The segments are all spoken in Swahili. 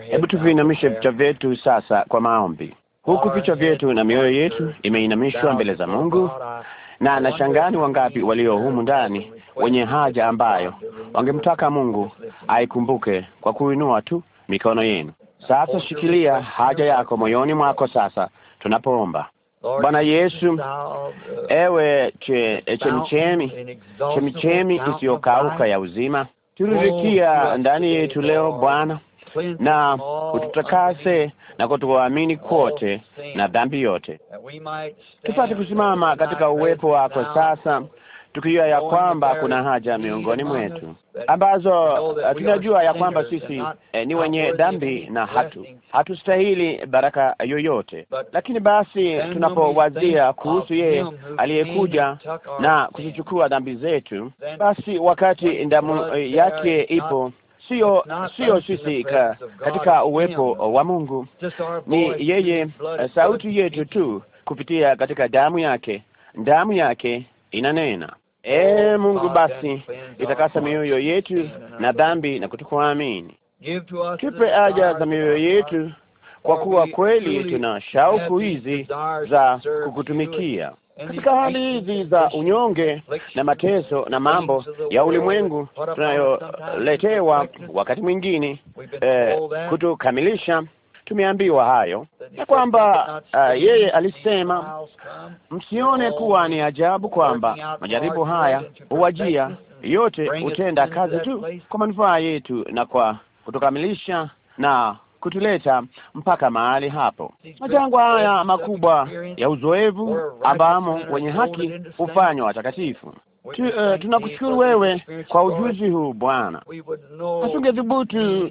Hebu tuviinamishe vichwa vyetu sasa kwa maombi, huku vichwa vyetu na mioyo yetu imeinamishwa mbele za Mungu. Uh, na nashangani wangapi walio humu ndani wenye haja ambayo wangemtaka Mungu aikumbuke kwa kuinua tu mikono yenu. Sasa shikilia haja yako moyoni mwako sasa tunapoomba. Bwana Yesu, uh, ewe chemichemi chemichemi isiyokauka ya uzima, oh, turirikia ndani yetu leo Bwana, na ututakase na kutuamini kwote na dhambi yote, tupate kusimama katika uwepo wako sasa, tukijua ya kwamba kuna haja miongoni mwetu ambazo tunajua ya kwamba sisi eh, ni wenye dhambi na hatu hatustahili baraka yoyote, lakini basi tunapowazia kuhusu yeye aliyekuja na kuzichukua dhambi zetu, basi wakati damu yake ipo sio sio sisi ka, katika uwepo wa Mungu, ni yeye, eh, sauti yetu tu kupitia katika damu yake. Damu yake inanena. E Mungu, basi itakasa mioyo yetu na dhambi na kutukuamini. Tupe haja za mioyo yetu, kwa kuwa kweli tuna shauku hizi za kukutumikia katika hali hizi za unyonge na mateso na mambo ya ulimwengu tunayoletewa wakati mwingine eh, kutukamilisha tumeambiwa hayo na kwamba uh, yeye alisema msione kuwa ni ajabu kwamba majaribu haya huwajia, yote hutenda kazi tu kwa manufaa yetu na kwa kutukamilisha na kutuleta mpaka mahali hapo. Majangwa haya makubwa ya uzoevu ambamo wenye haki hufanywa watakatifu. Tu, uh, tunakushukuru wewe kwa ujuzi huu Bwana. Hatungethubutu,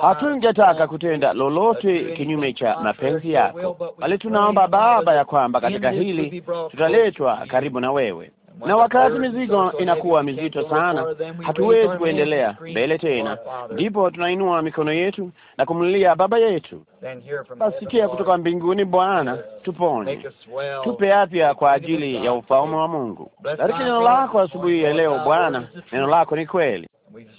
hatungetaka kutenda lolote kinyume cha mapenzi yako, bali tunaomba Baba ya kwamba katika hili tutaletwa karibu na wewe na wakati mizigo inakuwa mizito sana, hatuwezi kuendelea mbele tena, ndipo tunainua mikono yetu na kumlilia Baba yetu. Basikia kutoka mbinguni, Bwana tupone, tupe afya kwa ajili ya ufalme wa Mungu. Bariki neno lako asubuhi ya leo Bwana, neno lako ni kweli,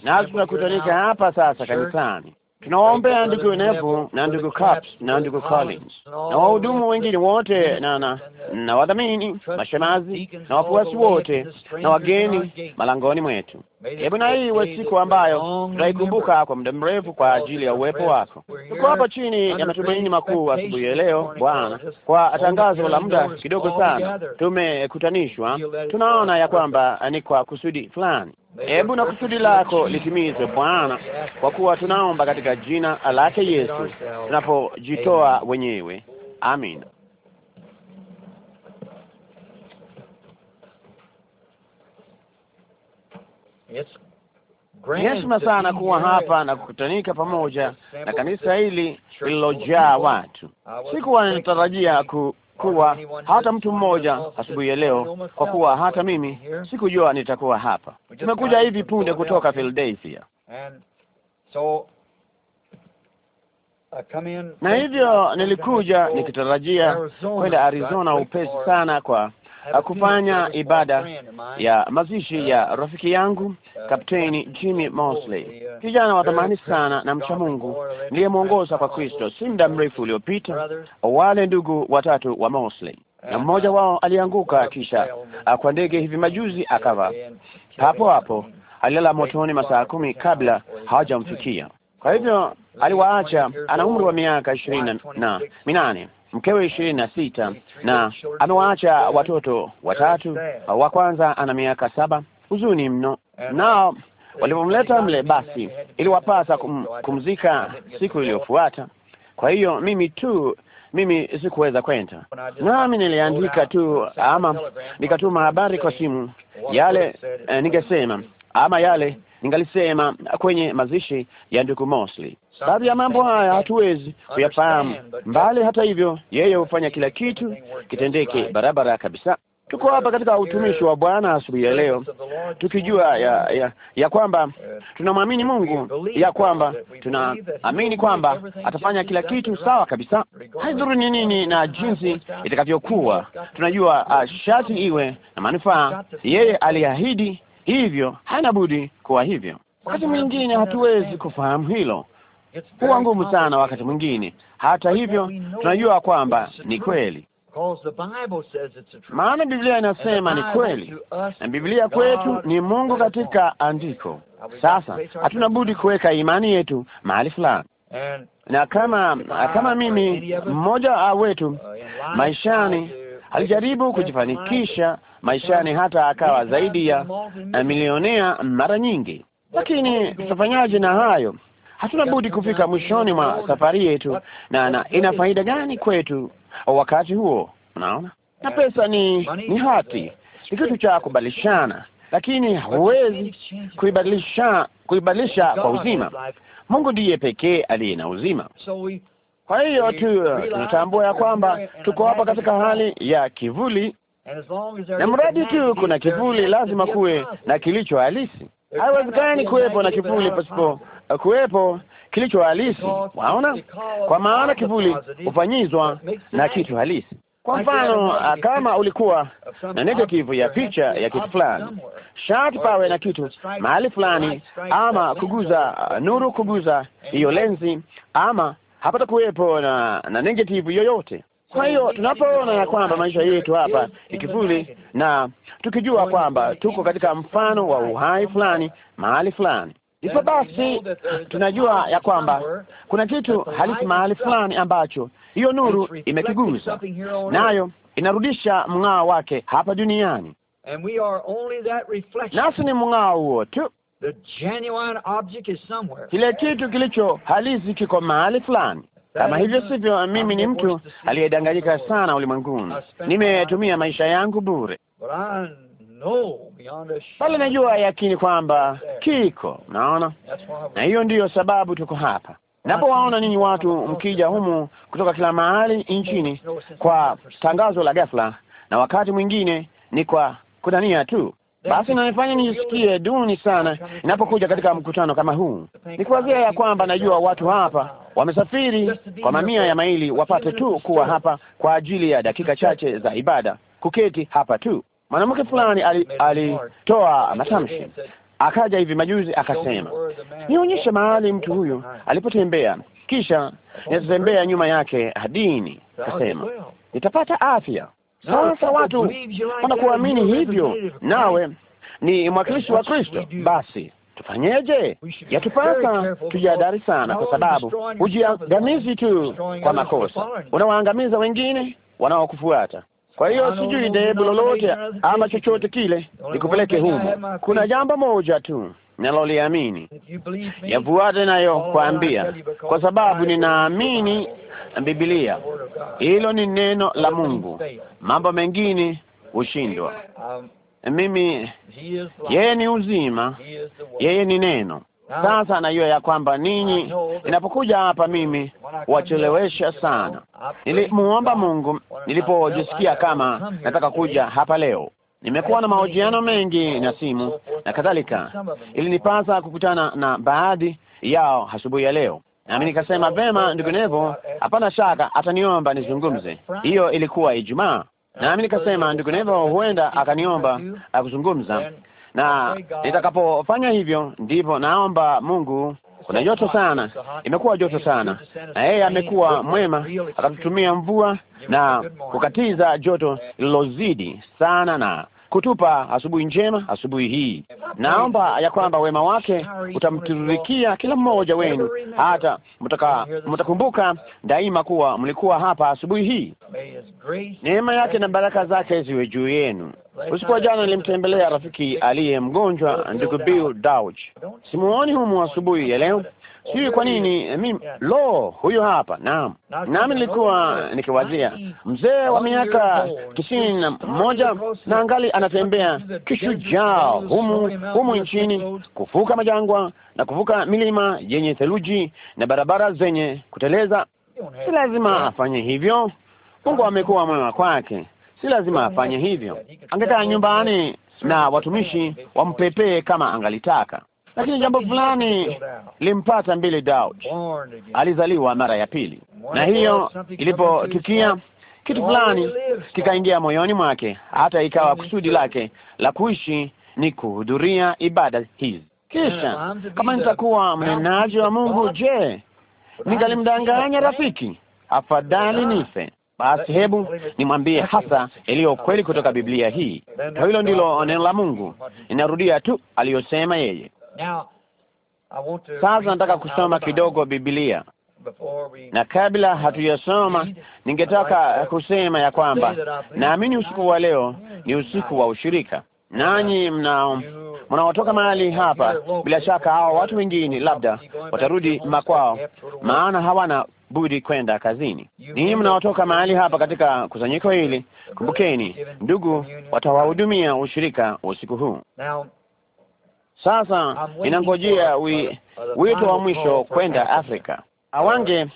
nasi tunakutanika hapa sasa kanisani tunawaombea ndugu Nevu na ndugu Caps na ndugu Collins na wahudumu wengine wote na na na wadhamini, mashemazi na wafuasi wote na wageni malangoni mwetu. Hebu na hii iwe siku ambayo tutaikumbuka kwa muda mrefu kwa ajili ya uwepo wako. Tuko hapa chini ya matumaini makuu asubuhi ya leo Bwana, kwa tangazo la muda kidogo sana tumekutanishwa. Tunaona ya kwamba ni kwa kusudi fulani Hebu na kusudi lako litimizwe, Bwana, kwa kuwa tunaomba katika jina lake Yesu tunapojitoa wenyewe, amina. Ni heshima sana kuwa hapa na kukutanika pamoja na kanisa hili lililojaa watu. Sikuwa ninatarajia ku kuwa hata mtu mmoja asubuhi ya leo, kwa kuwa hata mimi sikujua nitakuwa hapa. Tumekuja hivi punde kutoka Philadelphia, na hivyo nilikuja nikitarajia kwenda Arizona upesi sana kwa kufanya ibada ya mazishi ya uh, rafiki yangu uh, uh, Kapteni Jimmy Mosley, kijana wa thamani sana na mcha Mungu niliyemwongoza kwa Kristo si muda mrefu uliopita. Wale ndugu watatu wa Mosley na mmoja wao alianguka kisha kwa ndege hivi majuzi, akava hapo hapo alilala motoni masaa kumi kabla hawajamfikia. Kwa hivyo aliwaacha, ana umri wa miaka ishirini na minane mkewe ishirini na sita na amewaacha watoto watatu. Wa kwanza ana miaka saba. Huzuni mno, nao walipomleta mle, basi iliwapasa kum, kumzika siku iliyofuata. Kwa hiyo mimi tu mimi sikuweza kwenda, nami niliandika tu ama nikatuma habari kwa simu yale eh, ningesema ama yale ningalisema kwenye mazishi ya ndugu Mosley. Baadhi ya mambo haya hatuwezi kuyafahamu mbali. Hata hivyo, yeye hufanya kila kitu kitendeke barabara kabisa. Tuko hapa katika utumishi wa Bwana asubuhi ya leo, tukijua ya, ya, ya kwamba tunamwamini Mungu, ya kwamba tunaamini kwamba atafanya kila kitu sawa kabisa, haidhuru ni nini na jinsi itakavyokuwa. Tunajua uh, ah, shati iwe na manufaa. Yeye aliahidi hivyo, hana budi kuwa hivyo. Wakati mwingine hatuwezi kufahamu hilo huwa ngumu sana wakati mwingine. Hata hivyo, tunajua kwamba ni kweli, maana Biblia inasema ni kweli, na Biblia kwetu ni Mungu katika andiko. Sasa hatuna budi kuweka imani yetu mahali fulani na kama kama mimi mmoja uh, wetu maishani alijaribu kujifanikisha uh, maishani, hata akawa zaidi ya milionea mara nyingi, lakini tutafanyaje na hayo? hatuna budi kufika mwishoni mwa safari yetu, na na ina faida gani kwetu wakati huo? Unaona, na pesa ni ni hati, ni kitu cha kubadilishana, lakini huwezi kuibadilisha kuibadilisha kwa uzima. Mungu ndiye pekee aliye na uzima. Kwa hiyo tu tunatambua ya kwamba tuko hapa katika hali ya kivuli, na mradi tu kuna kivuli, lazima kuwe na kilicho halisi. Haiwezekani kuwepo na kivuli pasipo kuwepo kilicho halisi, waona, kwa maana kivuli hufanyizwa na kitu halisi. Kwa mfano, kama ulikuwa na negative ya picha ya kitu fulani, sharti pawe na kitu mahali fulani, ama kuguza nuru, kuguza hiyo lenzi, ama hapata kuwepo na, na negative yoyote. Kwa hiyo tunapoona ya kwamba maisha yetu hapa ni kivuli, na tukijua kwamba tuko katika mfano wa uhai fulani mahali fulani, Hivyo basi tunajua ya kwamba kuna kitu halisi mahali fulani ambacho hiyo nuru imekiguza nayo inarudisha mng'ao wake hapa duniani, nasi ni mng'ao huo tu. Kile kitu kilicho halisi kiko mahali fulani. Kama hivyo sivyo, mimi ni mtu aliyedanganyika sana ulimwenguni, nimetumia maisha yangu bure bali najua yakini kwamba kiko. Naona, na hiyo ndiyo sababu tuko hapa. Napowaona ninyi watu mkija humu kutoka kila mahali nchini kwa tangazo la ghafla, na wakati mwingine ni kwa kudania tu, basi nanifanya nijisikie duni sana inapokuja katika mkutano kama huu, ni kuwazia ya kwamba najua watu hapa wamesafiri kwa mamia ya maili wapate tu kuwa hapa kwa ajili ya dakika chache za ibada, kuketi hapa tu Mwanamke fulani alitoa ali matamshi, akaja hivi majuzi akasema, nionyeshe mahali mtu huyu alipotembea, kisha nitatembea nyuma yake hadini. Akasema nitapata afya. Sasa watu wanakuamini hivyo, nawe ni mwakilishi wa Kristo. Basi tufanyeje? Yatupasa tujihadhari sana, kwa sababu hujiangamizi tu kwa makosa, unawaangamiza wengine wanaokufuata. Kwa hiyo sijui dhehebu lolote ama chochote kile nikupeleke humo. Kuna jambo moja tu naloliamini, yafuate nayokwambia, kwa sababu ninaamini Biblia. Hilo ni neno la Mungu, mambo mengine hushindwa. Um, Mimi yeye ni uzima, yeye ni neno, Ah. Sasa najua ya kwamba ninyi, ah, inapokuja hapa mimi wachelewesha sana. Nilimuomba Mungu nilipojisikia kama nataka kuja hapa leo. Nimekuwa na mahojiano mengi na simu na kadhalika, ilinipasa kukutana na baadhi yao asubuhi ya leo, nami nikasema vema, ndugu Nevo, hapana shaka ataniomba nizungumze. Hiyo ilikuwa Ijumaa, nami nikasema ndugu Nevo, huenda akaniomba akuzungumza na oh, nitakapofanya hivyo, ndipo naomba Mungu. Kuna joto sana, imekuwa joto sana, na yeye amekuwa mwema, akatutumia mvua na kukatiza joto lilozidi sana na kutupa asubuhi njema asubuhi hii. Naomba ya kwamba wema wake utamtiririkia kila mmoja wenu, hata mtakumbuka daima kuwa mlikuwa hapa asubuhi hii. Neema yake na baraka zake ziwe juu yenu. Usiku wa jana nilimtembelea rafiki aliye mgonjwa, ndugu Bill Dauch. Simuoni humu asubuhi ya leo, sijui kwa nini mimi lo, huyo hapa. Naam, nami nilikuwa nikiwazia mzee wa miaka tisini na mmoja na angali anatembea kishujao humu humu nchini, kuvuka majangwa na kuvuka milima yenye theluji na barabara zenye kuteleza. Si lazima afanye hivyo. Mungu amekuwa mwema kwake, si lazima afanye hivyo. Angekaa nyumbani na watumishi wampepee kama angalitaka lakini jambo fulani limpata mbili Daud, alizaliwa mara ya pili, na hiyo ilipotukia kitu fulani kikaingia moyoni mwake, hata ikawa kusudi lake la kuishi ni kuhudhuria ibada hizi. Kisha kama nitakuwa mnenaji wa Mungu, je, nikalimdanganya rafiki? Afadhali nife basi. Hebu nimwambie hasa iliyo kweli kutoka Biblia hii, na hilo ndilo neno la Mungu. Inarudia tu aliyosema yeye. Sasa nataka kusoma kidogo Biblia, na kabla hatujasoma, ningetaka kusema ya kwamba naamini usiku wa leo ni usiku wa ushirika, nanyi mnao mnaotoka uh, mahali hapa, bila shaka hao watu wengine labda watarudi makwao, maana hawana budi kwenda kazini. Ninyi mnaotoka mahali hapa katika kusanyiko hili, kumbukeni, ndugu watawahudumia ushirika usiku huu. Sasa inangojea wito wa mwisho kwenda Afrika. Awange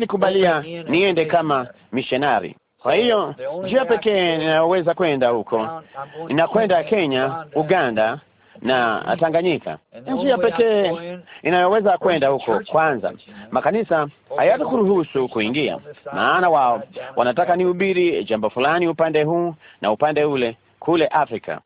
nikubalia niende kama missionary. Kwa hiyo njia pekee ninayoweza kwenda huko, ninakwenda Kenya, Uganda na Tanganyika. Njia pekee inayoweza kwenda huko, kwanza makanisa hayatakuruhusu kuingia, maana wao wanataka nihubiri jambo fulani upande huu na upande ule kule Afrika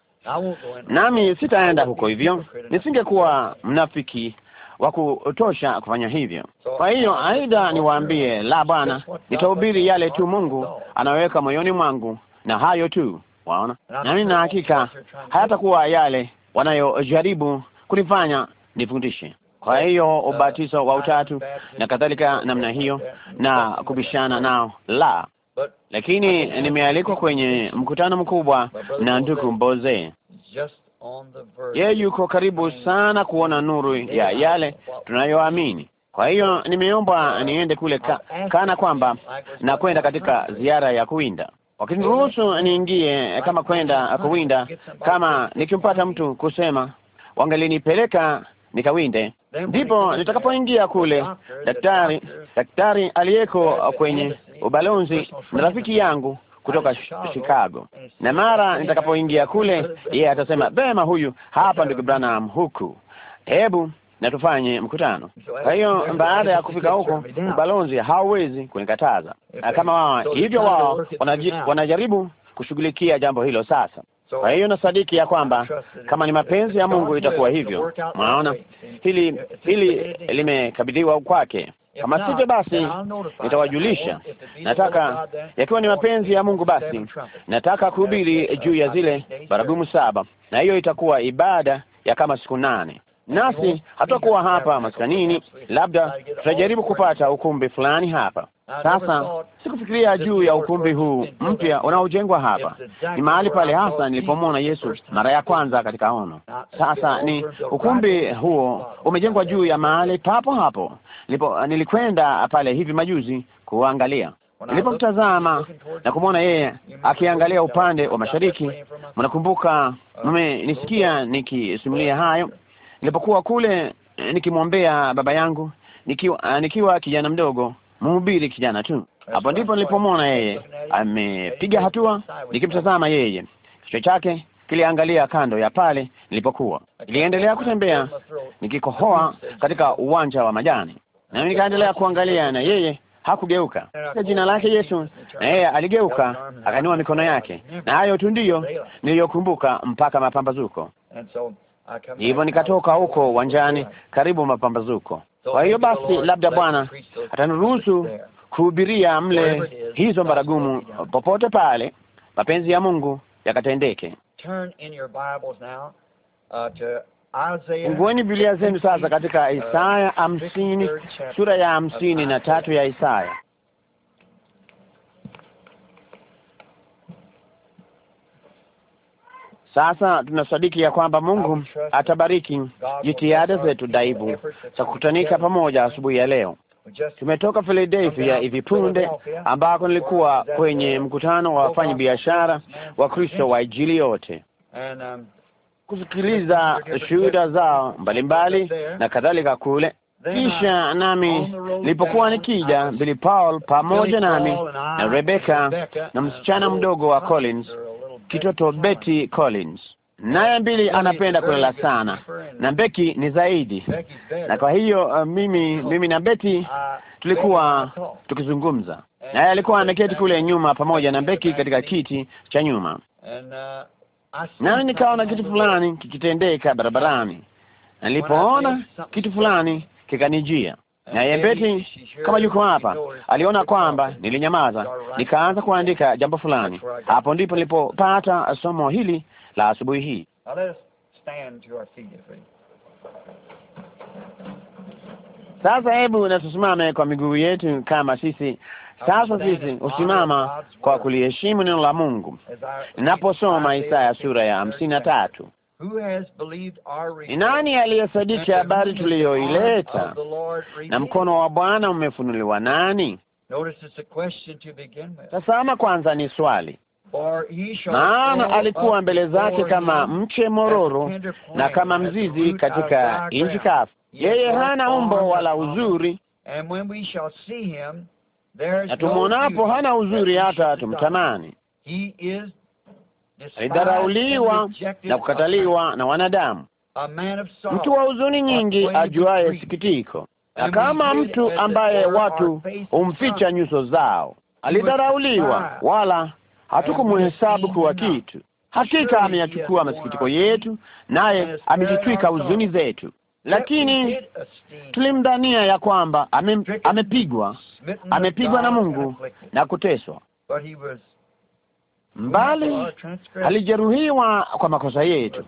nami sitaenda huko hivyo. Nisingekuwa mnafiki wa kutosha kufanya hivyo. Kwa hiyo aidha niwaambie, la bwana, nitahubiri yale tu Mungu anaweka moyoni mwangu na hayo tu. Waona, nami na hakika hayatakuwa yale wanayojaribu kunifanya nifundishe. Kwa hiyo ubatizo wa utatu na kadhalika namna hiyo na kubishana nao, la, lakini nimealikwa kwenye mkutano mkubwa na ndugu Mboze Ye yuko karibu sana kuona nuru ya yale tunayoamini. Kwa hiyo nimeomba niende kule ka, kana kwamba na kwenda katika ziara ya kuwinda, wakiniruhusu niingie eh, kama kwenda eh, kuwinda, kama nikimpata mtu kusema wangelinipeleka nikawinde, ndipo nitakapoingia kule. Daktari daktari aliyeko kwenye ubalozi na rafiki yangu kutoka eh, Chicago, na mara nitakapoingia kule, yeye atasema vema, huyu hapa ndugu Branham huku, hebu na tufanye mkutano. Kwa hiyo baada ya kufika huko, ubalozi hauwezi kunikataza eh, eh, kama wao hivyo, wao wanajaribu kushughulikia jambo hilo sasa. Kwa hiyo nasadiki ya kwamba kama ni mapenzi ya Mungu itakuwa hivyo. Mwaona hili hili limekabidhiwa kwake, kama sivyo, basi nitawajulisha. Nataka yakiwa ni mapenzi ya Mungu, basi nataka kuhubiri juu ya zile baragumu saba, na hiyo itakuwa ibada ya kama siku nane nasi hatutakuwa hapa maskanini, labda tutajaribu kupata ukumbi fulani hapa. Sasa sikufikiria juu ya ukumbi huu mpya unaojengwa hapa. Ni mahali pale hasa nilipomwona Yesu mara ya kwanza katika ono. Sasa ni ukumbi huo umejengwa juu ya mahali papo hapo nilipo, nilikwenda pale hivi majuzi kuangalia nilipomtazama na kumwona yeye akiangalia upande wa mashariki. Mnakumbuka, mmenisikia nikisimulia hayo nilipokuwa kule eh, nikimwombea baba yangu nikiwa eh, nikiwa kijana mdogo, mhubiri kijana tu. Hapo ndipo nilipomwona yeye amepiga hatua, nikimtazama yeye, kichwa chake kiliangalia kando ya pale nilipokuwa. Niliendelea kutembea nikikohoa katika uwanja wa majani, nami nikaendelea kuangalia, na yeye hakugeuka. Jina lake Yesu, na yeye aligeuka, akanua mikono yake, na hayo tu ndiyo niliyokumbuka mpaka mapambazuko hivyo nikatoka huko uwanjani karibu mapambazuko. Kwa hiyo basi, labda Bwana ataniruhusu kuhubiria mle hizo baragumu popote pale, mapenzi ya Mungu yakatendeke. Uh, Ungueni Biblia zenu sasa katika Isaya hamsini sura ya hamsini na tatu ya Isaya Sasa tunasadiki ya kwamba Mungu atabariki jitihada zetu daibu za kukutanika pamoja asubuhi ya leo. Tumetoka Philadelphia hivi punde, ambako nilikuwa kwenye mkutano wa wafanya biashara wa Kristo wa ijili yote um, kusikiliza shuhuda zao mbalimbali na kadhalika kule. Uh, Kisha nami nilipokuwa nikija, Billy Paul pamoja nami na Rebecca na uh, msichana mdogo wa Collins kitoto Betty Collins, naye mbili anapenda kulala sana na Becky ni zaidi, na kwa hiyo uh, mimi mimi na Beti uh, tulikuwa tukizungumza, naye alikuwa ameketi kule nyuma pamoja na Becky katika kiti cha nyuma, uh, nami nikaona kitu fulani kikitendeka barabarani, nilipoona kitu fulani kikanijia na Yebeti kama yuko hapa, aliona kwamba nilinyamaza, nikaanza kuandika jambo fulani. Hapo ndipo nilipopata somo hili la asubuhi hii. Sasa hebu na tusimame kwa miguu yetu, kama sisi sasa sisi husimama kwa kuliheshimu neno la Mungu. Ninaposoma Isaya sura ya hamsini na tatu ni nani aliyesadiki habari tuliyoileta, na mkono wa Bwana umefunuliwa nani? Tazama kwanza, ni swali maana alikuwa mbele zake kama mche mororo na kama mzizi katika nchi kavu. Yeye hana umbo wala uzuri, na tumwonapo hana uzuri hata tumtamani alidharauliwa na kukataliwa na wanadamu, mtu wa huzuni nyingi, ajuaye sikitiko, na kama mtu ambaye watu humficha nyuso zao. Alidharauliwa, wala hatukumuhesabu kuwa kitu. Hakika ameyachukua masikitiko yetu, naye amejitwika huzuni zetu. Lakini tulimdhania ya kwamba amepigwa, amepigwa na Mungu na kuteswa, mbali alijeruhiwa kwa makosa yetu,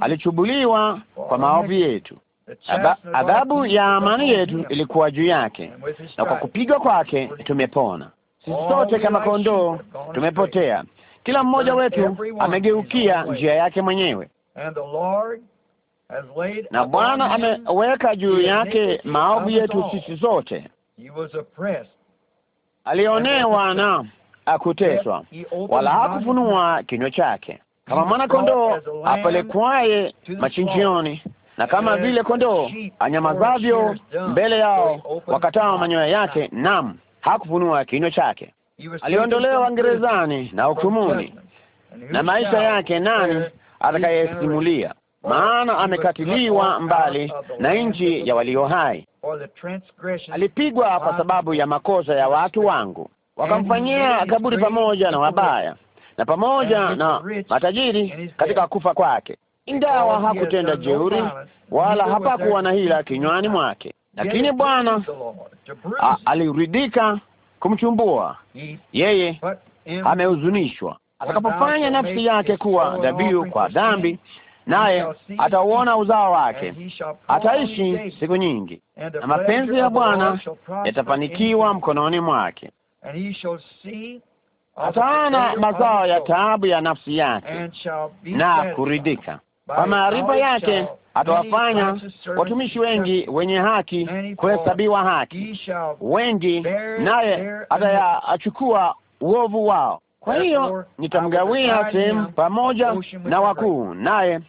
alichubuliwa kwa maovu yetu, adhabu ya amani yetu ilikuwa juu yake, na kwa kupigwa kwake tumepona. Sisi sote kama kondoo tumepotea, kila mmoja wetu amegeukia njia yake mwenyewe, na Bwana ameweka juu yake maovu yetu sisi sote. Alionewa na akuteswa, wala hakufunua kinywa chake, kama mwana kondoo apelekwaye machinjioni na kama vile kondoo anyamazavyo mbele yao wakatao manyoya yake, nam hakufunua kinywa chake. Aliondolewa gerezani na hukumuni, na maisha yake nani atakayesimulia? Maana amekatiliwa mbali na nchi ya walio hai, alipigwa kwa sababu ya makosa ya watu wangu, wakamfanyia kaburi pamoja na wabaya na pamoja na matajiri katika kufa kwake, ingawa hakutenda jeuri wala hapakuwa na hila kinywani mwake. Lakini Bwana aliridhika kumchumbua yeye, amehuzunishwa atakapofanya nafsi yake kuwa dhabihu kwa dhambi, naye atauona uzao wake, ataishi siku nyingi, na mapenzi ya Bwana yatafanikiwa mkononi mwake ataona mazao ya taabu ya nafsi yake na kuridhika. Kwa maarifa yake atawafanya watumishi wengi wenye haki kuhesabiwa haki wengi, naye atayachukua uovu wao. Kwa hiyo nitamgawia sehemu pamoja na wakuu, naye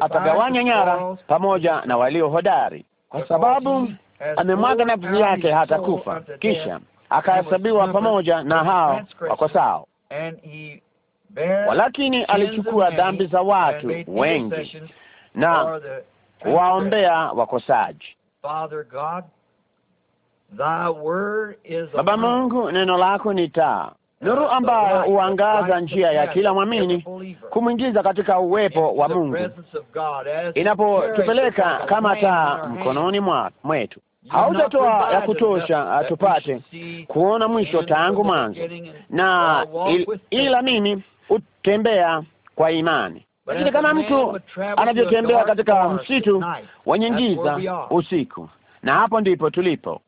atagawanya nyara pamoja na walio hodari, kwa sababu amemwaga nafsi yake hata kufa. Kisha akahesabiwa pamoja na hao wakosao, walakini alichukua dhambi za watu wengi na kuwaombea wakosaji. Baba Mungu, neno lako ni taa nuru uh, ambayo huangaza njia ya kila mwamini kumwingiza katika uwepo wa Mungu, inapotupeleka kama taa mkononi mwetu. Haujatoa ya kutosha tupate kuona mwisho tangu mwanzo, na il, ila mimi utembea kwa imani, lakini kama mtu anavyotembea katika msitu wenye giza usiku. Na hapo ndipo tulipo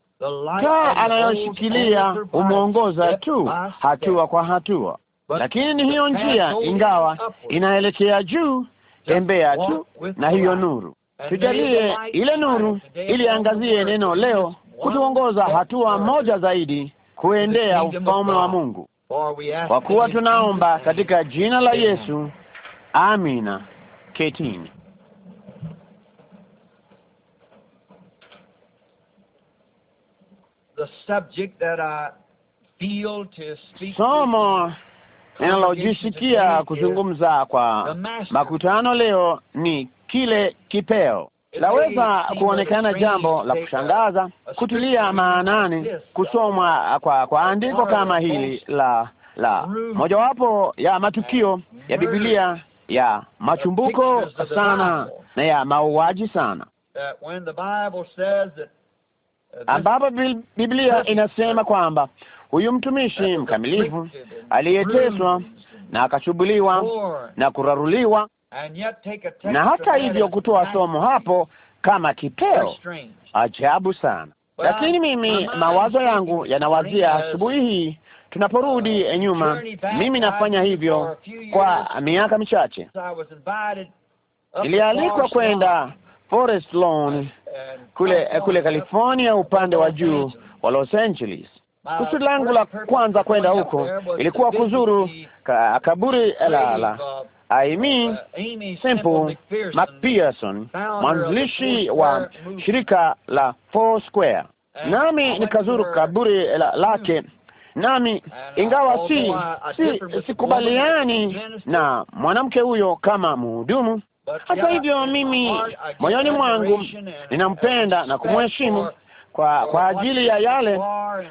taa anayoshikilia humwongoza tu hatua kwa hatua, lakini hiyo njia ingawa inaelekea juu, tembea tu na hiyo nuru. Tujalie ile nuru iliangazie neno leo, kutuongoza hatua moja zaidi kuendea ufalme wa Mungu, kwa kuwa tunaomba katika jina la Yesu, amina. Ketini. somo ninalojisikia kuzungumza kwa makutano leo ni kile kipeo. Laweza kuonekana jambo la kushangaza kutilia maanani kusomwa kwa, kwa andiko kama hili la la mojawapo ya matukio ya Biblia ya machumbuko sana na ya mauaji sana Uh, ambapo Biblia inasema kwamba huyu mtumishi uh, mkamilifu aliyeteswa na akachubuliwa na kuraruliwa na hata hivyo kutoa somo hapo kama kipeo. Ajabu sana. Lakini mimi mawazo yangu yanawazia asubuhi hii tunaporudi nyuma, mimi nafanya hivyo kwa miaka michache. Nilialikwa kwenda Forest Lawn kule kule California, upande wa juu wa Los Angeles. Kusudi langu la kwanza kwenda huko ilikuwa kuzuru ka, kaburi la la Amy Simple McPherson, mwanzilishi wa shirika la Four Square, nami nikazuru kaburi la, lake nami ingawa si sikubaliani si na mwanamke huyo kama mhudumu, hata hivyo, mimi moyoni mwangu ninampenda na kumheshimu kwa kwa ajili ya yale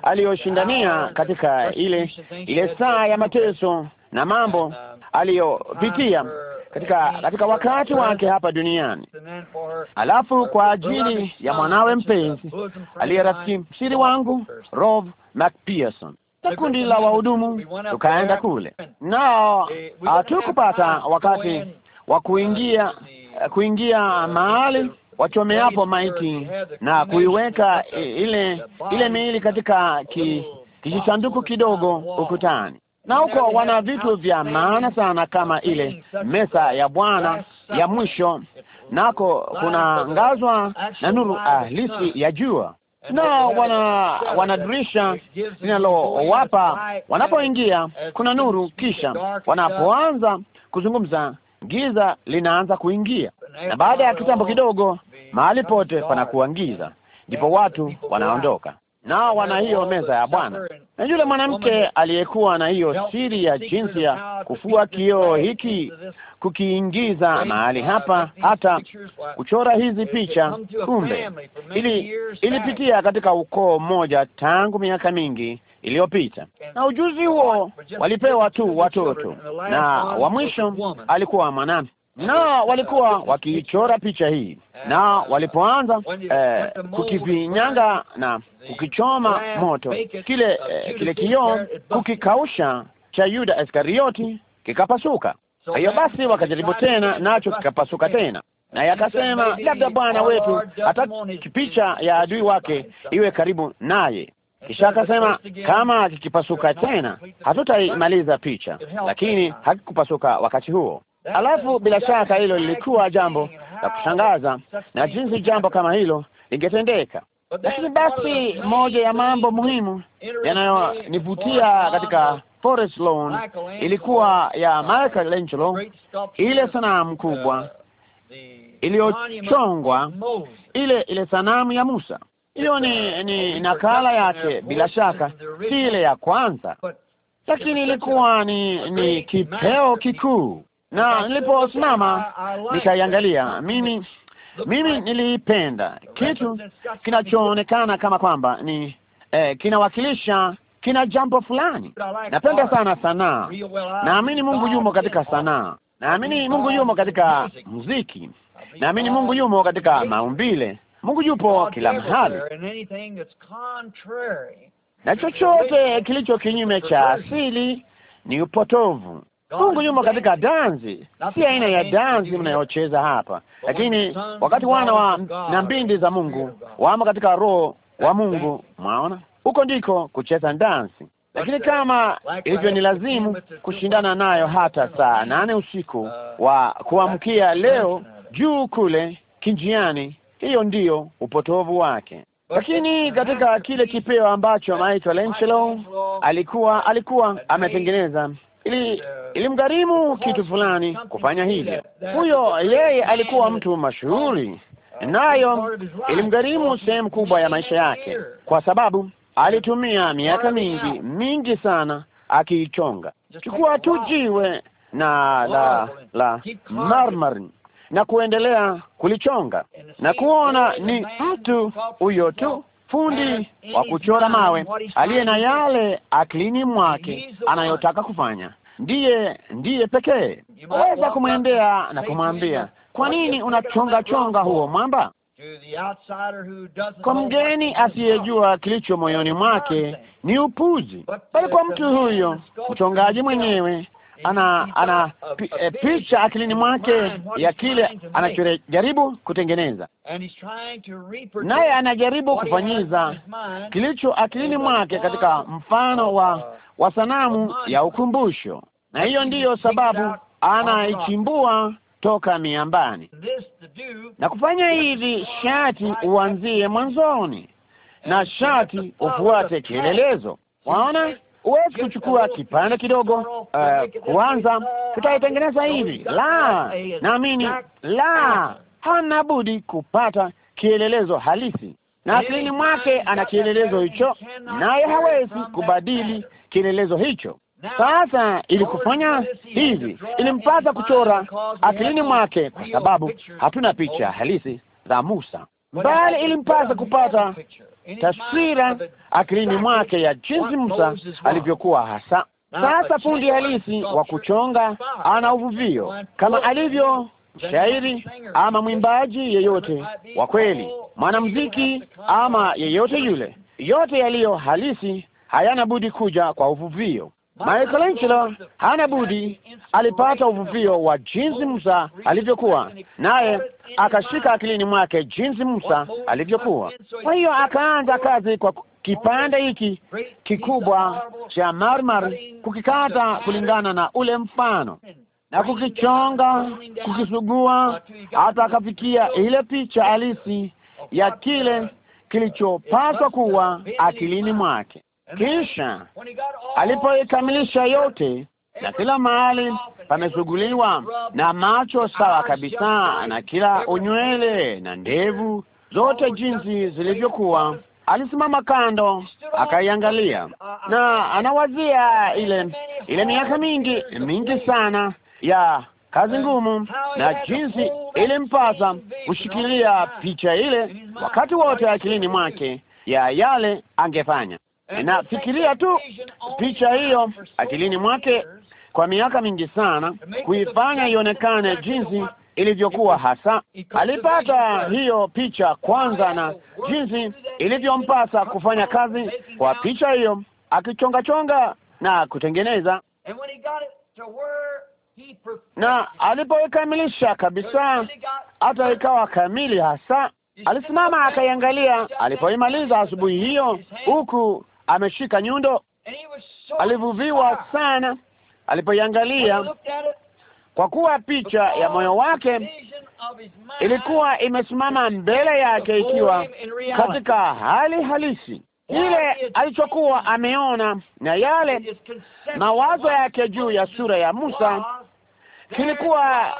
aliyoshindania katika ile ile saa ya mateso na mambo um, aliyopitia katika katika wakati wake hapa duniani, alafu kwa ajili ya mwanawe mpenzi aliye rafiki msiri wangu Rob McPherson na kundi la wahudumu tukaenda kule, nao eh, hatukupata wakati wa kuingia kuingia mahali wachomeapo maiti na kuiweka ile ile miili katika ki, kijisanduku kidogo ukutani, na huko wana vitu vya maana sana kama ile meza ya Bwana ya mwisho, nako kunaangazwa na nuru halisi ya jua na wana wana dirisha linalowapa wanapoingia, kuna nuru. Kisha wanapoanza kuzungumza giza linaanza kuingia, na baada ya kitambo kidogo mahali pote panakuwa giza, ndipo watu wanaondoka nao wana hiyo meza ya Bwana. Na yule mwanamke aliyekuwa na hiyo siri ya jinsi ya kufua kioo hiki kukiingiza mahali hapa, hata uh, kuchora hizi picha. Kumbe ili ilipitia katika ukoo mmoja tangu miaka mingi iliyopita, na ujuzi huo walipewa tu watoto, na wa mwisho alikuwa mwanamke na walikuwa wakiichora picha hii, na uh, walipoanza eh, kukivinyanga na kukichoma moto kile eh, kile kioo, kukikausha cha Yuda Iskarioti kikapasuka. Kwa hiyo basi wakajaribu tena, nacho kikapasuka tena, naye akasema, labda Bwana wetu hata kipicha ya adui wake iwe karibu naye. Kisha akasema kama kikipasuka tena hatutaimaliza picha, lakini hakikupasuka wakati huo. Alafu bila shaka hilo lilikuwa jambo la kushangaza, na jinsi jambo kama hilo lingetendeka lakini basi moja ya mambo muhimu yanayonivutia katika Forest Lawn ilikuwa ya Michelangelo, ile sanamu uh, kubwa iliyochongwa, ile ile sanamu ya Musa. Hiyo ni, uh, ni nakala yake bila shaka, si ile ya kwanza, lakini ilikuwa ni, ni kipeo kikuu, na niliposimama nikaiangalia mimi mimi niliipenda kitu kinachoonekana kama kwamba ni eh, kinawakilisha kina jambo fulani. Napenda sana sanaa. Naamini Mungu yumo katika sanaa. Naamini Mungu yumo katika muziki. Naamini Mungu yumo katika maumbile. Mungu yupo kila mahali, na chochote kilicho kinyume cha asili ni upotovu. Mungu yumo katika dansi, si aina ya dansi mnayocheza hapa, lakini wakati wana wa na mbindi za Mungu wamo katika roho wa Mungu, mwaona, huko ndiko kucheza dansi. Lakini kama hivyo ni lazimu kushindana nayo, hata saa nane usiku uh, wa kuamkia leo juu kule kinjiani, hiyo ndiyo upotovu wake. Lakini katika kile kipeo ambacho lenchelo alikuwa alikuwa ametengeneza ili uh, ilimgharimu kitu fulani kufanya hivyo. Huyo yeye alikuwa mtu mashuhuri, uh, nayo ilimgharimu sehemu kubwa ya maisha yake, kwa sababu alitumia miaka mingi mingi sana akiichonga. Chukua tu jiwe na la la marmari na kuendelea kulichonga na kuona ni mtu huyo tu fundi wa kuchora mawe aliye na yale akilini mwake anayotaka kufanya, ndiye ndiye pekee waweza kumwendea na kumwambia, kwa nini unachonga chonga huo mwamba? Kwa mgeni asiyejua kilicho moyoni mwake ni upuzi, bali kwa mtu huyo mchongaji mwenyewe ana ana pi, e, picha akilini mwake ya kile anachojaribu kutengeneza, naye anajaribu kufanyiza kilicho akilini mwake katika mfano wa uh, wa sanamu ya ukumbusho, na hiyo ndiyo sababu anaichimbua toka miambani na kufanya hivi. Shati uanzie mwanzoni na shati ufuate kielelezo. Waona, huwezi kuchukua kipande kidogo uh, kuanza tutaitengeneza hivi. La, naamini la, hana budi kupata kielelezo halisi na akilini mwake ana kielelezo hicho, naye hawezi kubadili kielelezo hicho. Sasa ili kufanya hivi, ilimpasa kuchora akilini mwake, kwa sababu hatuna picha halisi za Musa, bali ilimpasa kupata taswira akilini mwake ya jinsi Musa alivyokuwa hasa. Sasa fundi halisi wa kuchonga ana uvuvio kama alivyo shairi ama mwimbaji yeyote wa kweli, mwanamuziki ama yeyote yule, yote yaliyo halisi hayana budi kuja kwa uvuvio. Michelangelo hana budi alipata uvuvio wa jinsi Musa alivyokuwa, naye akashika akilini mwake jinsi Musa alivyokuwa. Kwa hiyo akaanza kazi kwa kipande hiki kikubwa cha marmar, kukikata kulingana na ule mfano na kukichonga, kukisugua, hata akafikia ile picha halisi ya kile kilichopaswa kuwa akilini mwake. Kisha alipoikamilisha yote, na kila mahali pamesuguliwa na macho sawa kabisa, na kila unywele na ndevu zote jinsi zilivyokuwa, alisimama kando akaiangalia, na anawazia ile ile miaka mingi mingi sana ya kazi ngumu na jinsi ilimpasa kushikilia picha ile wakati wote akilini mwake ya yale angefanya. Nafikiria tu picha hiyo akilini mwake kwa miaka mingi sana, kuifanya ionekane jinsi ilivyokuwa hasa. Alipata hiyo picha kwanza, na jinsi ilivyompasa kufanya kazi kwa picha hiyo, akichongachonga na kutengeneza na alipoikamilisha kabisa, hata ikawa kamili hasa, alisimama akaiangalia. Alipoimaliza asubuhi hiyo, huku ameshika nyundo, alivuviwa sana alipoiangalia, kwa kuwa picha ya moyo wake ilikuwa imesimama mbele yake, ikiwa katika hali halisi ile alichokuwa ameona na yale mawazo yake juu ya sura ya Musa kilikuwa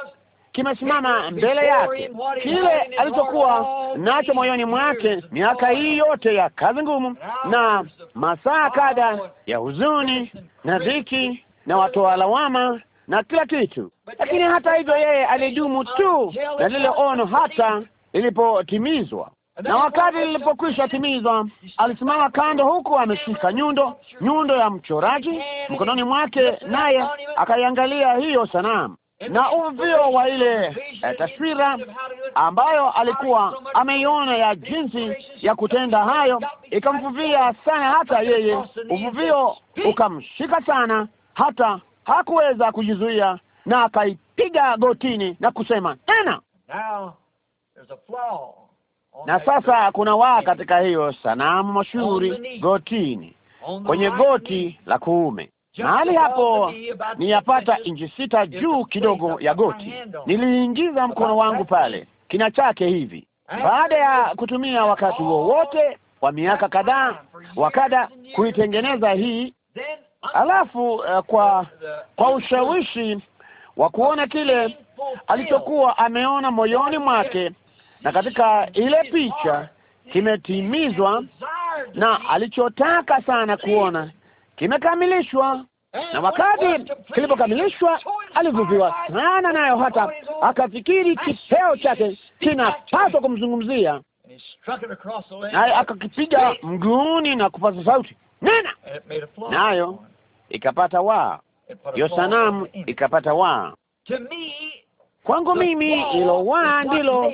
kimesimama mbele yake, kile alichokuwa nacho moyoni mwake miaka hii yote ya kazi ngumu na masaa kadha ya huzuni na dhiki na watoa lawama na kila kitu. Lakini hata hivyo, yeye alidumu tu na lile ono hata lilipotimizwa na wakati lilipokwisha timizwa alisimama kando, huku ameshika nyundo, nyundo ya mchoraji mkononi mwake, naye akaiangalia hiyo sanamu na uvio wa ile eh, taswira ambayo alikuwa ameiona ya jinsi ya kutenda hayo, ikamvuvia sana hata yeye, uvuvio ukamshika sana hata hakuweza kujizuia, na akaipiga gotini na kusema tena na sasa kuna waa katika hiyo sanamu mashuhuri gotini, kwenye goti la kuume mahali hapo niyapata inchi sita juu kidogo ya goti. Niliingiza mkono wangu pale kina chake hivi, baada ya kutumia wakati wowote wa miaka kadhaa wakada kuitengeneza hii, alafu uh, kwa kwa ushawishi wa kuona kile alichokuwa ameona moyoni mwake na katika ile picha kimetimizwa, na alichotaka sana kuona kimekamilishwa. Na wakati kilipokamilishwa, alivuviwa sana nayo, hata akafikiri kipeo chake kinapaswa kumzungumzia, naye akakipiga mguuni na kupaza sauti, nena nayo ikapata waa, hiyo sanamu ikapata waa Kwangu mimi hilo waa ndilo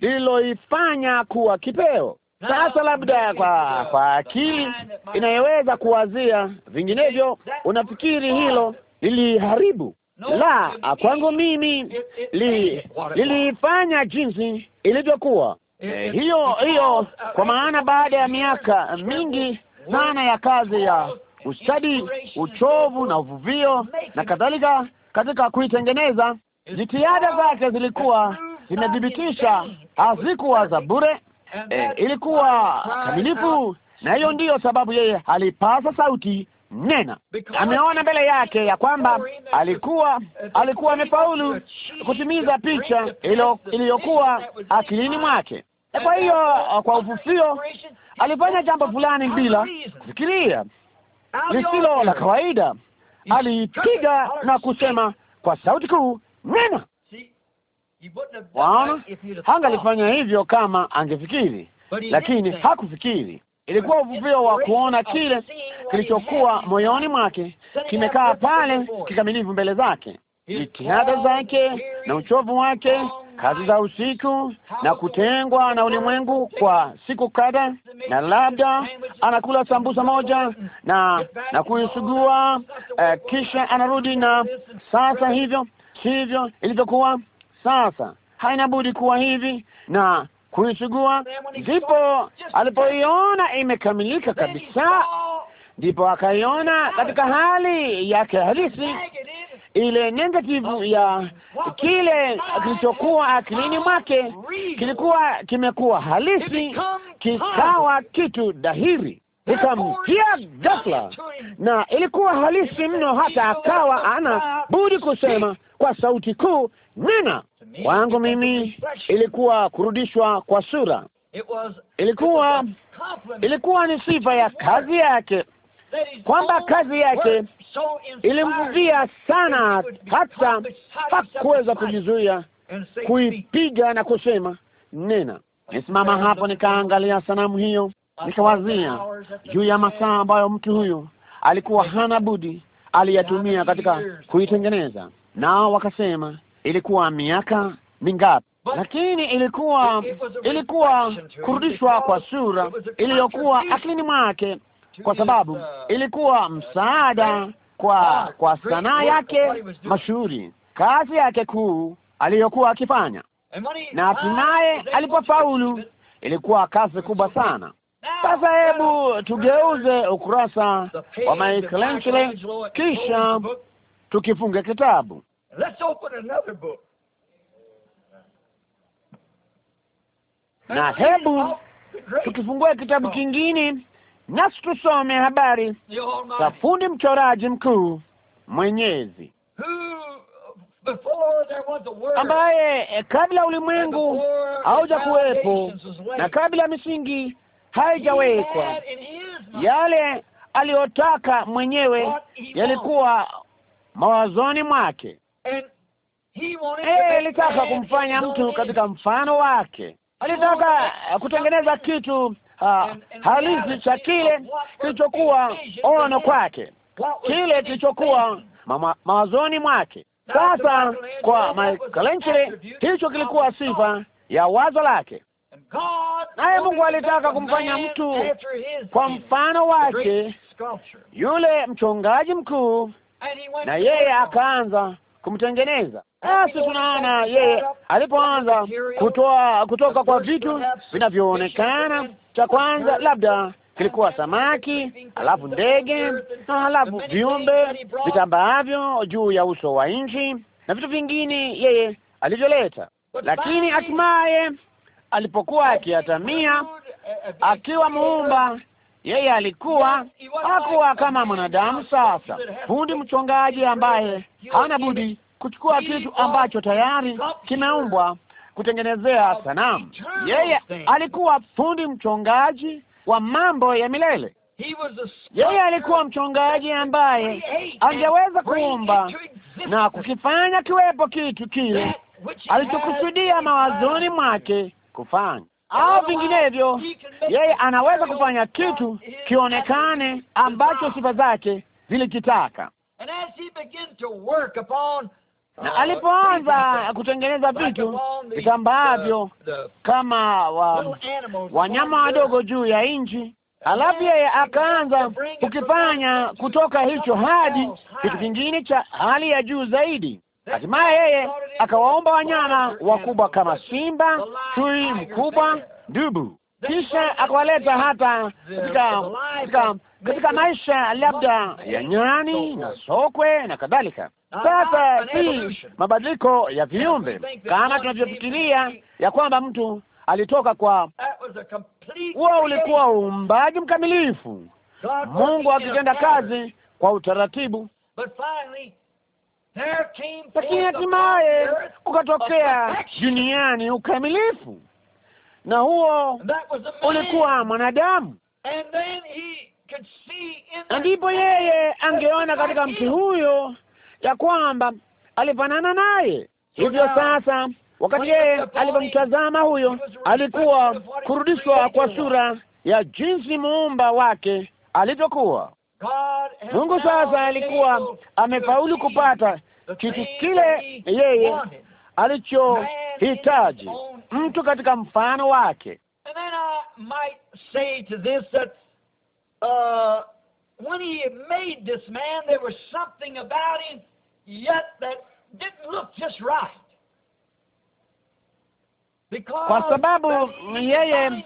liloifanya kuwa kipeo. Sasa labda kwa kwa akili inayoweza kuwazia vinginevyo, unafikiri hilo liliharibu? La, kwangu mimi li liliifanya jinsi ilivyokuwa. E, hiyo hiyo, kwa maana baada ya miaka mingi sana ya kazi ya ustadi, uchovu na uvuvio na kadhalika katika kuitengeneza jitihada zake zilikuwa zimedhibitisha hazikuwa za bure, e, ilikuwa kamilifu, na hiyo ndiyo sababu yeye alipasa sauti nena. Ameona mbele yake ya kwamba alikuwa alikuwa amefaulu kutimiza picha iliyokuwa akilini mwake. Kwa hiyo kwa ufufio alifanya jambo fulani bila kufikiria, lisilo la kawaida. Alipiga na kusema kwa sauti kuu, Mema, waona, hangalifanya hivyo kama angefikiri, lakini hakufikiri. Ilikuwa uvuvio wa kuona kile kilichokuwa moyoni mwake kimekaa pale kikamilifu mbele zake, jitihada zake na uchovu wake, kazi za usiku na kutengwa na ulimwengu kwa siku kadha, na labda anakula sambusa moja na na kuisugua, uh, kisha anarudi na sasa hivyo sivyo ilivyokuwa. Sasa haina budi kuwa hivi na kuisugua. Ndipo alipoiona imekamilika kabisa, ndipo akaiona katika hali yake halisi, ile negative ya kile kilichokuwa akilini mwake kilikuwa kimekuwa halisi, kikawa kitu dhahiri likamjia ghafla, na ilikuwa halisi mno, hata akawa ana budi kusema kwa sauti kuu, nena. Kwangu mimi ilikuwa kurudishwa kwa sura, ilikuwa ilikuwa ni sifa ya kazi yake, kwamba kazi yake ilimvuvia sana, hata hakuweza kujizuia kuipiga na kusema, nena. Nisimama hapo nikaangalia sanamu hiyo nikawazia juu ya masaa ambayo mtu huyo alikuwa hana budi aliyatumia katika kuitengeneza, nao wakasema ilikuwa miaka mingapi? Lakini ilikuwa ilikuwa kurudishwa kwa sura iliyokuwa akilini mwake, kwa sababu ilikuwa msaada kwa kwa sanaa yake mashuhuri, kazi yake kuu aliyokuwa akifanya, na hatimaye alipofaulu ilikuwa kazi kubwa sana sasa hebu tugeuze ukurasa wa Michelangelo, kisha tukifunga kitabu na hebu tukifungua kitabu kingine, nasi tusome habari za fundi mchoraji mkuu Mwenyezi ambaye eh, kabla ulimwengu hauja kuwepo na kabla misingi haijawekwa. Yale aliyotaka mwenyewe yalikuwa mawazoni mwake. alitaka kumfanya mtu katika mfano wake, alitaka kutengeneza kitu ha, uh, halisi cha kile kilichokuwa ono kwake, kile kilichokuwa mawazoni mwake. Sasa kwa Michelangelo hicho kilikuwa sifa ya wazo lake naye Mungu alitaka kumfanya mtu kwa mfano wake, yule mchongaji mkuu, na yeye akaanza kumtengeneza. Basi tunaona yeye alipoanza kutoa kutoka kwa vitu vinavyoonekana, cha kwanza labda kilikuwa samaki, halafu ndege, na halafu viumbe vitambaavyo juu ya uso wa nchi na vitu vingine yeye alivyoleta, lakini hatimaye alipokuwa akiatamia akiwa muumba yeye alikuwa hakuwa kama mwanadamu. Sasa fundi mchongaji ambaye hana budi kuchukua kitu ambacho tayari kimeumbwa kutengenezea sanamu, yeye alikuwa fundi mchongaji wa mambo ya milele. Yeye alikuwa mchongaji ambaye angeweza kuumba na kukifanya kiwepo kitu kile alichokusudia mawazoni mwake kufanya au vinginevyo, yeye anaweza kufanya kitu kionekane ambacho sifa zake zilikitaka. Uh, Na alipoanza kutengeneza vitu vitambaavyo uh, kama wa, wanyama wadogo juu ya nchi, halafu yeye akaanza kukifanya kutoka hicho hadi kitu kingine cha hali ya juu zaidi. Hatimaye yeye akawaomba wanyama wakubwa kama simba, chui mkubwa, dubu, kisha akawaleta hata katika, katika, katika maisha labda ya nyani na sokwe na kadhalika. Sasa si mabadiliko ya viumbe kama tunavyofikiria ya kwamba mtu alitoka kwa huo, ulikuwa uumbaji mkamilifu, Mungu akitenda kazi kwa utaratibu, lakini hatimaye ukatokea duniani ukamilifu, na huo ulikuwa mwanadamu. Na ndipo yeye angeona katika mti huyo ya kwamba alifanana naye. Hivyo sasa, wakati yeye alipomtazama huyo, alikuwa kurudishwa kwa sura ya jinsi muumba wake alivyokuwa. Mungu sasa alikuwa amefaulu kupata kitu kile yeye alichohitaji, mtu katika mfano wake. Uh, Kwa sababu yeye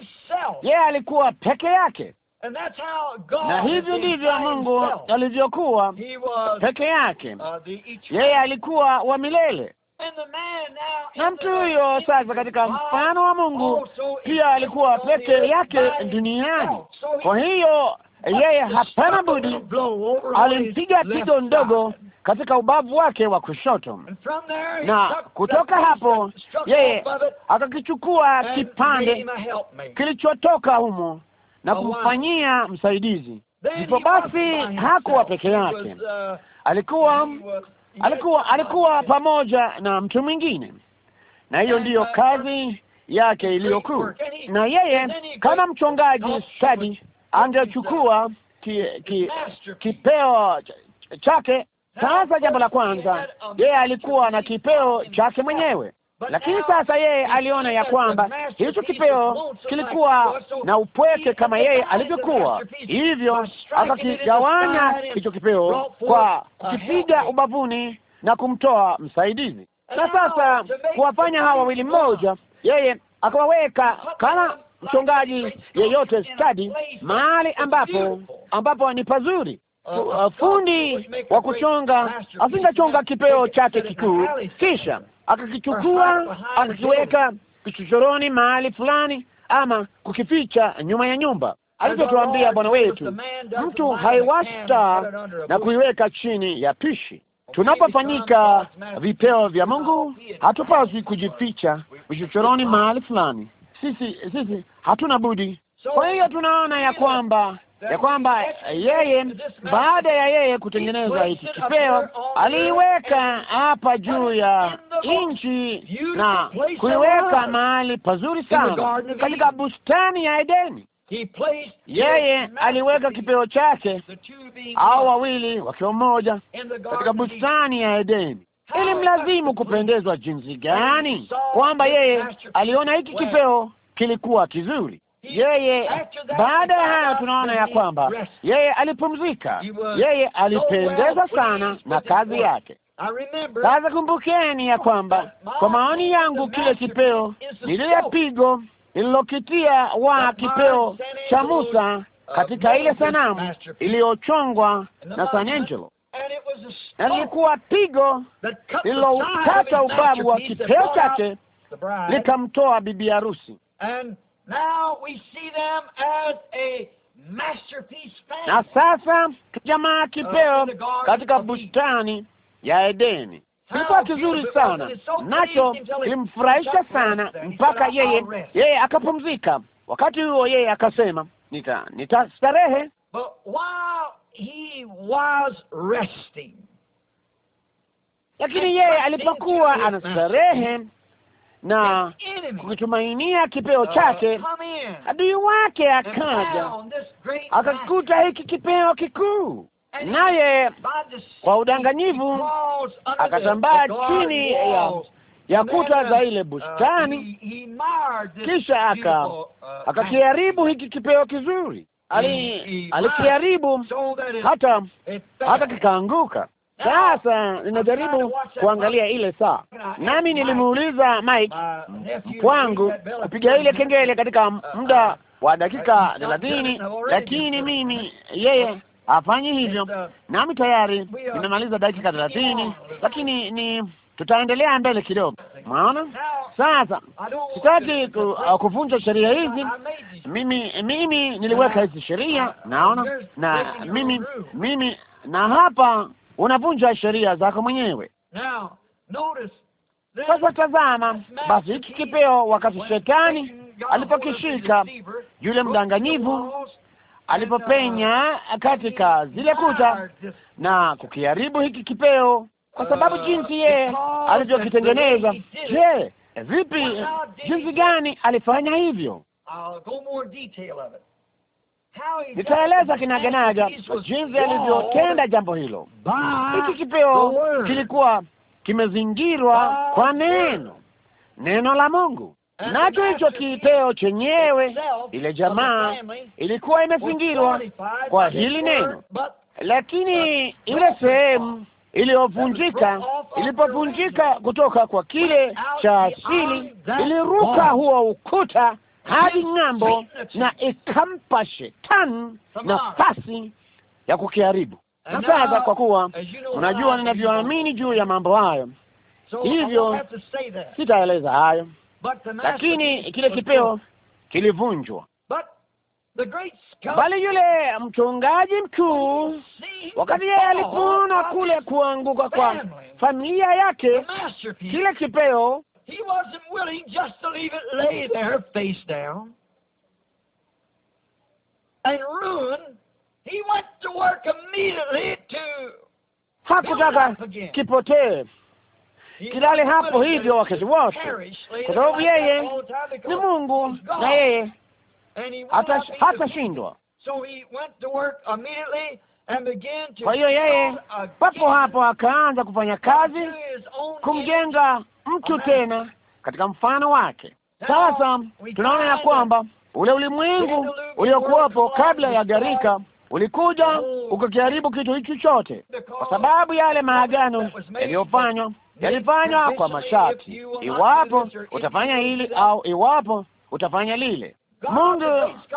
yeye alikuwa peke yake na hivyo ndivyo Mungu alivyokuwa peke yake. Uh, yeye alikuwa wa milele, na mtu huyo sasa katika mfano wa Mungu pia alikuwa peke yake duniani. Kwa hiyo yeye hapana budi alimpiga pigo ndogo katika ubavu wake wa kushoto, na kutoka hapo yeye akakichukua kipande kilichotoka humo na kumfanyia msaidizi. Ndipo basi hakuwa peke yake, uh, alikuwa alikuwa alikuwa pamoja na mtu mwingine, na hiyo ndiyo uh, kazi yake iliyokuu. Na yeye kama mchongaji stadi angechukua ki, ki, kipeo chake. Sasa jambo la kwanza, yeye alikuwa na kipeo chake mwenyewe lakini sasa yeye aliona ya kwamba hicho kipeo kilikuwa na upweke kama yeye alivyokuwa, hivyo akakigawanya hicho kipeo kwa kukipiga ubavuni na kumtoa msaidizi. Na sasa kuwafanya hawa wawili mmoja, yeye akawaweka kama mchungaji yeyote stadi mahali ambapo ambapo ni pazuri. Fundi wa kuchonga asingachonga kipeo chake kikuu, kisha akakichukua akakiweka kichochoroni mahali fulani, ama kukificha nyuma ya nyumba. alivyotuambia Bwana wetu, mtu haiwasta na kuiweka chini ya pishi. Tunapofanyika vipeo vya Mungu, hatupaswi kujificha vichochoroni mahali fulani. Sisi sisi hatuna budi. Kwa hiyo tunaona ya kwamba ya kwamba yeye baada ya yeye kutengeneza hiki kipeo aliiweka hapa juu ya nchi na kuiweka mahali pazuri sana katika bustani ya Edeni. Yeye aliweka kipeo chake au wawili wakiwa mmoja katika bustani ya Edeni. mlazimu kupendezwa jinsi gani kwamba yeye aliona hiki kipeo kilikuwa kizuri yeye. Baada ya hayo, tunaona ya kwamba yeye alipumzika, yeye alipendeza sana na kazi yake. Sasa kumbukeni ya oh, kwamba kwa maoni yangu, kile kipeo ni pigo lililokitia wa kipeo cha Musa katika ile sanamu iliyochongwa na San Angelo, na lilikuwa pigo lililokata ubabu wa kipeo chake likamtoa bibi harusi na sasa jamaa kipeo katika bustani ya Edeni kilikuwa kizuri sana, nacho kilimfurahisha sana mpaka yeye yeye akapumzika. Wakati huo yeye akasema, nita nitastarehe. Lakini yeye alipokuwa anastarehe na kukitumainia kipeo chake, uh, adui wake akaja akakuta hiki kipeo kikuu, naye kwa udanganyivu akatambaa chini ya ya kuta za uh, ile bustani, kisha aka uh, akakiharibu hiki kipeo kizuri, alikiharibu hata hata kikaanguka. Sasa ninajaribu kuangalia ile saa, nami nilimuuliza Mike kwangu kupiga ile kengele katika uh, uh, muda wa uh, dakika thelathini, lakini mimi yeye hafanyi hivyo, nami tayari nimemaliza dakika thelathini, lakini ni tutaendelea mbele kidogo, mwaona. Sasa sitaki ku, uh, kuvunja sheria hizi. Mimi mimi niliweka hizi sheria, naona na mimi mimi na hapa unavunja sheria zako mwenyewe. Sasa tazama basi hiki kipeo, wakati shetani alipokishika, yule mdanganyivu alipopenya uh, katika zile kuta na kukiharibu hiki kipeo, kwa sababu uh, jinsi yeye alivyokitengeneza. Je, vipi, jinsi gani alifanya hivyo? Nitaeleza kinaganaga jinsi alivyotenda jambo hilo. Hiki kipeo kilikuwa kimezingirwa kwa neno, neno la Mungu, nacho hicho kipeo chenyewe, ile jamaa ilikuwa imezingirwa kwa hili neno, lakini ile sehemu iliyovunjika ilipovunjika kutoka kwa kile cha asili, iliruka huo ukuta hadi ng'ambo na ikampa shetani nafasi ya kukiharibu. Na sasa kwa kuwa unajua uh, ninavyoamini juu ya mambo hayo, hivyo sitaeleza hayo, lakini kile kipeo kilivunjwa. Bali yule mchungaji mkuu, wakati yeye alipoona kule kuanguka kwa familia yake, kile kipeo He wasn't willing just to leave it lay there face down and ruin. He went to work immediately to hakutaka kipotee kilale hapo hivyo wakati wote, kwa sababu yeye ni Mungu na yeye hatashindwa. Kwa hiyo yeye papo hapo akaanza kufanya kazi kumjenga mtu tena katika mfano wake. Sasa tunaona ya kwamba ule ulimwengu uliokuwapo kabla ya gharika ulikuja oh. ukakiharibu kitu hicho chote, kwa sababu yale maagano yaliyofanywa yalifanywa kwa masharti, iwapo utafanya hili au iwapo utafanya lile. Mungu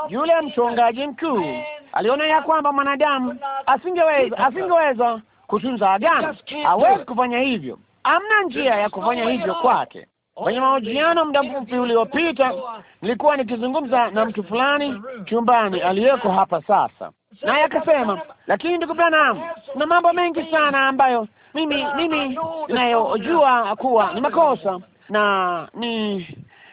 yule mchungaji mkuu aliona ya kwamba mwanadamu asingeweza asingeweza kutunza agano, hawezi kufanya hivyo amna njia ya kufanya hivyo kwake. Kwenye mahojiano muda mfupi uliopita, nilikuwa nikizungumza na mtu fulani chumbani aliyeko hapa sasa, naye akasema, lakini ndugu Branham, na mambo mengi sana ambayo mimi mimi ninayojua kuwa ni makosa na ni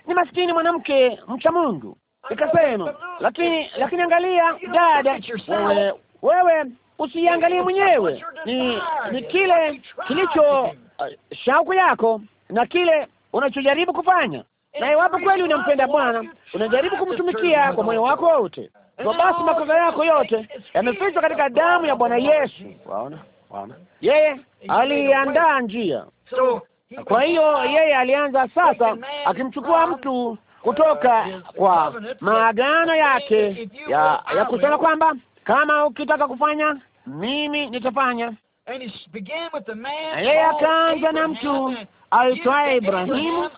ni maskini mwanamke mcha Mungu. Ikasema, lakini lakini angalia dada, wewe wewe usiangalie mwenyewe, ni ni kile kilicho Uh, shauku yako na kile unachojaribu kufanya, na iwapo kweli unampenda Bwana, unajaribu kumtumikia kwa moyo wako wote, kwa basi makosa yako yote yamefichwa katika damu ya Bwana Yesu. Waona, waona, yeye aliandaa njia. Kwa hiyo yeye alianza sasa, akimchukua mtu uh, kutoka kwa maagano yake ya, ya kusema kwamba kama ukitaka kufanya mimi nitafanya na yeye akaanza na mtu aitwaye Ibrahimu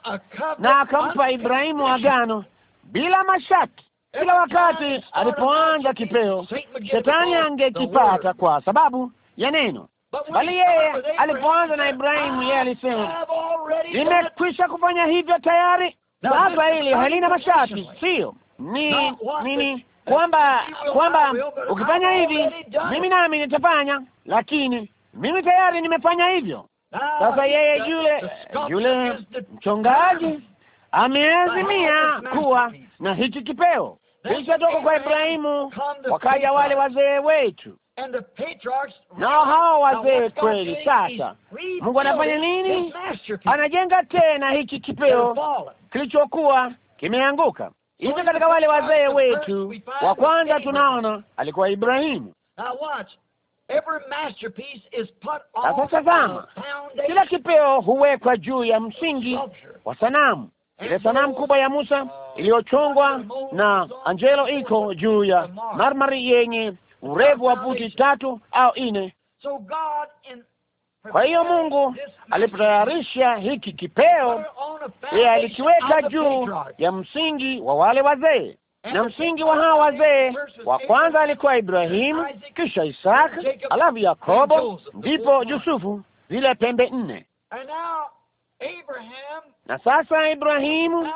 na akampa Ibrahimu agano bila masharti. Kila wakati alipoanza kipeo, shetani angekipata kwa sababu ya neno, bali yeye alipoanza na Ibrahimu, yeye alisema nimekwisha kufanya hivyo tayari. Sasa hili halina masharti, sio ni nini, kwamba kwamba ukifanya hivi mimi nami nitafanya, lakini mimi tayari nimefanya hivyo. Sasa ah, yeye yule yule mchongaji ameazimia kuwa na hiki kipeo kilichotoka kwa Ibrahimu, wakaja wale wazee wetu na hao wazee kweli. Sasa Mungu anafanya nini? Anajenga tena hiki kipeo kilichokuwa kimeanguka. Hivyo katika wale wazee wetu wa kwanza tunaona alikuwa Ibrahimu. Sasa zama, kila kipeo huwekwa juu ya msingi wa sanamu. Ile sanamu kubwa ya Musa uh, iliyochongwa na Angelo iko juu ya marmari yenye urefu wa futi tatu au nne. Kwa hiyo Mungu alipotayarisha hiki kipeo, yeye alikiweka juu ya msingi wa wale wazee na msingi wa hawa wazee wa kwanza alikuwa Ibrahimu, kisha Isaka, alafu Yakobo, ndipo Yusufu, zile pembe nne. Na sasa Ibrahimu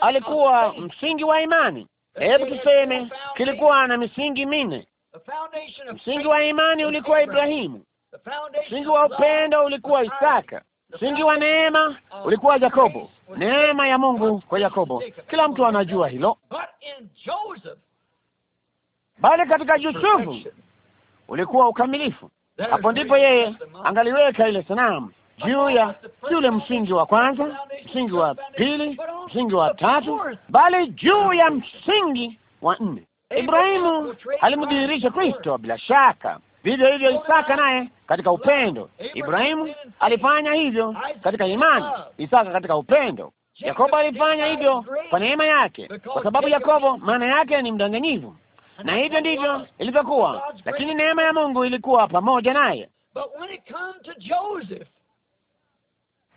alikuwa msingi wa imani, hebu tuseme kilikuwa na misingi minne. Msingi wa imani ulikuwa Ibrahimu, msingi wa upendo ulikuwa Isaka, msingi wa neema ulikuwa Yakobo, neema ya Mungu kwa Yakobo. Kila mtu anajua hilo, bali katika Yusufu ulikuwa ukamilifu. Hapo ndipo yeye angaliweka ile sanamu juu ya yule msingi wa kwanza, msingi wa pili, msingi wa tatu, bali juu ya msingi wa nne. Ibrahimu alimdhihirisha Kristo bila shaka. Vivyo hivyo Isaka naye katika upendo. Ibrahimu alifanya hivyo katika imani, Isaka katika upendo. Yakobo alifanya hivyo kwa neema yake, kwa sababu Yakobo maana yake ni mdanganyivu, na hivyo ndivyo ilivyokuwa, lakini neema ya Mungu ilikuwa pamoja naye.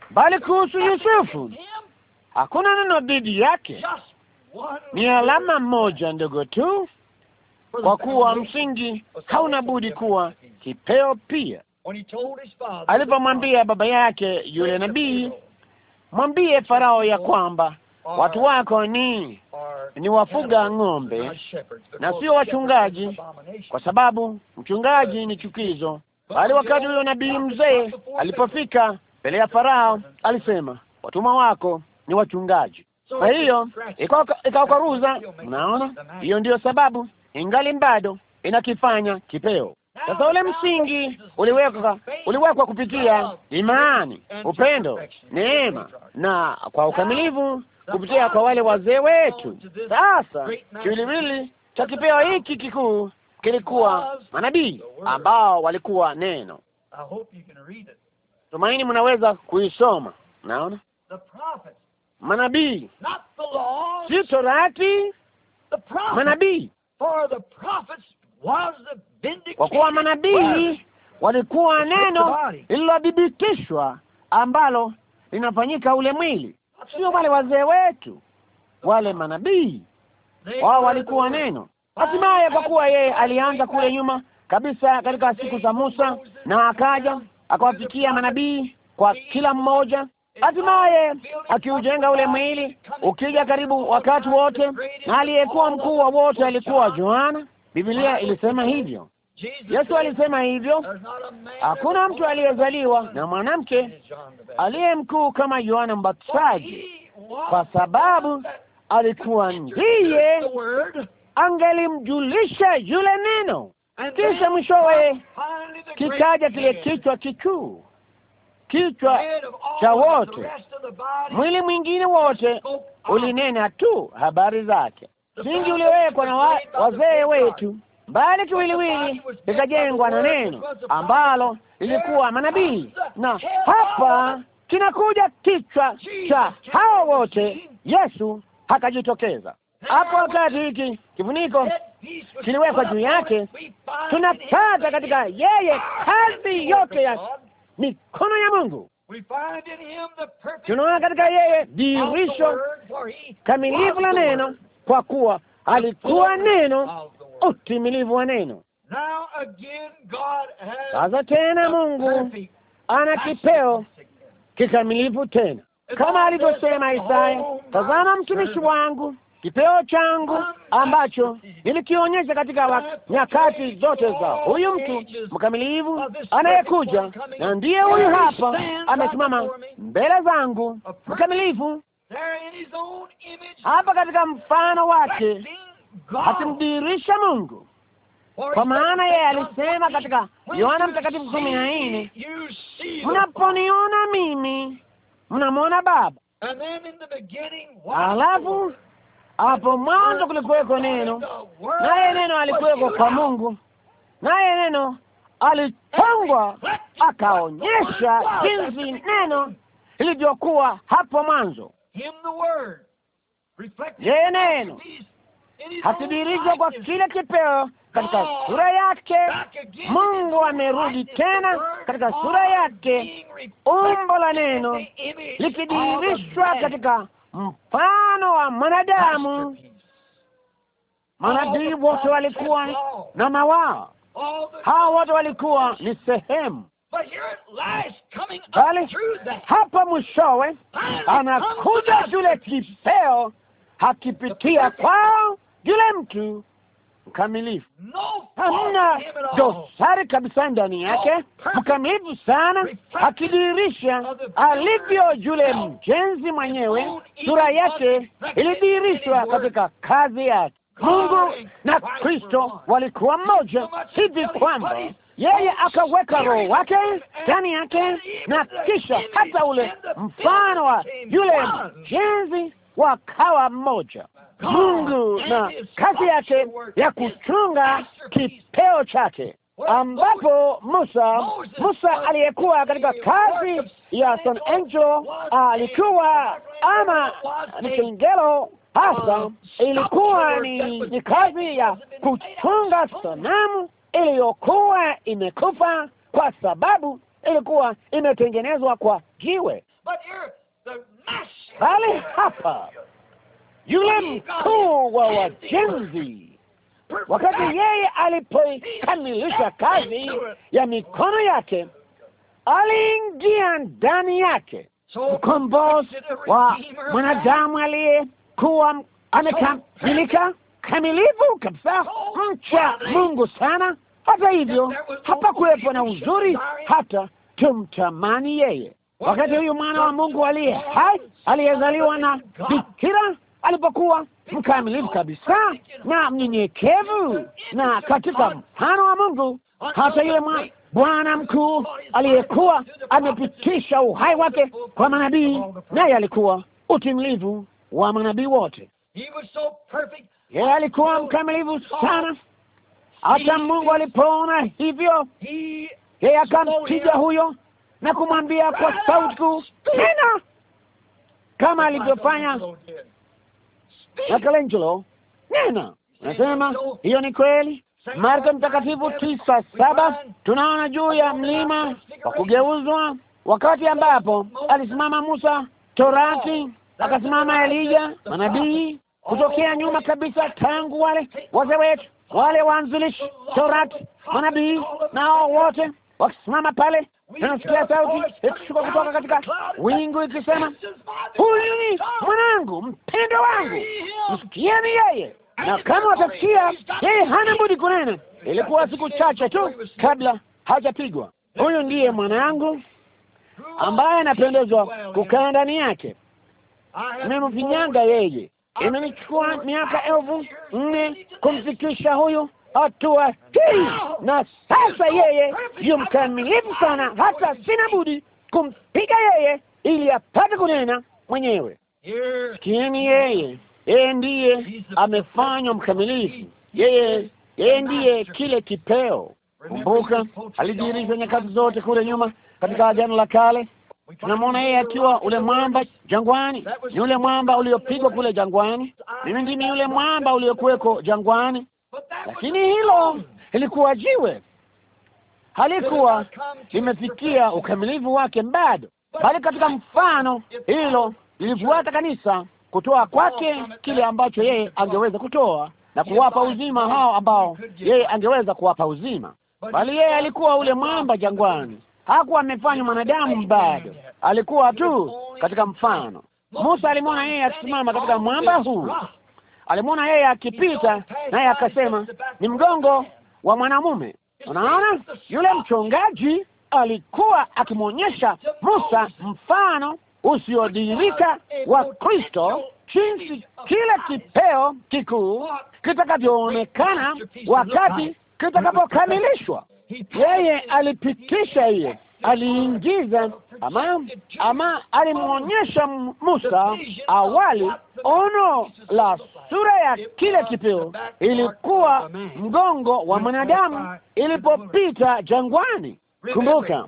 Bali kuhusu Yusufu hakuna neno dhidi yake, ni alama moja ndogo tu kwa kuwa msingi hauna budi kuwa kipeo pia. Alipomwambia baba yake yule nabii, mwambie Farao ya kwamba watu wako ni ni wafuga ng'ombe na sio wachungaji, kwa sababu mchungaji ni chukizo. Bali wakati huyo nabii mzee alipofika mbele ya Farao, alisema watumwa wako ni wachungaji. Kwa hiyo ikaokaruza Mnaona, hiyo ndiyo sababu ingali bado inakifanya kipeo. Sasa ule msingi uliwekwa uliwekwa kupitia imani, upendo, neema na kwa ukamilifu kupitia kwa wale wazee wetu. Sasa kiwiliwili cha kipeo hiki kikuu kilikuwa manabii ambao walikuwa neno. Tumaini mnaweza kuisoma. Naona manabii, si torati, manabii kwa kuwa manabii walikuwa neno lililodhibitishwa ambalo linafanyika ule mwili, sio wale wazee wetu, wale manabii wao walikuwa neno. Hatimaye, kwa kuwa yeye alianza kule nyuma kabisa katika siku za Musa, na akaja akawafikia manabii kwa kila mmoja hatimaye akiujenga ule mwili ukija karibu wakati wote, na aliyekuwa mkuu wa wote alikuwa Yohana. Biblia ilisema hivyo, Yesu alisema hivyo. Hakuna mtu aliyezaliwa na mwanamke aliye mkuu kama Yohana Mbatizaji, kwa sababu alikuwa ndiye angelimjulisha yule neno, kisha mwishowe kikaja kile kichwa kikuu kichwa cha wote. Mwili mwingine wote ulinena tu habari zake. Msingi uliowekwa na wazee wetu, mbali kiwiliwili likajengwa na neno ambalo lilikuwa manabii, na hapa kinakuja kichwa cha hawa wote. Yesu hakajitokeza hapo wakati hiki kifuniko kiliwekwa juu yake. Tunapata katika yeye kazi yote ya mikono ya Mungu. Tunaona katika yeye dirisho kamilifu la neno, kwa kuwa alikuwa neno, utimilivu wa neno. Sasa tena Mungu ana kipeo kikamilifu tena, kama alivyosema Isaya, tazama mtumishi wangu kipeo changu ambacho nilikionyesha katika nyakati zote za huyu mtu mkamilivu anayekuja, na ndiye huyu hapa amesimama mbele zangu mkamilivu hapa katika mfano wake, akimdirisha Mungu, kwa maana yeye alisema katika Yohana Mtakatifu kumi na nne, mnaponiona mimi mnamwona Baba. Halafu hapo mwanzo kulikuweko neno, naye neno alikuweko kwa Mungu, naye neno alitengwa, akaonyesha jinsi neno lilivyokuwa hapo mwanzo. Yeye neno hatidirishwa kwa kile kipeo katika sura yake. Mungu amerudi tena katika sura yake, umbo la neno likidirishwa katika mfano wa mwanadamu. Manabii oh, wote walikuwa na mawaa, hao wote walikuwa ni sehemu bali hapa mwishowe anakuja yule kipeo hakipitia kwao yule mtu mkamilifu, hamna dosari kabisa ndani yake, mkamilifu sana, akidirisha alivyo yule mjenzi mwenyewe. Sura yake ilidirishwa katika kazi yake. Mungu na Kristo walikuwa mmoja hivi kwamba yeye akaweka roho wake ndani yake, na kisha hata ule mfano wa yule mjenzi wakawa mmoja. Mungu na kazi yake ya kuchunga kipeo chake ambapo Musa Musa aliyekuwa katika kazi ya San Angelo ah, alikuwa ama um, ni kengelo hasa, ilikuwa ni, ni kazi ya kuchunga oh. sanamu iliyokuwa imekufa kwa sababu ilikuwa imetengenezwa kwa jiwe bali hapa yule mkuu wa wajenzi, wakati yeye alipoikamilisha kazi ya mikono yake, aliingia ndani yake, mkombozi wa mwanadamu aliyekuwa amekamilika kamilifu kabisa, mcha Mungu sana. Hata hivyo, hapakuwepo na uzuri hata tumtamani yeye wakati huyu mwana wa Mungu aliye hai aliyezaliwa na bikira alipokuwa mkamilifu kabisa na mnyenyekevu na katika mfano wa Mungu, hata yule bwana mkuu aliyekuwa amepitisha uhai wake kwa manabii, naye alikuwa utimilivu wa manabii wote. Yeye alikuwa mkamilifu sana. Hata Mungu alipoona hivyo, yeye akampiga huyo na kumwambia kwa sauti kuu, tena kama alivyofanya Michelangelo, nena. Nasema hiyo ni kweli. Marko Mtakatifu tisa saba tunaona juu ya mlima wa kugeuzwa, wakati ambapo alisimama Musa Torati, akasimama Elija, manabii kutokea nyuma kabisa, tangu wale wazee wetu wale waanzilishi Torati, manabii nao wote wakisimama pale Tunasikia sauti ikishuka kutoka katika wingu ikisema, huyu ni mwanangu mpendo wangu, msikieni yeye. Na kama watasikia yeye, hana budi kunena. Ilikuwa siku chache tu kabla hajapigwa. Huyu ndiye mwanangu ambaye anapendezwa kukaa ndani yake. Nimemfinyanga yeye, imenichukua miaka elfu nne kumfikisha huyu hatua hii, na sasa yeye yu mkamilifu sana, hata sina budi kumpiga yeye ili apate kunena mwenyewe. Sikieni, yeye yeye ndiye amefanywa mkamilifu, yeye yeye ndiye kile kipeo. Kumbuka, alijirishwa nyakati zote kule nyuma katika Agano la Kale. Tunamwona yeye akiwa ule mwamba jangwani, ni ule mwamba uliopigwa kule jangwani. Mimi ndimi yule mwamba uliokuweko jangwani, lakini hilo ilikuwa jiwe, halikuwa limefikia ukamilifu wake bado, bali katika mfano hilo lilifuata kanisa kutoa kwake kile ambacho yeye angeweza kutoa na kuwapa uzima hao ambao yeye angeweza kuwapa uzima, bali yeye alikuwa ule mwamba jangwani. Hakuwa amefanywa mwanadamu bado, alikuwa tu katika mfano. Musa alimwona yeye akisimama katika mwamba huu, alimwona yeye akipita, naye akasema ni mgongo wa mwanamume. Unaona, yule mchungaji alikuwa akimwonyesha Musa mfano usiodhihirika wa Kristo, jinsi kila kipeo kikuu kitakavyoonekana wakati kitakapokamilishwa. Yeye alipitisha hiyo, aliingiza ama, ama alimwonyesha Musa awali ono la sura ya kile kipeo ilikuwa mgongo wa mwanadamu ilipopita jangwani. Kumbuka,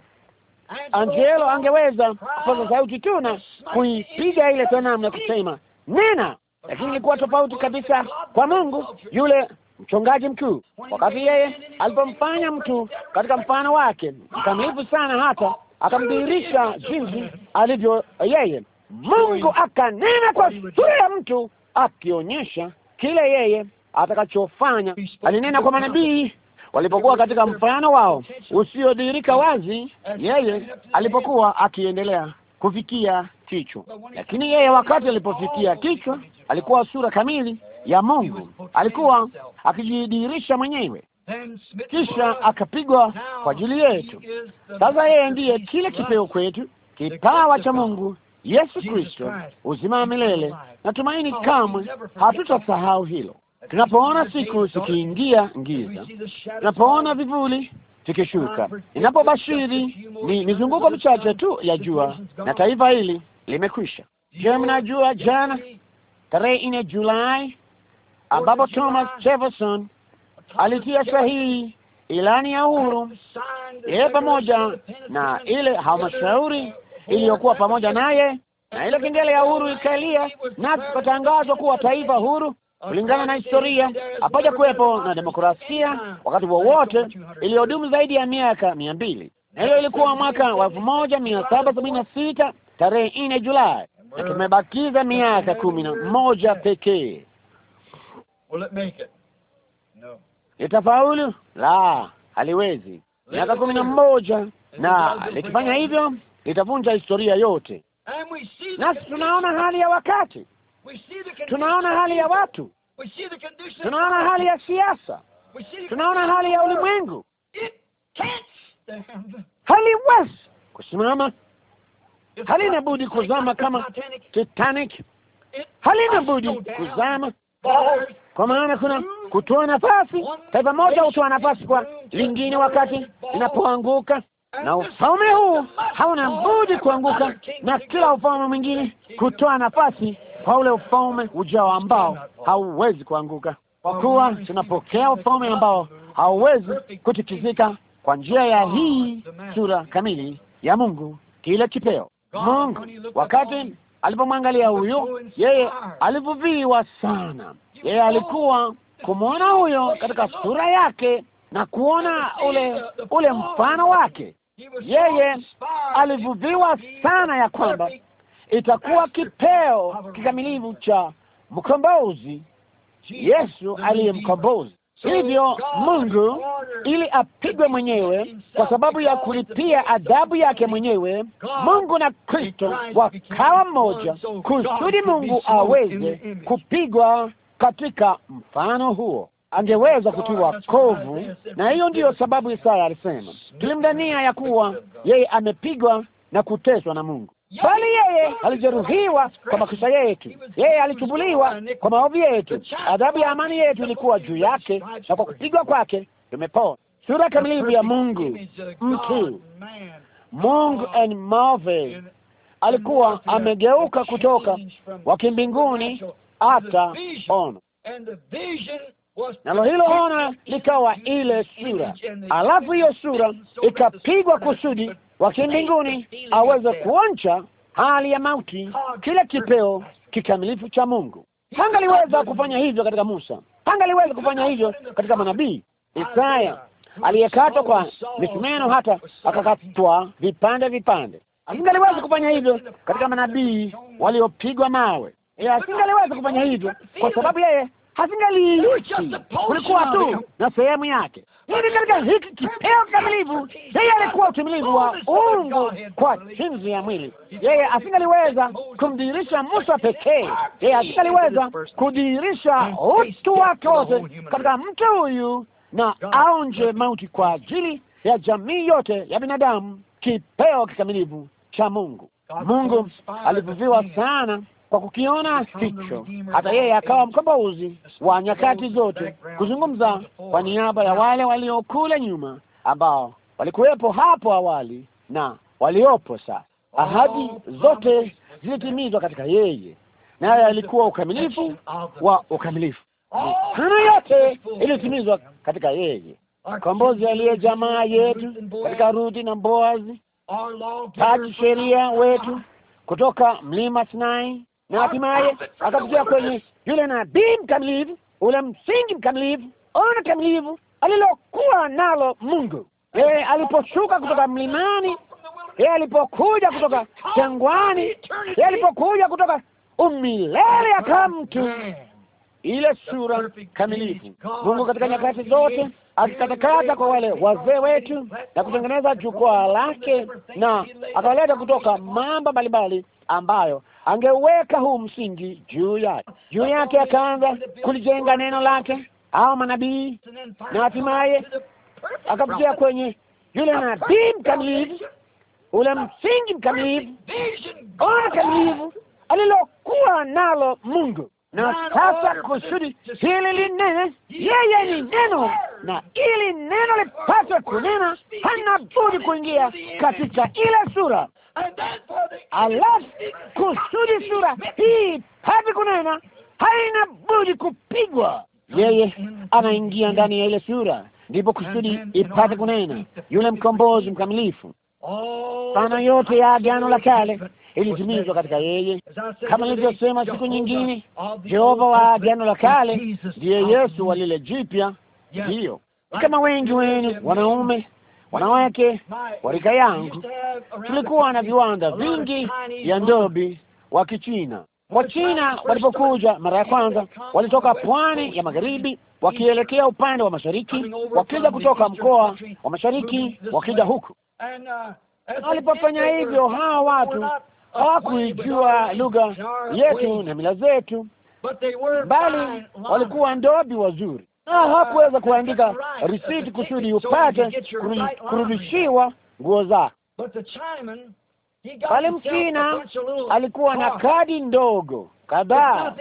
Angelo angeweza kupaza sauti tu na kuipiga ile sanamu na kusema nena, lakini ilikuwa tofauti kabisa kwa Mungu yule mchongaji mkuu, wakati yeye alipomfanya mtu katika mfano wake mkamilifu sana, hata akamdhihirisha jinsi alivyo yeye. Mungu akanena kwa sura ya mtu akionyesha kile yeye atakachofanya. Alinena kwa manabii walipokuwa katika mfano wao usiodhihirika wazi, yeye alipokuwa akiendelea kufikia kichwa. Lakini yeye wakati alipofikia kichwa, alikuwa sura kamili ya Mungu, alikuwa akijidhihirisha mwenyewe, kisha akapigwa kwa ajili yetu. Sasa yeye ndiye kile kipeo kwetu, kipawa cha Mungu Yesu Kristo, uzima wa milele. Natumaini oh, kamwe hatutasahau hilo. Tunapoona siku zikiingia ngiza tunapoona vivuli vikishuka, inapobashiri ni mizunguko michache tu ya jua na taifa hili limekwisha. Je, mnajua jana tarehe nne Julai ambapo Thomas Jefferson alitia sahihi ilani ya uhuru, yeye pamoja na ile halmashauri iliyokuwa pamoja naye, na ile kengele ya uhuru ikalia, nasi tukatangazwa kuwa taifa huru kulingana na historia. Hapaja kuwepo na demokrasia wakati wowote iliyodumu zaidi ya miaka mia mbili, na hiyo ilikuwa mwaka wa elfu moja mia saba sabini na sita tarehe nne Julai, na tumebakiza miaka kumi na moja pekee. Itafaulu? La, haliwezi. Miaka kumi na mmoja, na likifanya hivyo litavunja historia yote. Eh, Nasi tunaona hali ya wakati, tunaona hali ya watu, tunaona hali ya siasa, tunaona hali ya ulimwengu. Haliwezi kusimama, halina budi kuzama kama Titanic, halina budi kuzama kwa maana kuna kutoa nafasi, taifa moja hutoa nafasi kwa lingine wakati inapoanguka na ufalme huu hauna budi kuanguka na kila ufalme mwingine kutoa nafasi kwa ule ufalme ujao ambao hauwezi kuanguka, kwa kuwa tunapokea ufalme ambao hauwezi kutikizika kwa njia ya hii sura kamili ya Mungu, kile kipeo Mungu wakati alipomwangalia huyo, yeye alivuviwa sana. Yeye alikuwa kumwona huyo katika sura yake na kuona ule ule mfano wake, yeye alivuviwa sana ya kwamba itakuwa kipeo kikamilifu cha mkombozi, Yesu aliyemkombozi. Hivyo Mungu ili apigwe mwenyewe kwa sababu ya kulipia adhabu yake mwenyewe. Mungu na Kristo wakawa mmoja, kusudi Mungu aweze kupigwa katika mfano huo angeweza kutiwa kovu, na hiyo ndiyo sababu Isaya alisema, tulimdania ya kuwa yeye amepigwa na kuteswa na Mungu, bali yeye alijeruhiwa kwa makosa yetu, yeye alichubuliwa kwa maovu yetu, adhabu ya amani yetu ilikuwa juu yake, na kwa kupigwa kwake tumepona. Sura kamilifu ya Mungu mtu Mungu and mave alikuwa amegeuka kutoka wakimbinguni hata ono nalo hilo ona likawa ile sura, alafu hiyo sura ikapigwa kusudi wakimbinguni aweze kuonja hali ya mauti, kile kipeo kikamilifu cha Mungu. Hangaliweza kufanya hivyo katika Musa, hangaliweza kufanya hivyo katika manabii Isaya aliyekatwa kwa misumeno hata akakatwa vipande vipande. Asingaliweza kufanya hivyo katika manabii waliopigwa mawe, asingaliweza kufanya hivyo kwa sababu yeye hazingaliishi, kulikuwa tu na sehemu yake hivi katika hiki kipeo kikamilivu Yeye alikuwa utimilivu wa uungu kwa jinsi ya mwili. Yeye asingaliweza kumdhihirisha Musa pekee, yeye asingaliweza kudhihirisha utu wake wote katika mtu huyu, na aonje mauti kwa ajili ya jamii yote ya binadamu, kipeo kikamilivu cha Mungu. Mungu alivuviwa sana kwa kukiona hicho, hata yeye akawa mkombozi wa nyakati zote, kuzungumza kwa niaba ya wale walio kule nyuma ambao walikuwepo hapo awali na waliopo sasa. Ahadi zote zilitimizwa katika yeye, nayo alikuwa ukamilifu wa ukamilifu. Hana yote ilitimizwa katika yeye, kombozi aliye jamaa yetu katika Rudi na Boazi, taji sheria wetu kutoka mlima Sinai na hatimaye akapitia kwenye yule nabii mkamilivu, ule msingi mkamilivu, ona kamilivu alilokuwa nalo Mungu. Yeye aliposhuka kutoka mlimani, yeye alipokuja kutoka jangwani, yeye alipokuja kutoka umilele, ya mtu ile sura kamilifu. Mungu katika nyakati zote akikatakata kwa wale wazee wetu na kutengeneza jukwaa lake, na akawaleta kutoka mambo mbalimbali ambayo angeweka huu msingi juu yake juu yake, akaanza kulijenga neno lake au manabii, na hatimaye akapitia kwenye yule nabii mkamilivu ule msingi mkamilivu ona kamilivu alilokuwa nalo Mungu. Na sasa kusudi hili linene, yeye ni neno, na ili neno lipate kunena, hana budi kuingia katika ile sura alafu kusudi sura hii hapi kunena, haina budi kupigwa. Yeye anaingia ndani ya ile sura, ndipo kusudi ipate kunena. Yule mkombozi mkamilifu, sana yote ya agano la kale ilitimizwa katika yeye, kama nilivyosema siku nyingine. Jehova wa agano la kale ndiye Yesu wa lile jipya, ndiyo kama wengi wenu wanaume wanawake wa rika yangu tulikuwa na viwanda vingi vya ndobi wa Kichina. Wachina walipokuja mara ya kwanza walitoka pwani ya magharibi wakielekea upande wa mashariki, wakija kutoka mkoa wa mashariki wakija huku. Walipofanya hivyo, hawa watu hawakuijua lugha yetu na mila zetu, bali walikuwa ndobi wazuri hakuweza kuandika risiti kusudi upate kurudishiwa nguo zako. Pale mchina alikuwa na kadi ndogo kadhaa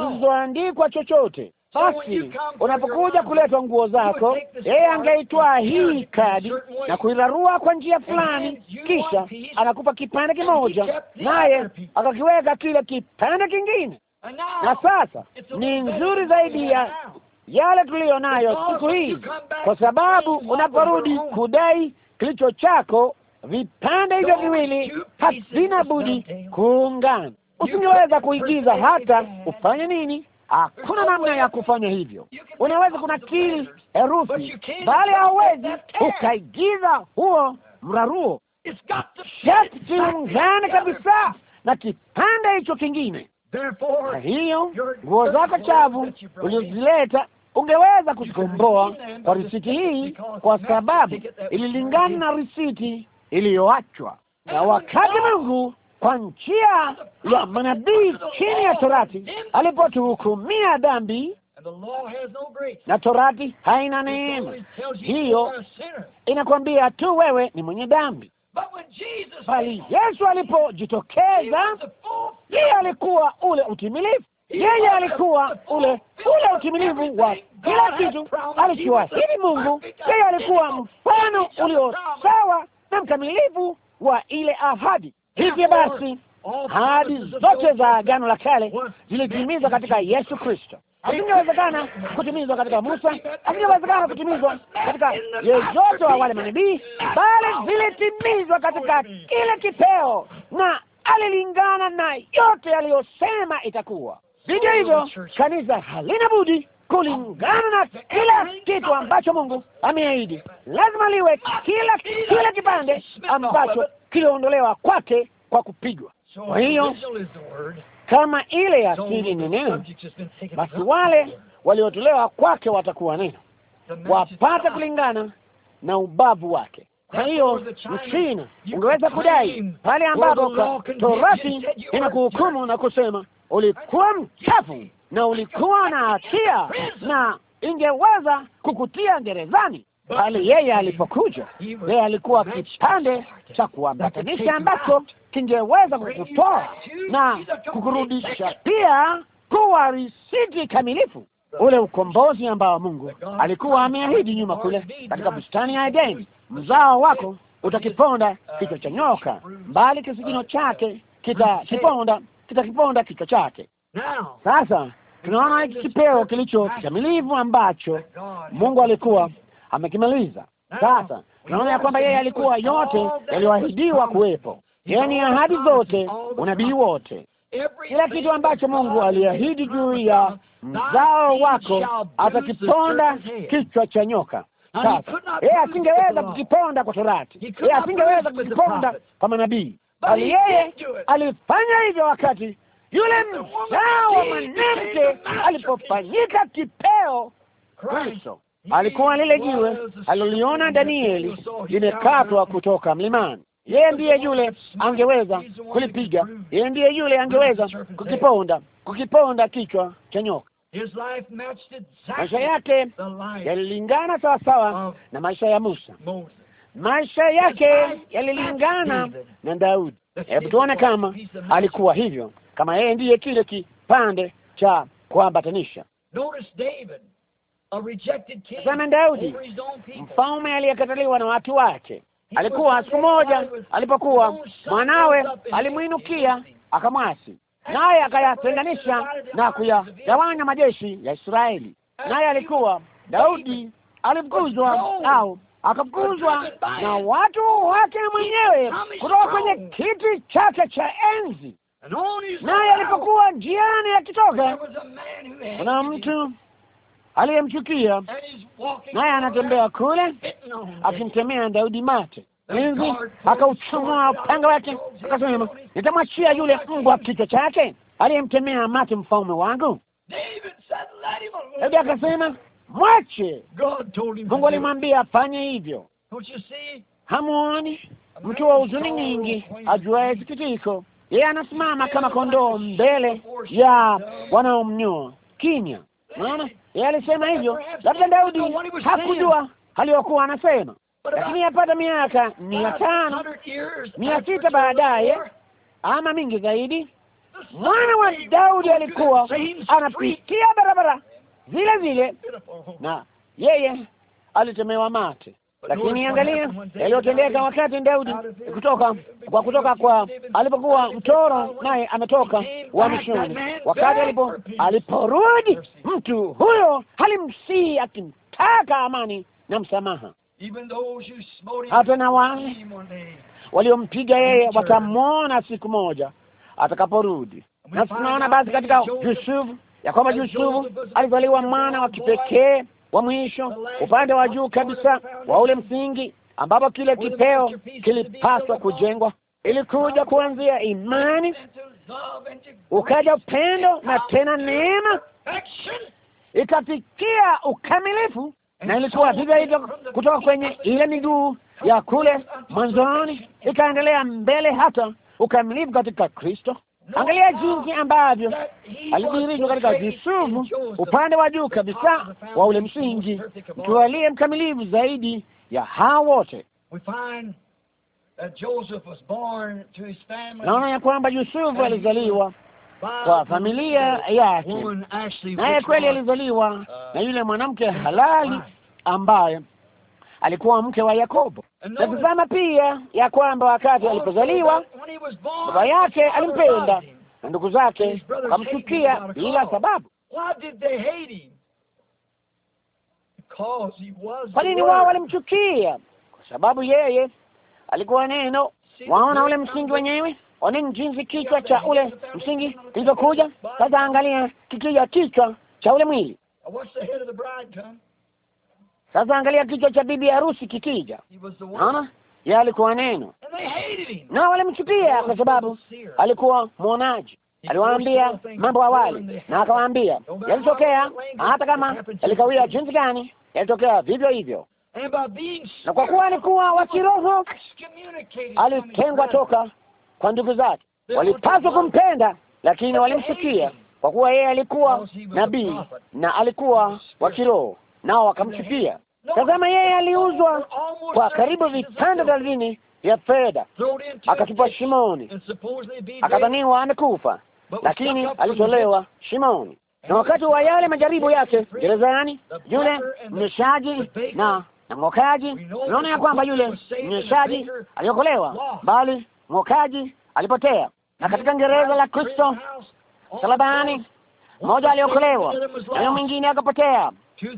zilizoandikwa chochote. Basi unapokuja kuletwa nguo zako, yeye angeitwaa hii kadi na kuirarua kwa njia fulani, kisha anakupa kipande kimoja, naye akakiweka kile kipande kingine. Na sasa ni nzuri zaidi ya yale tuliyo nayo siku hizi, kwa sababu unaporudi kudai kilicho chako, vipande hivyo viwili havina budi kuungana. Usingeweza kuigiza hata ufanye nini. Hakuna namna ya kufanya hivyo. Unaweza kunakili herufi, bali hauwezi ukaigiza huo mraruo. Sharti kiungane kabisa na kipande hicho kingine. Kwa hiyo nguo zako chavu uliozileta ungeweza kuzikomboa kwa risiti hii, kwa sababu ililingana na risiti iliyoachwa na wakati Mungu kwa njia ya manabii chini ya Torati alipotuhukumia dhambi na Torati haina neema hiyo, inakwambia tu wewe ni mwenye dhambi. Bali Yesu alipojitokeza, yeye alikuwa ule utimilifu. Yeye alikuwa ule ule utimilivu wa kila kitu alikiwaahidi Mungu. Yeye alikuwa mfano ulio sawa na mkamilifu wa ile ahadi. Hivyo basi ahadi zote za Agano la Kale zilitimizwa katika Yesu Kristo. Asingewezekana kutimizwa katika Musa, asingewezekana kutimizwa katika yeyote wa wale manabii, bali zilitimizwa katika kile kipeo, na alilingana na yote aliyosema itakuwa. Vivyo hivyo kanisa halina budi kulingana na kila kitu ambacho Mungu ameahidi, lazima liwe kila kila kipande ambacho kiliondolewa kwake kwa kupigwa. Kwa hiyo kama ile asili ni neno, basi wale waliotolewa kwake watakuwa neno, wapata kulingana na ubavu wake. Kwa hiyo Mchina, ungeweza kudai pale ambapo Torati inakuhukumu na kusema ulikuwa mchafu na ulikuwa na hatia na ingeweza kukutia gerezani, bali yeye alipokuja, yeye alikuwa kipande cha kuambatanisha ambacho kingeweza kukutoa na kukurudisha pia kuwa risiti kamilifu, ule ukombozi ambao Mungu alikuwa ameahidi nyuma kule katika bustani ya Edeni mzao wako utakiponda kichwa cha nyoka, bali kisigino chake kitakiponda kitakiponda kichwa chake. Sasa tunaona hiki kipeo kilicho kikamilifu ambacho Mungu alikuwa amekimaliza. Sasa tunaona ya kwamba yeye alikuwa yote yaliyoahidiwa kuwepo, yaani ahadi zote, unabii wote, kila kitu ambacho Mungu aliahidi juu ya mzao wako atakiponda kichwa cha nyoka. Yeye asingeweza kukiponda kwa Torati, yeye asingeweza kukiponda kwa manabii, bali yeye alifanya hivyo wakati yule mzaa wa mwanamke alipofanyika kipeo. Kristo alikuwa lile jiwe aliloliona Danieli limekatwa kutoka mlimani. Yeye ndiye yule angeweza kulipiga, yeye ndiye yule angeweza kukiponda, kukiponda kichwa cha nyoka maisha yake yalilingana sawasawa na maisha ya Musa. Maisha yake yalilingana na Daudi. Hebu tuone kama alikuwa hivyo, kama yeye ndiye kile kipande cha kuambatanisha. Sana Daudi, mfalme aliyekataliwa na watu wake. Alikuwa siku moja alipokuwa mwanawe alimwinukia akamwasi naye akayatenganisha na kuyagawanya majeshi ya Israeli. Naye alikuwa Daudi, alifukuzwa au akafukuzwa na watu wake mwenyewe kutoka kwenye kiti chake cha enzi. Naye alipokuwa njiani akitoka, kuna mtu aliyemchukia, naye anatembea kule akimtemea Daudi mate. Linzi akauchomoa upanga wake, akasema, nitamwachia yule mbwa kichwa chake aliyemtemea mate mfalme wangu. Daudi akasema, mwache. Mungu alimwambia afanye hivyo. Hamuoni mtu wa huzuni nyingi, ajuaye sikitiko, yeye anasimama kama kondoo mbele ya wanaomnyoa kinya. Maana yeye alisema hivyo, labda Daudi hakujua aliyokuwa anasema lakini apata miaka mia tano mia sita baadaye ama mingi zaidi. Mwana wa Daudi alikuwa anapitia barabara vile vile, na yeye alitemewa mate. Lakini angalia yaliyotendeka wakati Daudi kutoka kwa kutoka kwa alipokuwa mtoro, naye ametoka wa mishoni. Wakati alipo aliporudi, mtu huyo alimsihi akimtaka amani na msamaha hata na wale waliompiga yeye watamwona siku moja atakaporudi. Na tunaona basi katika Yusufu ya kwamba Yusufu alizaliwa mwana wa kipekee wa mwisho, upande wa juu kabisa wa ule msingi ambapo kile kipeo kilipaswa kujengwa. Ilikuja kuanzia imani, ukaja upendo na tena neema, ikafikia ukamilifu na ilikuwa vivyo hivyo kutoka kwenye ile miguu ya kule mwanzoni ikaendelea mbele hata ukamilifu katika Kristo. Angalia jinsi ambavyo alidhihirishwa katika Yusufu, upande wa juu kabisa wa ule msingi, mtu aliye mkamilifu zaidi ya hao wote. Naona ya kwamba Yusufu alizaliwa kwa familia yake, naye kweli alizaliwa uh, na yule mwanamke halali ambaye alikuwa mke wa Yakobo. Na pia ya kwamba wakati alipozaliwa baba yake alimpenda na ndugu zake wakamchukia bila sababu. Kwa nini wao walimchukia? Kwa sababu yeye alikuwa neno. Waona ule msingi wenyewe Oneni jinsi kichwa cha ule msingi kilivyokuja. Sasa angalia kikija kichwa cha ule mwili. Sasa angalia kichwa cha bibi harusi kikija. Naona yeye alikuwa neno, na walimchukia kwa sababu alikuwa mwonaji. Aliwaambia mambo awali, na akawaambia yalitokea, hata kama yalikawia jinsi gani, yalitokea vivyo hivyo na kwa kuwa alikuwa wa kiroho alitengwa toka kwa ndugu zake. Walipaswa kumpenda, lakini walimchukia kwa kuwa yeye alikuwa nabii na alikuwa wa kiroho, nao wakamchukia. Tazama, yeye aliuzwa kwa karibu vitanda thelathini vya fedha, akatupa shimoni, akadhaniwa amekufa, lakini alitolewa shimoni. Na wakati wa yale majaribu yake gerezani, yule mnyeshaji na na mwokaji, unaona ya kwamba yule mnyeshaji aliokolewa, bali mwokaji alipotea, na katika gereza la Kristo salabani, mmoja aliokolewa na mwingine akapotea.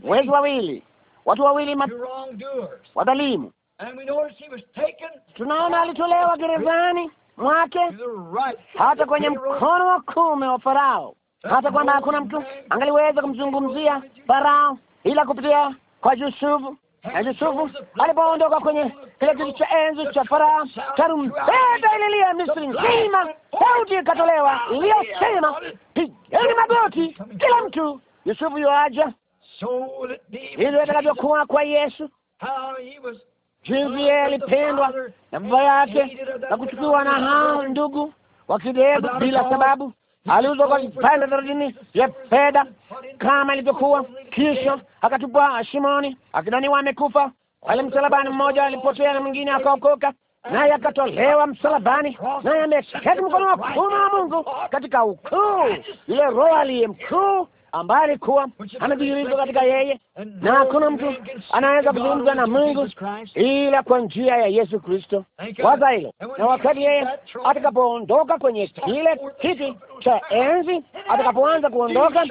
Wezi wawili, watu wawili wadhalimu. Tunaona alitolewa gerezani mwake hata kwenye mkono wa kume wa Farao, hata kwamba hakuna mtu angaliweza kumzungumzia Farao ila kupitia kwa Yusufu Yusufu yaani alipoondoka yaani kwenye kile kitu cha enzi cha Farao, tarumbeta ililia Misri nzima, sauti ikatolewa iliyosema, pigeni magoti kila mtu. Yusufu yoaja hivyo itakavyokuwa kwa Yesu, jinsi yeye alipendwa na baba yake na kuchukiwa na hao ndugu wa kidhehebu bila sababu aliuzwa kwa vipande thelathini vya fedha kama ilivyokuwa, kisha akatupwa shimoni akidhaniwa amekufa. Wale msalabani, mmoja alipotea na mwingine akaokoka, naye akatolewa msalabani, naye ameketi mkono wa kuume wa Mungu katika ukuu, yule Roho aliye mkuu ambaye alikuwa amedhihirishwa katika yeye, na hakuna mtu anaweza kuzungumza na Mungu ila kwa njia ya Yesu Kristo. Waza hilo, na wakati yeye atakapoondoka kwenye kile kiti cha enzi, atakapoanza kuondoka,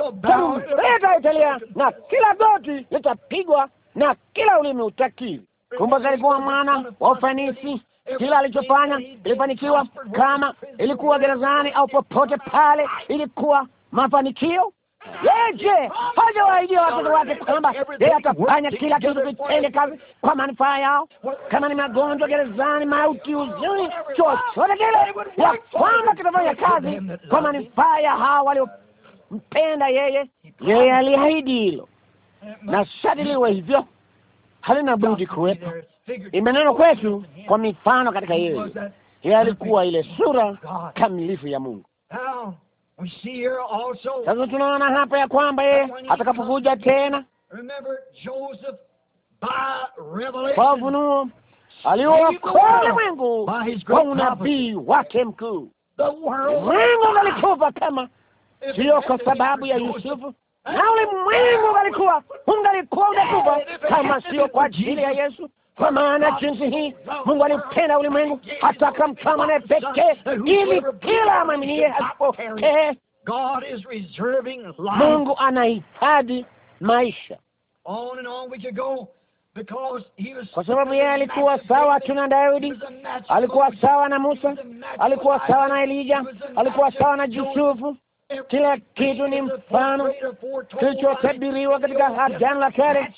italia na kila goti litapigwa na kila ulimi utakiri. kumba alikuwa mwana wa ufanisi. Kila alichofanya ilifanikiwa, kama ilikuwa gerezani au popote pale, ilikuwa mafanikio. Je, hajawaidia watoto wake kwamba yeye atafanya kila kitu kitende kazi kwa manufaa yao? Kama ni magonjwa, gerezani, mauti, huzuni, chochote kile, ya kwamba kitafanya kazi kwa manufaa ya hao waliompenda yeye. Yeye aliahidi hilo, na shati liwe hivyo, halina budi kuwepo. Imeneno kwetu kwa mifano katika yeye. Yeye alikuwa ile sura kamilifu ya Mungu. Sasa tunaona hapa ya kwamba yeye atakapokuja tena kwa ufunuo aliokoa ulimwengu kwa unabii wake mkuu. Ulimwengu alikufa kama sio kwa sababu ya Yusufu, eh? na ulimwengu ungalikuwa ungalikuwa unakufa kama sio kwa ajili ya Yesu. Kwa maana jinsi hii Mungu alipenda ulimwengu hata akamtuma naye pekee, ili kila amwaminie asipotee. Mungu anahifadhi maisha kwa sababu yeye alikuwa sawa tu na Daudi, alikuwa sawa na Musa, alikuwa sawa na Elija, alikuwa sawa na Yusufu, kila kitu ni mfano kilichotabiriwa katika Agano la Kale,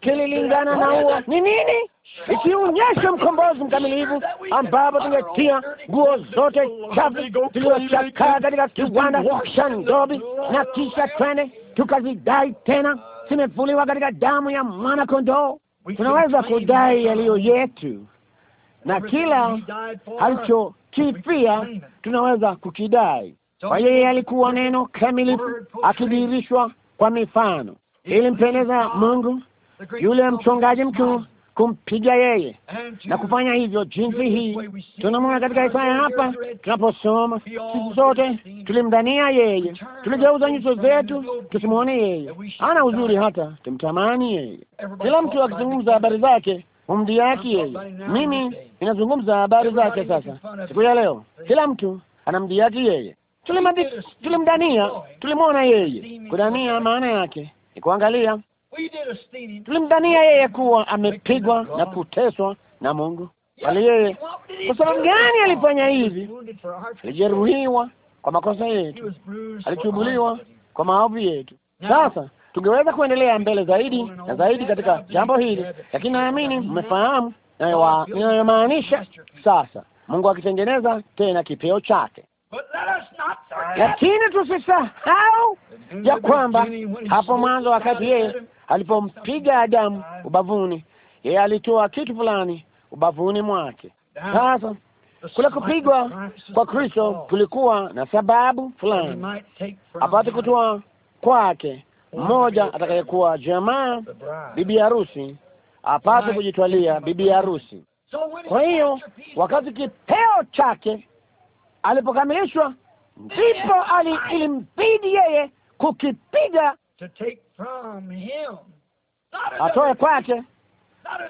kililingana na huo ni nini, ikionyesha mkombozi mkamilifu, ambapo tungetia nguo zote chafu tuliochakaa katika kiwanda cha ndobi, na kisha twende tukazidai tena, zimevuliwa katika damu ya mwana kondoo. Tunaweza kudai yaliyo yetu na kila alichokifia tunaweza kukidai kwa hiyo yeye alikuwa neno kamilifu akidhihirishwa kwa mifano. Ilimpendeza Mungu yule mchongaji mkuu kumpiga yeye na kufanya hivyo. Jinsi hii tunamwona katika Isaya hapa tunaposoma, sisi sote tulimdania yeye, tuligeuza nyuso zetu tusimwone yeye, ana uzuri hata tumtamani yeye. Kila mtu akizungumza habari zake humdhihaki yeye. Mimi ninazungumza habari zake sasa siku ya leo, kila mtu anamdhihaki yeye. Tulimdania, tulimwona yeye. Kudania maana yake ni kuangalia. Tulimdania yeye kuwa amepigwa na kuteswa na Mungu, bali yeye kwa sababu gani alifanya hivi? Alijeruhiwa kwa makosa yetu, alichubuliwa kwa maovu yetu. Sasa tungeweza kuendelea mbele zaidi na zaidi katika jambo hili, lakini naamini mmefahamu nayo inayomaanisha. Sasa Mungu akitengeneza tena kipeo chake lakini tusisahau ya kwamba hapo mwanzo, wakati yeye alipompiga Adamu ubavuni, yeye alitoa kitu fulani ubavuni mwake. Sasa kule kupigwa kwa Kristo kulikuwa na sababu fulani, apate kutoa kwake mmoja atakayekuwa jamaa bibi harusi, apate kujitwalia bibi harusi. Kwa hiyo wakati kipeo chake Alipokamilishwa ndipo ali ilimbidi yeye kukipiga atoe kwake,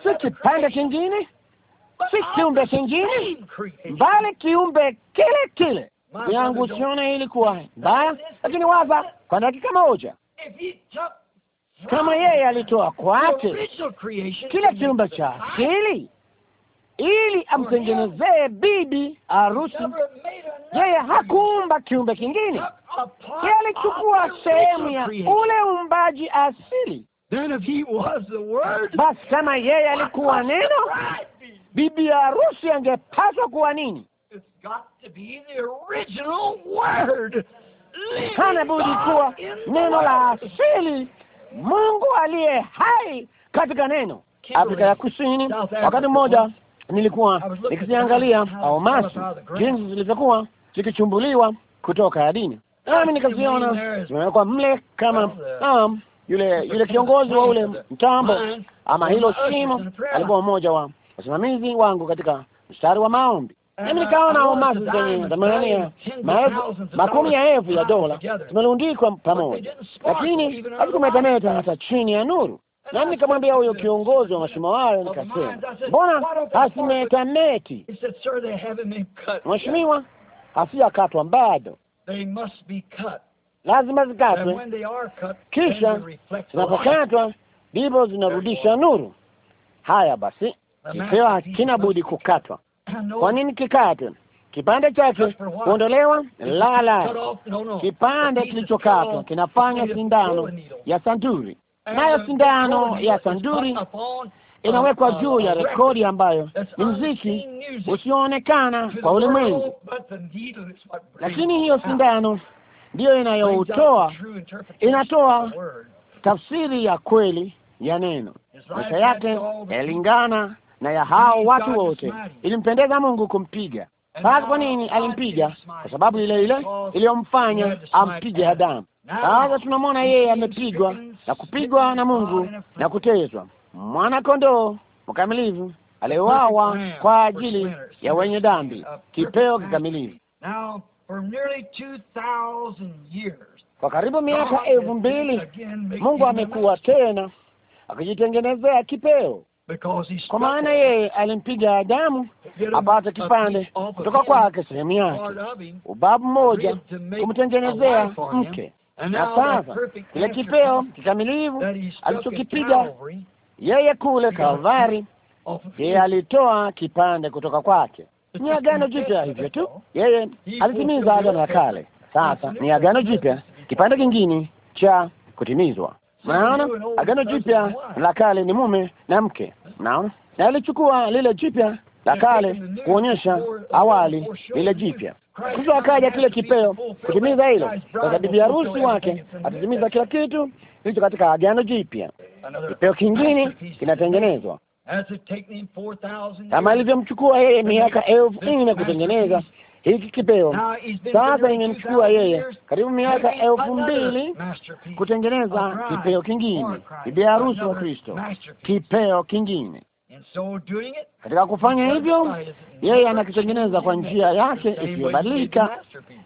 si kipande kingine, si kiumbe kingine, mbali kiumbe kile kile. yangu sione ilikuwa mbaya, lakini waza kwa dakika moja, kama yeye alitoa kwake kile kiumbe cha asili ili amtengenezee bibi harusi yeye hakuumba kiumbe kingine, yeye alichukua sehemu ya ule uumbaji asili. Basi kama yeye alikuwa neno, bibi harusi angepaswa kuwa nini? Hana budi kuwa neno la asili, Mungu aliye hai katika neno. Afrika ya Kusini, wakati mmoja nilikuwa nikiziangalia almasi jinsi zilivyokuwa zikichumbuliwa kutoka adini, nami ah, nikaziona zimewekwa mle kama um, yule yule kiongozi wa ule mtambo ama hilo shimo alikuwa mmoja wa wasimamizi wangu katika mstari wa maombi. Mimi nikaona almasi zenye thamani ya makumi ya elfu ya dola zimerundikwa pamoja, lakini hazikumetameta hata chini ya nuru. Nami nikamwambia huyo kiongozi wa mashimo hayo, nikasema mbona hasimetameti, mheshimiwa? katwa bado, lazima zikatwe. Kisha zinapokatwa ndipo zinarudisha nuru. Haya basi, kikiwa kina budi kukatwa. Kwa nini kikatwe? Kipande chake kuondolewa lala, kipande kilichokatwa kinafanya sindano ya sanduri, nayo sindano ya sanduri inawekwa ah, juu ya ah, rekodi ambayo ni mziki usioonekana kwa ulimwengu, lakini hiyo sindano ndiyo inayoutoa, inatoa tafsiri ya kweli ya neno. Maisha yake yalingana na ya hao watu wote. Ilimpendeza Mungu kumpiga basi. Kwa nini alimpiga? Kwa sababu ile ile iliyomfanya ampige Adamu. Sasa tunamwona yeye amepigwa na kupigwa na Mungu na kutezwa mwana kondoo mkamilivu aliuawa kwa ajili ya wenye dhambi, kipeo kikamilivu Kwa karibu miaka elfu mbili Mungu amekuwa tena akijitengenezea kipeo, kwa maana yeye alimpiga Adamu apate kipande kutoka kwake, sehemu yake, ubabu mmoja, kumtengenezea mke. Na sasa kile kipeo kikamilivu alichokipiga yeye kule Kalvari, yeye alitoa kipande kutoka kwake. Ni agano jipya hivyo tu, yeye alitimiza agano la kale. Sasa ni agano jipya, kipande kingine cha kutimizwa. Mnaona, agano jipya la kale ni mume na mke, mnaona, na alichukua lile jipya la kale kuonyesha awali lile jipya. Kristo akaja kile kipeo kutimiza hilo. Sasa bibi harusi wake atatimiza kila kitu hicho katika agano jipya. Kipeo kingine kinatengenezwa kama ilivyomchukua yeye miaka elfu nne kutengeneza hiki kipeo. Sasa imemchukua yeye karibu miaka elfu mbili kutengeneza kipeo kingine, bibi harusi wa Kristo, kipeo kingine katika kufanya hivyo, yeye anakitengeneza kwa njia yake isiyobadilika,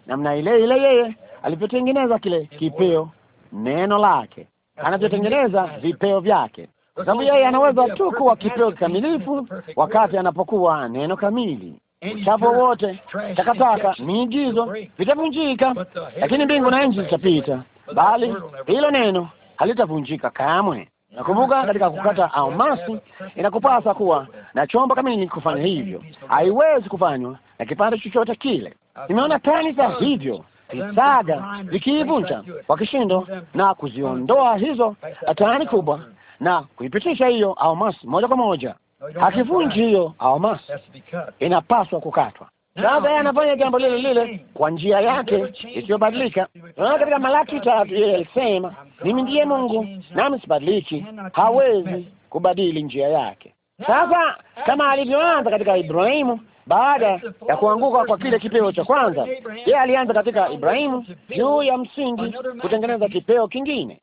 namna ile ile yeye alivyotengeneza kile kipeo, neno lake, anavyotengeneza vipeo vyake, kwa sababu yeye anaweza tu kuwa kipeo kikamilifu wakati anapokuwa neno kamili. Uchafu wowote, takataka, miigizo vitavunjika, lakini mbingu na nchi zitapita, bali hilo neno halitavunjika kamwe. Nakumbuka katika kukata almasi inakupasa kuwa na chombo kamili kufanya hivyo, haiwezi kufanywa na kipande chochote kile. Nimeona tani za hivyo visaga zikiivunja kwa kishindo na kuziondoa hizo tani kubwa na kuipitisha hiyo almasi moja kwa moja. Hakivunji hiyo almasi, inapaswa kukatwa. Sasa yeye anafanya jambo lile lile kwa njia yake isiyobadilika. Unaona, katika Malaki tatu yeye alisema, mimi ndiye Mungu nami sibadiliki. Hawezi kubadili njia yake. Sasa kama alivyoanza katika Ibrahimu baada ya kuanguka kwa kile kipeo cha kwanza, yeye alianza katika Ibrahimu juu ya msingi kutengeneza kipeo kingine.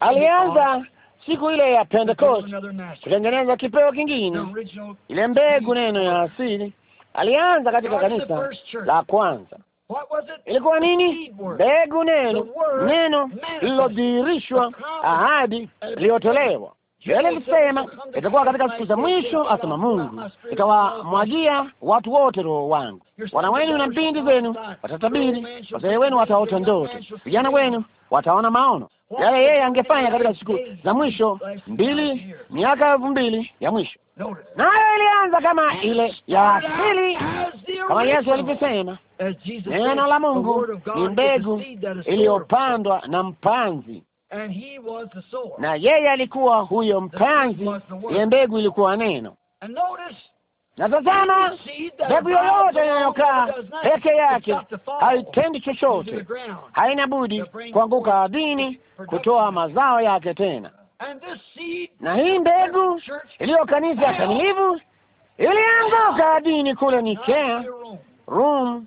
Alianza siku ile ya Pentecost kutengeneza kipeo kingine, ile mbegu neno ya asili alianza katika kanisa la kwanza. Ilikuwa nini? Mbegu neno, neno lilodhihirishwa, ahadi iliyotolewa. Yele alisema itakuwa katika siku za mwisho, asema Mungu, itawamwagia watu wote Roho wangu. Wana wenu na binti zenu watatabiri, wazee wenu wataota ndoto, vijana wenu wataona maono yale yeye angefanya katika siku za mwisho mbili, miaka elfu mbili ya mwisho. Nayo ilianza kama ile ya asili, kama Yesu alivyosema, neno la Mungu ni mbegu iliyopandwa na mpanzi, na yeye alikuwa huyo mpanzi, ile mbegu ilikuwa neno Natazama mbegu yoyote inayokaa peke yake haitendi chochote, haina budi kuanguka ardhini kutoa mazao yake tena. Na hii mbegu iliyo kanisa ya kamilivu ilianguka ardhini kule Nikea Rum,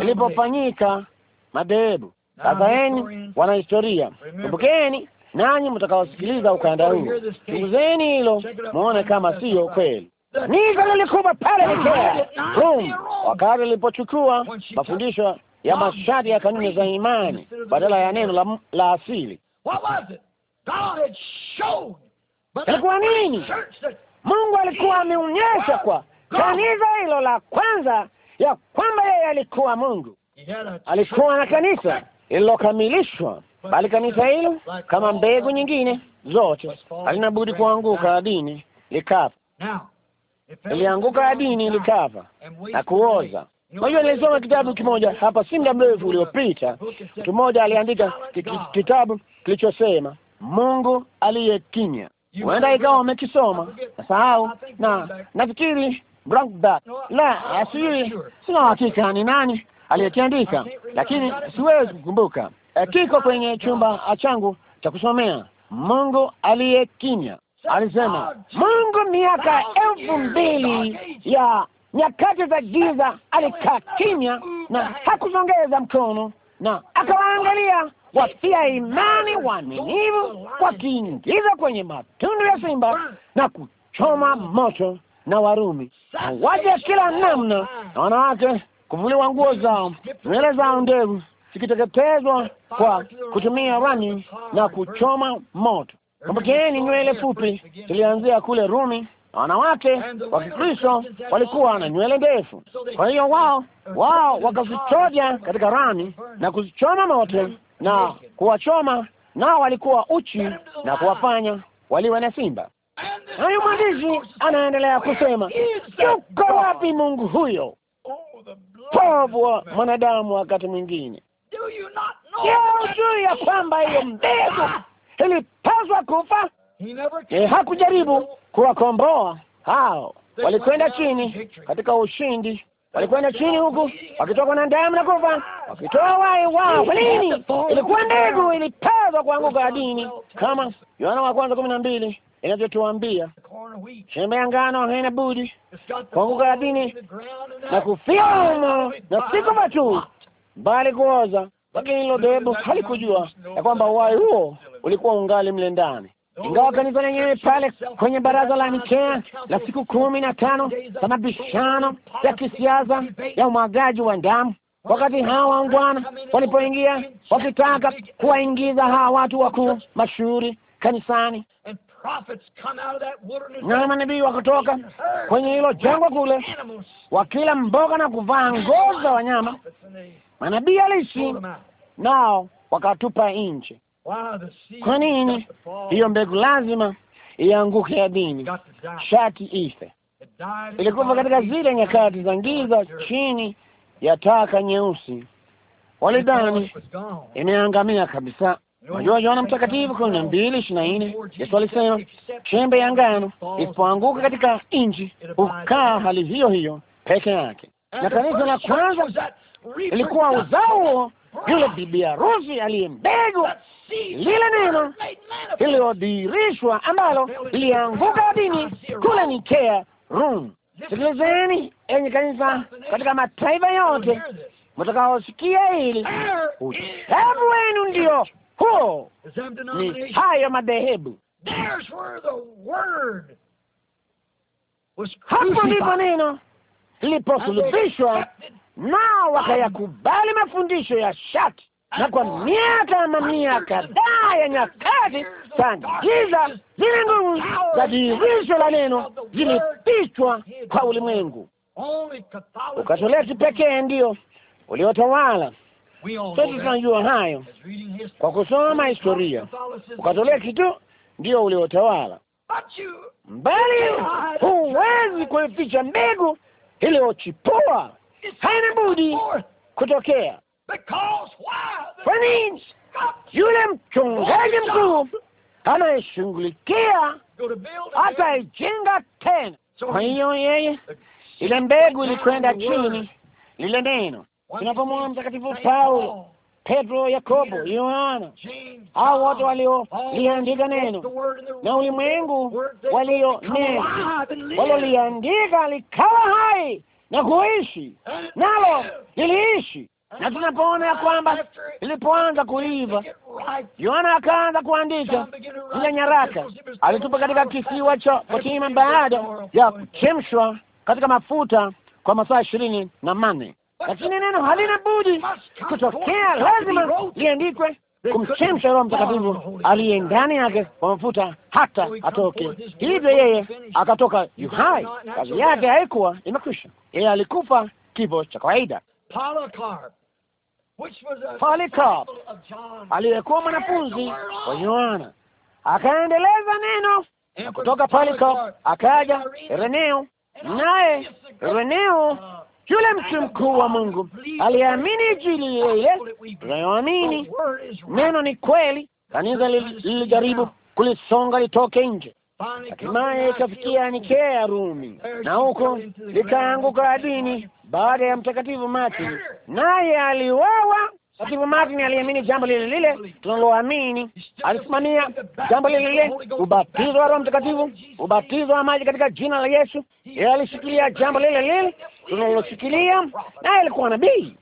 ilipofanyika madhehebu. Sasa wanahistoria, kumbukeni nanyi mtakaosikiliza ukanda huu, chunguzeni hilo, muone kama siyo kweli. Niko nilikuwa pale Nikoya ah, ah, ah, Rome wakati lilipochukua mafundisho ya masharti ya kanuni za imani badala ya neno la, la asili. Ilikuwa nini? Mungu alikuwa ameonyesha kwa kanisa hilo la kwanza ya kwamba yeye alikuwa Mungu. Alikuwa na kanisa lililokamilishwa, bali kanisa hilo kama mbegu nyingine zote halina budi kuanguka dini likafa ilianguka adini, ilikava na kuoza. Unajua, nilisoma kitabu kimoja hapa si muda mrefu uliopita. Mtu mmoja aliandika kitabu kilichosema Mungu aliye kimya. Huenda ikawa umekisoma, sahau, na nafikiri Brownback, la asijui, sina hakika ni nani aliyekiandika, lakini siwezi kukumbuka. Eh, kiko kwenye chumba changu cha kusomea, Mungu aliye kimya alisema Mungu miaka elfu mbili ya nyakati za giza alikaa kimya na hakusongeza mkono, na akawaangalia wapia imani waaminivu wakiingiza kwenye matundu ya simba na kuchoma moto na Warumi waje kila namna na wanawake kuvuliwa nguo zao, nywele zao ndevu zikiteketezwa kwa kutumia rani na kuchoma moto. Kumbukeni nywele fupi, tulianzia kule Rumi. Wanawake wa Kikristo walikuwa na nywele ndefu, kwa hiyo wao wao wakazichoja katika rami na kuzichoma moto na kuwachoma, nao walikuwa uchi na kuwafanya waliwe na simba. Hayo mwandishi anaendelea kusema, yuko wapi Mungu huyo? Povu wa mwanadamu wakati mwingine, je, ya kwamba hiyo mbegu ilipaswa kufa. E, hakujaribu kuwakomboa hao, walikwenda chini katika ushindi, walikwenda chini huku wakitoka na damu na kufa, wakitoa wai wao. Kwa nini? Ilikuwa ndegu, ilipaswa kuanguka dini, kama Yohana wa kwanza kumi na mbili inavyotuambia chembe ya ngano haina budi kuanguka dini na kufia umo na sikufa tu bali kuoza. Lakini hilo dhehebu halikujua ya kwamba uwai huo ulikuwa ungali mle ndani ingawa kanisa lenyewe pale kwenye baraza la Nikea la siku kumi na tano za mabishano ya kisiasa ya umwagaji wa damu, wakati hawa waungwana walipoingia wakitaka kuwaingiza hawa watu wakuu mashuhuri kanisani, na manabii wakatoka kwenye hilo jangwa kule, wakila mboga na kuvaa ngozi za wanyama, manabii alishi nao wakatupa nje. Kwa nini hiyo mbegu lazima ianguke ardhini, shati ife? Ilikuwa katika zile nyakati za giza, chini ya taka nyeusi, walidhani imeangamia kabisa. Unajua, Yohana Mtakatifu kumi na mbili ishirini na nne Yesu alisema chembe ya ngano isipoanguka katika nchi hukaa hali hiyo hiyo peke yake. Na kanisa la kwanza ilikuwa uzao yule bibi harusi aliye mbegu lile neno lililodhihirishwa ambalo lilianguka dini kule Nikea, Rumi. Sikilizeni enye kanisa katika mataifa yote mtakaosikia hili, hebu wenu ndio huo, ni hayo madhehebu. Hapo ndipo neno liliposulubishwa, nao wakayakubali mafundisho ya shati na kwa miaka mamia kadhaa ya nyakati giza, zile nguvu za dirisho la neno zilipichwa kwa ulimwengu. Ukatoliki pekee ndio uliotawala. Sote tunajua hayo kwa kusoma historia. Ukatoliki tu ndio uliotawala, mbali huwezi kuificha mbegu iliyochipua, haina budi kutokea kwa nini yule mchungaji mkuu anayeshughulikia ataijenga tena? Kwa hiyo yeye, ile mbegu ilikwenda chini, lile neno inapomwona Mtakatifu Paulo, pedro Yakobo, Yohana, hao wote walioliandika neno na ulimwengu walio neno walioliandika likawa hai na kuishi nalo liliishi na tunapoona ya kwamba ilipoanza kuiva, Yohana akaanza kuandika ile nyaraka, alitupa katika kisiwa cha Fatima baada ya kuchemshwa katika mafuta kwa masaa ishirini na manne lakini neno halina budi kutokea, lazima liandikwe kumchemsha Roho Mtakatifu aliye ndani yake kwa mafuta hata atoke. Hivyo yeye akatoka yuhai, kazi yake haikuwa imekwisha. Yeye alikufa kifo cha kawaida. Polycarp aliyekuwa mwanafunzi wa Yohana, akaendeleza neno kutoka Polycarp akaja Ireneo, naye Ireneo uh, yule mtu mkuu wa Mungu aliamini Injili ile ile tunayoamini. Neno ni kweli. Kanisa lilijaribu kulisonga litoke nje, hatimaye ikafikia Nikea, Rumi, na huko likaanguka adini baada ya Mtakatifu Martin, naye aliuawa. Mtakatifu Martin aliamini jambo lile lile tunaloamini, alisimamia jambo lile lile, ubatizo wa Roho Mtakatifu, ubatizo wa maji katika jina la Yesu. Yeye alishikilia jambo lile lile tunaloshikilia, naye alikuwa nabii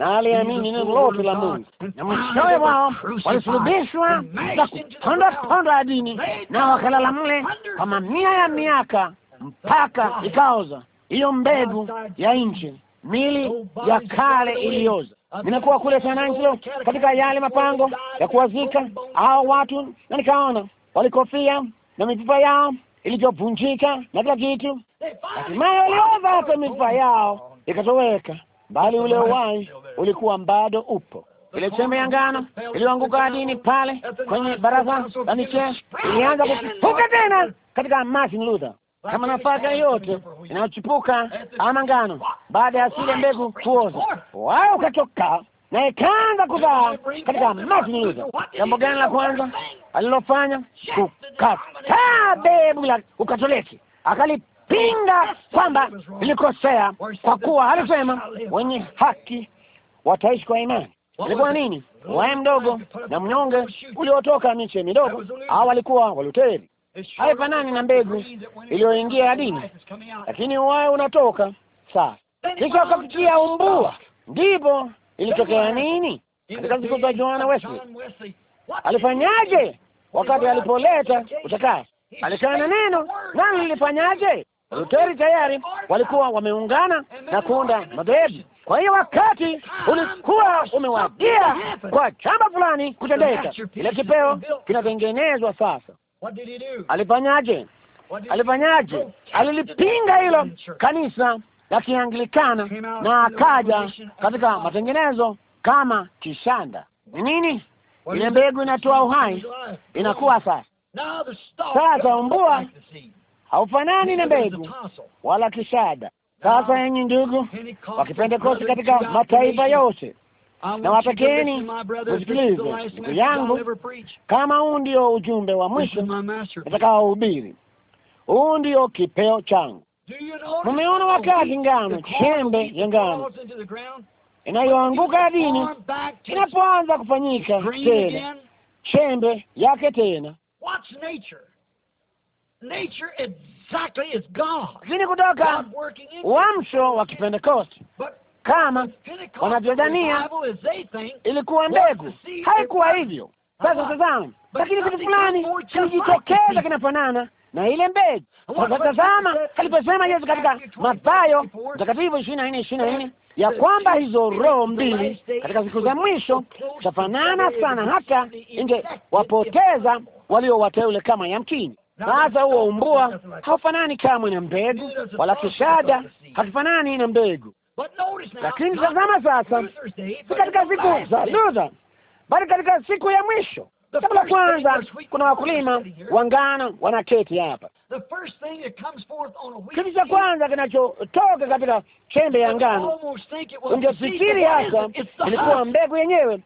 na aliamini neno lote la Mungu, na mwishowe wao walisulubishwa na kuponda ponda dini, na wakalala mle kwa mamia ya miaka mpaka ikaoza hiyo mbegu ya nje mili ya kale iliyoza Nimekuwa kule San Angelo katika yale mapango ya kuwazika hao watu, na nikaona walikofia na mifupa yao ilivyovunjika na kila kitu. Hatimaye walioza hata mifupa yao ikatoweka, bali ule uwai ulikuwa bado upo. Ile chembe ya ngano iliyoanguka dini pale kwenye baraza la michee ilianza kuchipuka tena katika Martin Luther, kama nafaka yote inayochipuka ama ngano baada ya sile mbegu kuoza, wao ukatoka na ikaanza kuzaa katika Martin Luther. Jambo gani la kwanza alilofanya? Kukataa bebu la Ukatoliki, akalipinga kwamba ilikosea, kwa kuwa alisema wenye haki wataishi kwa imani. Ilikuwa nini? Waye mdogo na mnyonge uliotoka miche midogo, au walikuwa Waluteri. Haifanani na mbegu iliyoingia ya dini, lakini uwaye unatoka sasa. Kisha wakapitia umbua, ndipo ilitokea nini? Katika siku za Joana Wesley alifanyaje? Wakati alipoleta utakaso, alikaa na neno, nani lilifanyaje? Luteri tayari walikuwa wameungana na kuunda madhehebu kwa hiyo wakati ulikuwa umewadia kwa jambo fulani kutendeka, ile kipeo kinatengenezwa sasa. Alifanyaje? Alifanyaje? Alilipinga hilo kanisa la Kianglikana na akaja katika matengenezo kama kishanda. Ni nini? Ile mbegu inatoa uhai, inakuwa sasa. Sasa umbua haufanani na mbegu wala kishada, sasa yenyi ndugu wa Kipentekosti katika mataifa yote na watakeni usikilize, ndugu yangu, kama huu ndio ujumbe wa mwisho nitakaohubiri. Huu ndio kipeo changu. Mumeona wakati ngano, chembe ya ngano inayoanguka ardhini inapoanza kufanyika tena chembe yake tena zini kutoka uamsho wa Kipentekoste kama wanavyodhania ilikuwa mbegu, haikuwa hivyo. Sasa uh-huh. tazama, lakini kitu fulani kilijitokeza kinafanana na ile mbegu. Sasa tazama aliposema Yesu katika Mathayo Mtakatifu ishirini na nne ishirini na nne ya kwamba hizo roho mbili katika siku za mwisho zitafanana sana, hata ingewapoteza walio wateule kama yamkini. Sasa huo umbua haufanani kamwe na mbegu, wala kishada hatufanani na mbegu. Lakini tazama sasa, si katika siku za Ludha, bali katika siku ya mwisho Kabla kwanza, kuna wakulima wangano wanaketi hapa. Kitu cha kwanza kinachotoka katika chembe ya ngano, ungefikiri hasa ilikuwa mbegu yenyewe,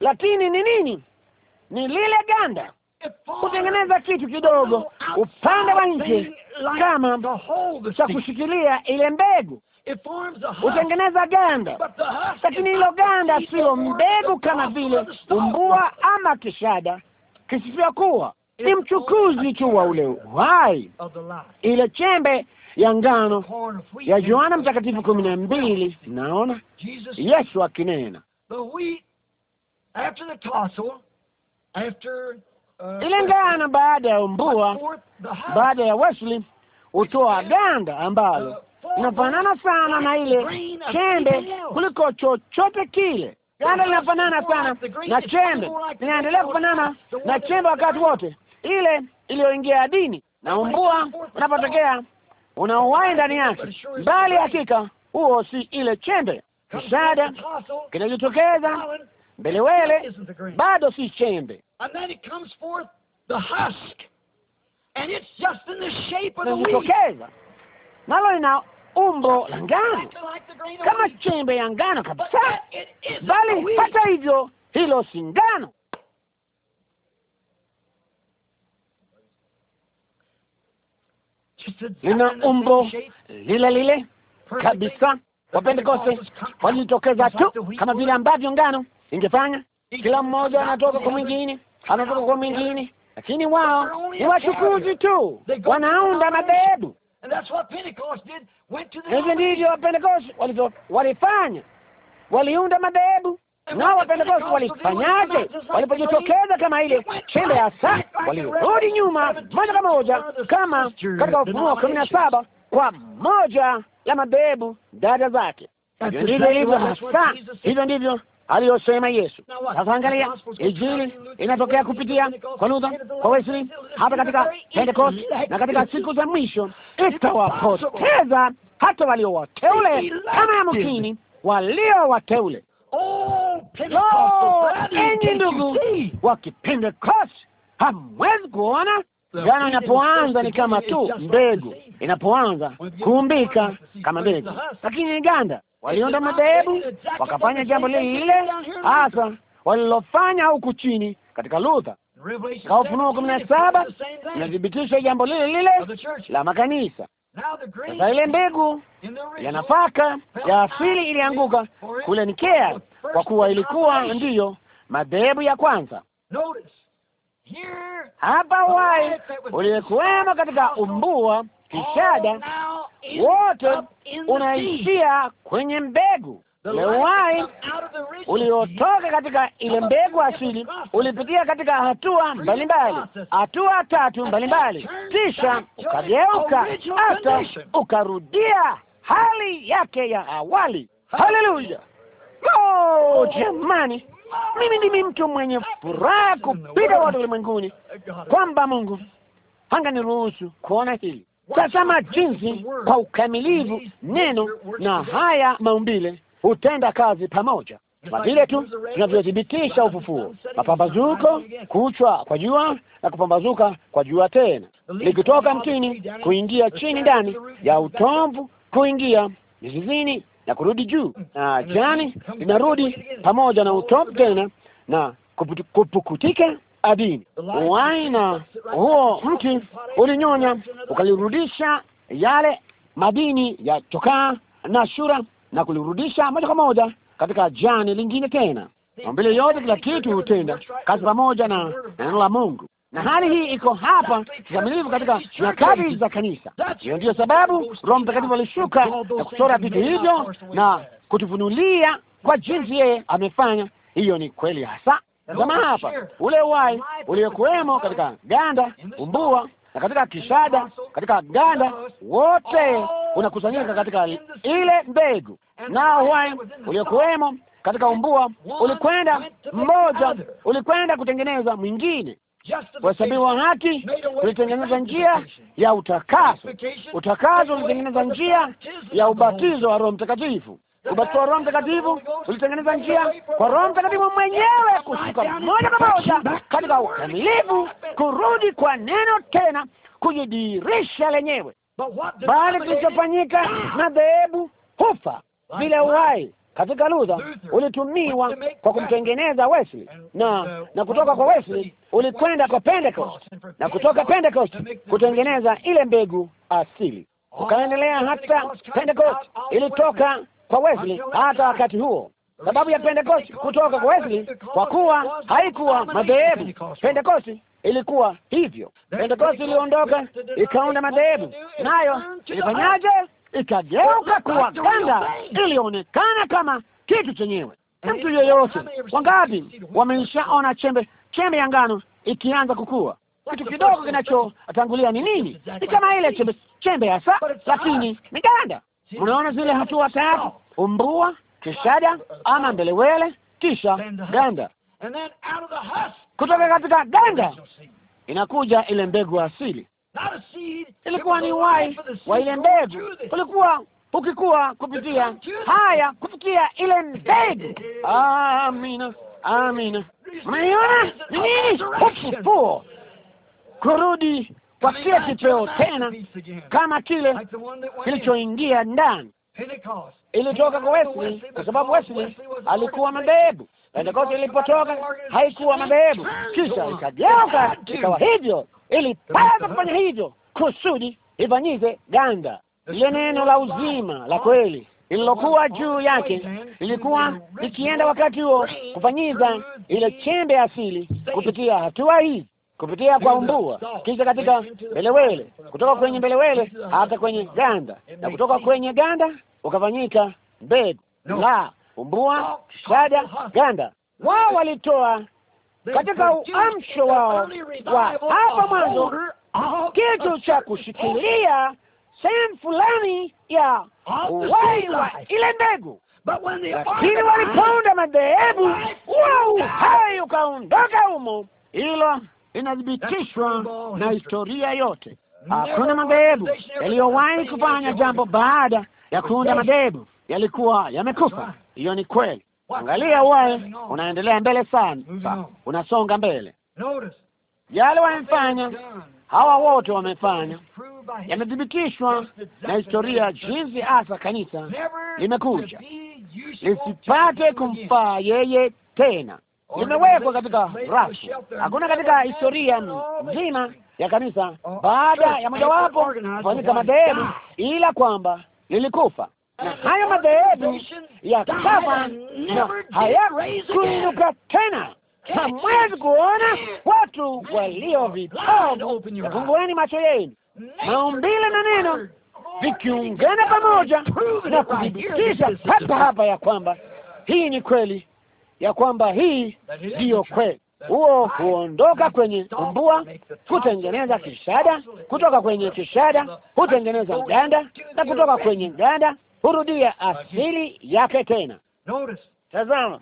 lakini ni nini? Ni lile ganda kutengeneza kitu kidogo upande wa nje kama cha kushikilia ile mbegu, hutengeneza ganda, lakini hilo ganda sio mbegu, kama vile umbua ama kishada kisivyo kuwa ni mchukuzi tu wa ule uhai, ile chembe ya ngano ya Yohana Mtakatifu kumi na mbili. Naona Yesu akinena ile ngano baada ya mbua, baada ya Wesley hutoa ganda ambalo inafanana sana na ile chembe kuliko chochote kile. Ganda linafanana sana na chembe, linaendelea kufanana na chembe wakati wote, ile iliyoingia dini na umbua unapotokea unaowai ndani yake, bali hakika huo si ile chembe. Kishada kinajitokeza mbele wele bado si chembe, hutokeza nalo lina umbo la ngano kama chembe ya ngano kabisa, bali hata hivyo hilo si ngano. Lina umbo lile lile kabisa. Wapentekoste walitokeza tu kama vile ambavyo ngano ingefanya kila mmoja anatoka kwa mwingine, anatoka kwa mwingine, lakini wao ni wachukuzi tu, wanaunda madhehebu. Hivyo ndivyo Wapentekosti walivyo, walifanya waliunda madhehebu. Nao Wapentekosti walifanyaje? Walipojitokeza kama ile chembe ya saa, walirudi nyuma moja kwa moja, kama katika Ufunuo kumi na saba kwa moja ya madhehebu dada zake. Hivyo ndivyo hasa, hivyo ndivyo aliyosema Yesu. Sasa angalia, Injili inatokea kupitia kwa Luther, kwa Wesley, hapa katika Pentecost, na katika siku za mwisho itawapoteza hata walio wateule, kama yamkini walio wateule. Oh, enyi ndugu wa Kipentekosti, hamwezi kuona Jana yaani inapoanza ni kama tu mbegu inapoanza kuumbika kama mbegu, lakini ganda. waliunda madhehebu wakafanya jambo lile lile hasa walilofanya huku chini katika Luther ka Ufunuo kumi na saba inathibitisha jambo lile lile la makanisa. Sasa ile mbegu ya nafaka ya asili ilianguka kule Nikea, kwa kuwa ilikuwa ndiyo madhehebu ya kwanza hapa oh, wai uliyekuwemo katika umbua oh, kishada wote unaishia kwenye mbegu. wai uliotoka katika ile mbegu asili ulipitia katika hatua mbalimbali, hatua tatu mbalimbali, kisha ukageuka hata ukarudia hali yake ya awali. Haleluya! Oh, oh, jamani mimi ndimi mtu mwenye furaha kupita watu ulimwenguni, kwamba Mungu hanga niruhusu kuona hili. Tazama jinsi kwa ukamilivu neno na haya maumbile hutenda kazi pamoja, kwa vile tu tunavyothibitisha ufufuo, mapambazuko kuchwa kwa jua na kupambazuka kwa jua tena, likitoka mtini kuingia chini ndani ya utomvu, kuingia mizizini na kurudi juu, mm. na jani linarudi pamoja na utop tena na kupukutika adini. Uwai na huo mti ulinyonya ukalirudisha yale madini ya chokaa na shura na kulirudisha moja kwa moja katika jani lingine tena. Maumbile yote, kila kitu hutenda kazi pamoja na neno la Mungu na hali hii iko hapa kikamilifu katika nyakati za kanisa. Hiyo ndiyo sababu Roho Mtakatifu alishuka na kuchora vitu hivyo na kutufunulia kwa jinsi yeye amefanya. Hiyo ni kweli hasa. Zama hapa ule wai uliokuwemo katika ganda, umbua na katika kishada, katika ganda wote unakusanyika katika ile mbegu, na wai uliokuwemo katika umbua ulikwenda mmoja, ulikwenda kutengeneza mwingine kuhesabiwa haki ulitengeneza njia ya utakaso, utakaso ulitengeneza njia ya ubatizo wa Roho Mtakatifu, ubatizo wa Roho Mtakatifu ulitengeneza njia kwa Roho Mtakatifu mwenyewe kushuka moja kwa moja katika ukamilifu, kurudi kwa neno tena kujidirisha lenyewe. Bali kilichofanyika na dhehebu hufa bila uhai katika Luther ulitumiwa kwa kumtengeneza Wesley na uh, na kutoka kwa Wesley ulikwenda kwa Pentecost na kutoka Pentecost kutengeneza ile mbegu asili, ukaendelea hata Pentecost ilitoka kwa Wesley hata wakati huo sababu ya Pentecost kutoka kwa Wesley, kwa kuwa haikuwa madhehebu. Pentecost ilikuwa hivyo. Pentecost iliondoka ikaunda madhehebu, nayo ilifanyaje? ikageuka kuwa ganda ilionekana kama kitu chenyewe. Mtu yeyote, wangapi wameshaona chembe chembe ya ngano ikianza kukua? Kitu kidogo kinachotangulia ni nini? Ni kama ile chembe chembe hasa, lakini ni ganda. Unaona zile hatua tatu: umbua, kishada ama mbelewele, kisha ganda. Kutoka katika ganda inakuja ile mbegu asili ilikuwa ni wai wa ile mbegu, kulikuwa ukikuwa kupitia haya kufikia ile mbegu. Amina, amina. Mnaiona nini? Ufufuo, kurudi kwa kile kipeo tena, kama kile kilichoingia ndani ilitoka kwa Wesley, kwa sababu Wesley alikuwa madhehebu. Pentekoste ilipotoka haikuwa madhehebu, kisha ikageuka ikawa hivyo ilipasa kufanya hivyo kusudi ifanyike ganda. ile neno la uzima la kweli lililokuwa juu yake lilikuwa likienda wakati huo kufanyiza ile chembe asili kupitia hatua hizi, kupitia kwa umbua, kisha katika mbelewele, kutoka kwenye mbelewele hata kwenye ganda, na kutoka kwenye ganda ukafanyika mbegu la umbua, shada, ganda. Wao walitoa katika uamsho wao wa hapa mwanzo, kitu cha kushikilia sehemu fulani ya uwai wa ile mbegu, lakini walipounda madhehebu wa uhai ukaondoka humo. Hilo inathibitishwa na historia yote. Hakuna madhehebu yaliyowahi kufanya jambo baada ya kuunda madhehebu, yalikuwa yamekufa. Hiyo ni kweli. Angalia wale, unaendelea mbele sana, unasonga mbele. Yale wamefanya hawa wote wamefanya, yamethibitishwa na historia, jinsi hasa kanisa limekuja lisipate kumfaa yeye tena, limewekwa katika rafu. Hakuna katika historia nzima ya kanisa baada ya mojawapo kufanyika madhehebu, ila kwamba lilikufa na haya madhehebu ya kafa na hayakuinuka tena. Hamwezi kuona watu walio vipofu. Fungueni macho yenu. Maumbile na neno vikiungana pamoja na kuthibitisha hapa hapa ya kwamba hii ni kweli, ya kwamba hii ndiyo kweli. Huo huondoka kwenye umbua, kutengeneza kishada, kutoka kwenye kishada hutengeneza ganda, na kutoka kwenye ganda hurudia asili yake tena. Tazama,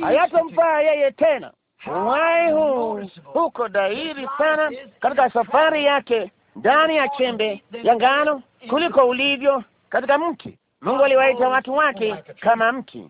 hayatompaa yeye tena uwai huu huko dairi sana katika safari yake ndani ya chembe ya ngano kuliko ulivyo katika mti. Mungu aliwaita watu wake kama mti.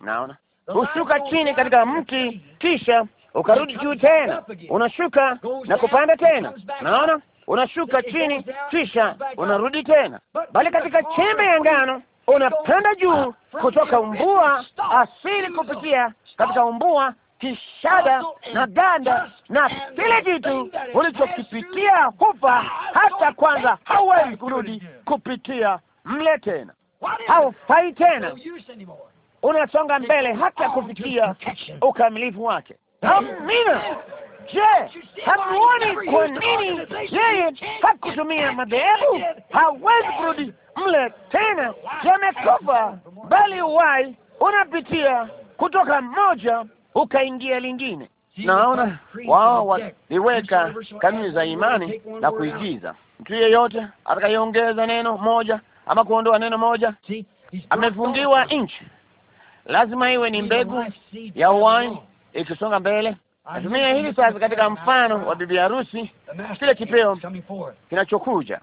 naona hushuka chini katika mti, kisha ukarudi juu tena, unashuka na kupanda tena. naona unashuka chini, kisha unarudi tena, bali katika chembe ya ngano unapanda juu kutoka umbua asili kupitia katika umbua kishada na ganda na kile kitu ulichokipitia hufa hata kwanza, hauwezi kurudi kupitia mle tena, haufai tena, unasonga mbele hata kufikia ukamilifu wake. Amina. Je, hamuoni kwa nini yeye hakutumia madhehebu? Hawezi kurudi mle tena, yamekufa bali uwai unapitia kutoka mmoja ukaingia lingine. Naona wao waliweka kanuni za imani na kuigiza. Mtu yeyote atakaiongeza neno moja ama kuondoa neno moja amefungiwa nchi. Lazima iwe ni mbegu ya uwai ikisonga mbele Natumia hili sasa katika mfano wa bibi harusi, kile kipeo kinachokuja.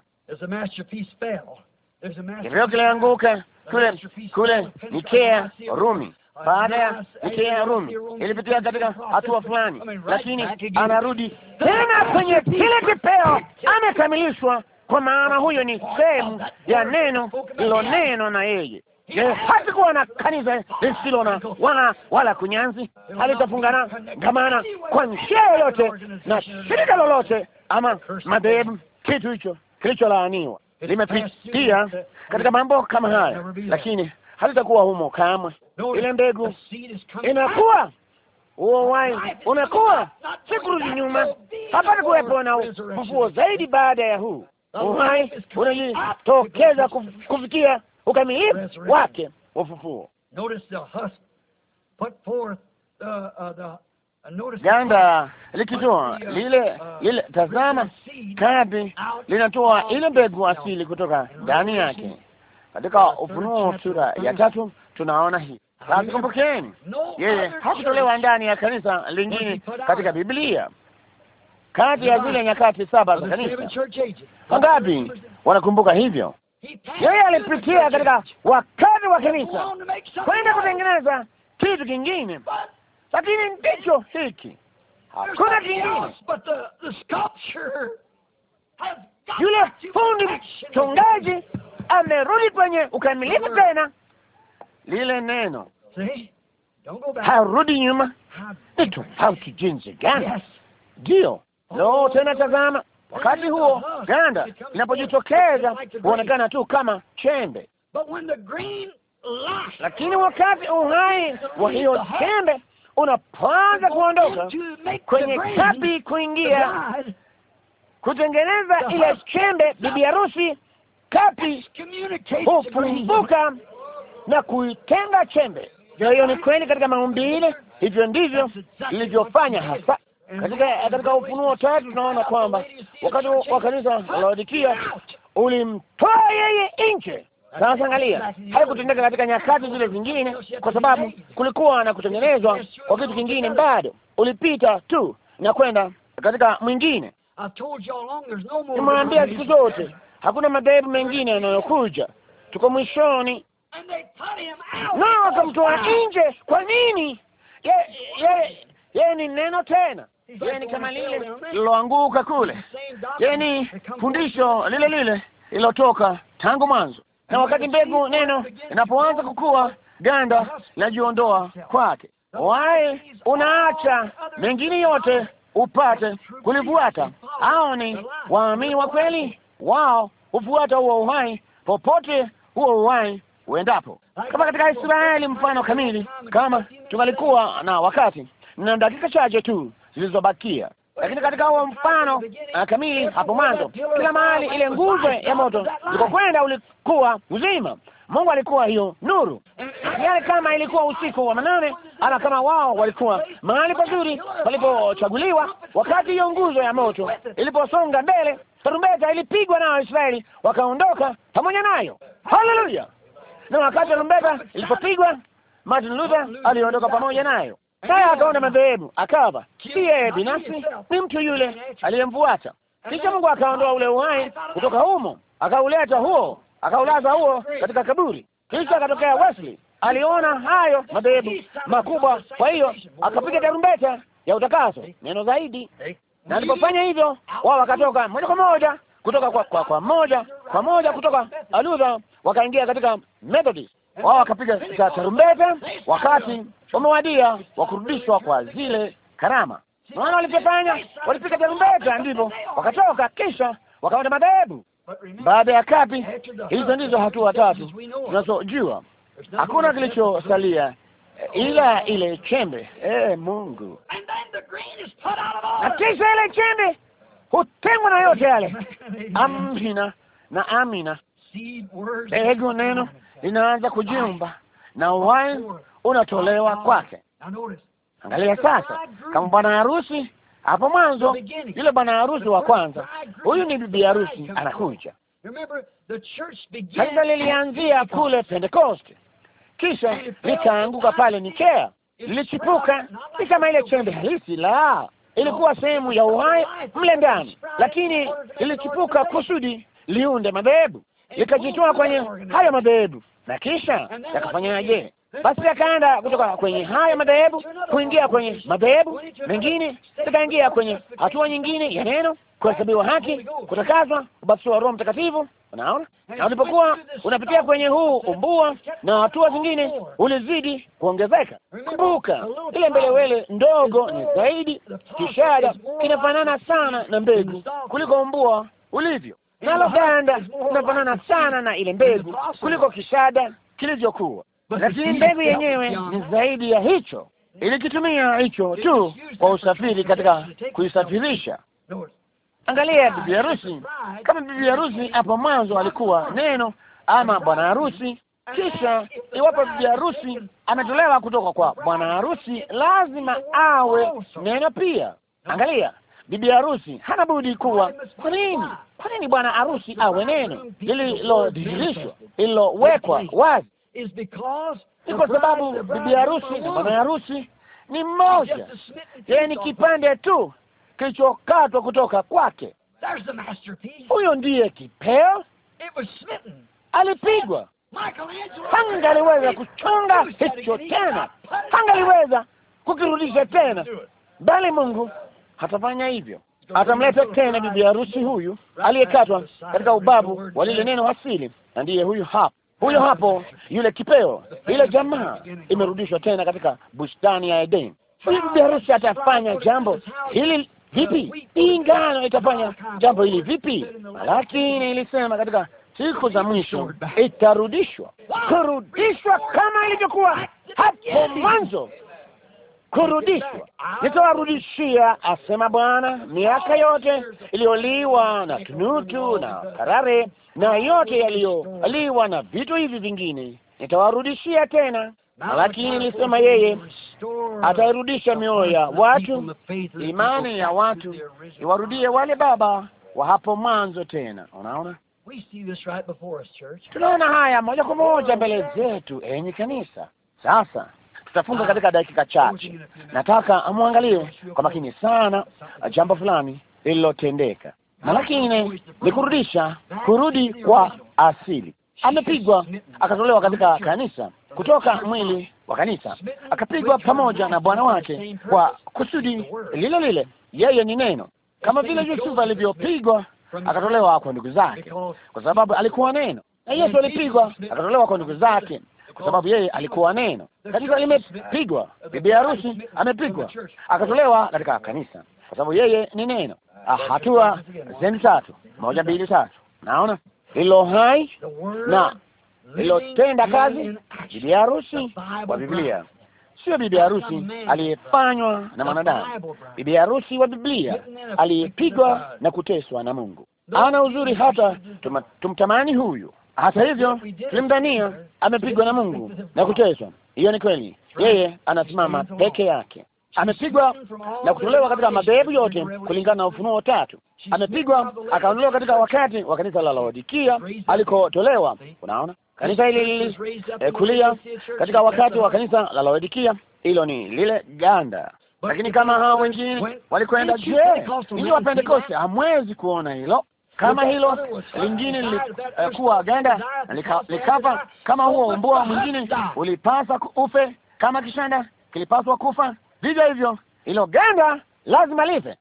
Kipeo kilianguka kule kule Nikea Rumi. Baada ya Nikea Rumi ilipitia katika hatua fulani, lakini anarudi tena kwenye kile kipeo, amekamilishwa, kwa maana huyo ni sehemu ya neno lilonenwa na yeye. Je, eh, na kanisa lisilo na wana wala kunyanzi, halitafungana ngamana kwa njia yoyote na shirika lolote ama madhehebu. Kitu hicho kilicholaaniwa limepitia katika mambo kama haya, lakini halitakuwa humo kamwe. Ile mbegu inakuwa huo wai unakuwa, si kurudi nyuma. hapata kuwepo na ufufuo zaidi baada ya huu. Uhai unajitokeza kufikia ukamilifu wake wa ufufuo. Uh, uh, Ganda likitoa uh, lile lile, tazama kapi linatoa ile mbegu asili kutoka ndani yake. Katika Ufunuo sura ya tatu tunaona hii. Sasa kumbukeni, yeye hakutolewa ndani ya kanisa lingine katika Biblia, kati ya zile nyakati saba za kanisa. Wangapi wanakumbuka hivyo? yeye alipitia katika wakati wa kanisa kwenda kutengeneza kitu kingine, lakini ndicho hiki, hakuna kingine. Yule fundi mchongaji amerudi kwenye ukamilifu tena, lile neno harudi nyuma. Ni tofauti jinsi gani? Ndio. Lo, tena tazama Wakati huo ganda inapojitokeza huonekana tu kama chembe, lakini wakati uhai wa hiyo chembe unapoanza kuondoka kwenye kapi kuingia kutengeneza ile chembe, bibi harusi kapi hupumbuka na kuitenga chembe. Hiyo ni kweli katika maumbile, hivyo ndivyo ilivyofanya hasa katika katika Ufunuo tatu tunaona kwamba wakati wa kanisa Laodikia ulimtoa yeye nje. Sasa angalia, haikutendeka katika nyakati zile zingine, kwa sababu kulikuwa na kutengenezwa kwa kitu kingine. Bado ulipita tu na kwenda katika mwingine. Nimwambia siku zote hakuna madhehebu mengine yanayokuja, tuko mwishoni. na wakamtoa nje. Kwa nini? Yeye ni neno tena Je, ni kama lile liloanguka kule? Je, ni fundisho lile lile lililotoka tangu mwanzo? Na wakati mbegu neno inapoanza kukua, ganda linajiondoa kwake. Wae, unaacha mengine yote upate kulifuata. Hao ni waamini wa kweli, wao hufuata huo uhai popote huo uhai uendapo. Kama katika Israeli, mfano kamili, kama tungalikuwa na wakati na dakika chache tu zilizobakia. Lakini katika huo mfano kamili ah, hapo mwanzo, kila mahali ile nguzo ya moto ilikokwenda ulikuwa uzima. Mungu alikuwa hiyo nuru, yale yaani kama ilikuwa usiku wa manane, ama kama wao walikuwa mahali pazuri walipochaguliwa. Wakati hiyo nguzo ya moto iliposonga mbele, tarumbeta ilipigwa, na Israeli wakaondoka pamoja nayo. Haleluya! Na wakati tarumbeta ilipopigwa, Martin Luther aliondoka pamoja nayo. Naye akaona madhehebu akava si yeye binafsi, ni mtu yule aliyemfuata. Kisha Mungu akaondoa ule uhai kutoka humo, akauleta huo, akaulaza huo katika kaburi. Kisha akatokea Wesley, aliona hayo madhehebu makubwa, kwa hiyo akapiga tarumbeta ya utakaso, neno zaidi, na alipofanya hivyo, wao wakatoka moja kwa moja kutoka kwa, kwa, kwa moja kwa moja kutoka Luther wakaingia katika Methodist wao wakapiga za tarumbeta, wakati wamewadia wa kurudishwa kwa zile karama. Naona walivyofanya, walipiga tarumbeta, ndipo wakatoka, kisha wakaenda madhehebu. Baada ya kapi, hizo ndizo hatua tatu tunazojua. Hakuna kilichosalia eh, ila ile chembe. eh, Mungu! Na kisha ile chembe hutengwa na yote yale. Amina na amina. Mbegu neno linaanza kujumba ah. na ah, uhai unatolewa ah, kwake. Angalia sasa, kama bwana harusi hapo mwanzo, yule bwana harusi wa kwanza, huyu ni bibi harusi anakuja. Kanisa lilianzia kule Pentekoste, kisha likaanguka pale Nikea, lilichipuka. Ni kama ile chembe halisi la ilikuwa sehemu ya uhai mle ndani, lakini lilichipuka kusudi liunde madhehebu, likajitoa kwenye hayo madhehebu na kisha yakafanyaje? Basi yakaenda kutoka kwenye haya madhehebu kuingia kwenye madhehebu mengine, takaingia kwenye hatua nyingine ya neno, kuhesabiwa haki, kutakazwa, ubatizo wa Roho Mtakatifu. Unaona, na ulipokuwa unapitia kwenye huu umbua na hatua zingine, ulizidi kuongezeka. Kumbuka ile mbelewele ndogo ni zaidi, kishada kinafanana sana na mbegu kuliko umbua ulivyo nalo ganda oh, oh, linafanana oh. sana na ile mbegu kuliko kishada kilivyokuwa, lakini mbegu yenyewe ni zaidi ya hicho. Ilikitumia hicho tu kwa usafiri katika kuisafirisha. Angalia bibi harusi. Kama bibi harusi hapo mwanzo alikuwa neno ama bwana harusi, kisha iwapo bibi harusi ametolewa kutoka kwa bwana harusi, lazima awe neno pia. Angalia bibi harusi hana budi kuwa. Kwa nini? Kwa nini bwana harusi awe neno lililodirishwa, lililowekwa wazi? Ni kwa sababu bibi harusi na bwana harusi ni mmoja, yeye ni kipande tu kilichokatwa kutoka kwake. Huyo ndiye kipeo, alipigwa. Hangaliweza kuchonga hicho tena, hangaliweza kukirudisha tena, bali Mungu hatafanya hivyo. Atamleta tena bibi harusi huyu aliyekatwa katika ubavu wa lile neno asili, na ndiye huyu hapa huyo hapo, yule kipeo, ile jamaa imerudishwa tena katika bustani ya Edeni. Bibi harusi atafanya jambo hili vipi? Ingano itafanya jambo hili vipi? Lakini ilisema katika siku za mwisho itarudishwa, kurudishwa kama ilivyokuwa hapo mwanzo kurudishwa, nitawarudishia, asema Bwana, miaka yote iliyoliwa na tunutu na karare na yote yaliyoliwa na vitu hivi vingine nitawarudishia tena. Lakini ilisema yeye atairudisha mioyo ya watu, imani ya watu, iwarudie wale baba wa hapo mwanzo tena. Unaona, tunaona haya moja kwa moja mbele zetu, enyi kanisa. Sasa tutafunga katika dakika chache. Nataka amwangalie kwa makini sana jambo fulani lililotendeka. na lakini ni kurudisha, kurudi kwa asili. Amepigwa akatolewa katika kanisa, kutoka mwili wa kanisa, akapigwa pamoja na Bwana wake kwa kusudi lile lile. Yeye ni neno, kama vile Yusufu alivyopigwa akatolewa kwa ndugu zake, kwa sababu alikuwa neno, na Yesu alipigwa akatolewa kwa ndugu zake, kwa sababu yeye alikuwa neno. Kanisa limepigwa, bibi harusi amepigwa, akatolewa katika kanisa, kwa sababu yeye ni neno. Ah, hatua zeni tatu, moja, mbili, tatu. Naona lilo hai na lilotenda kazi, bibi harusi wa Biblia, sio bibi harusi aliyefanywa na mwanadamu, bibi harusi wa Biblia aliyepigwa na kuteswa na Mungu. Ana uzuri hata tum, tumtamani huyu hata hivyo tulimdhania amepigwa na Mungu na kuteswa. Hiyo ni kweli, yeye anasimama peke yake. Amepigwa na kutolewa katika madhehebu yote kulingana na Ufunuo tatu. Amepigwa akaondolewa katika wakati wa kanisa la Laodikia alikotolewa. Unaona, kanisa hili lilikulia eh, katika wakati wa kanisa la Laodikia. Hilo ni lile ganda lakini kama hao wengine walikwenda, je, ninyi wa Pentekoste hamwezi kuona hilo? kama hilo lingine lilikuwa uh, ganda likafa kama huo mbua mwingine ulipasa ufe, kama kishanda kilipaswa kufa, vivyo hivyo hilo ganda lazima life.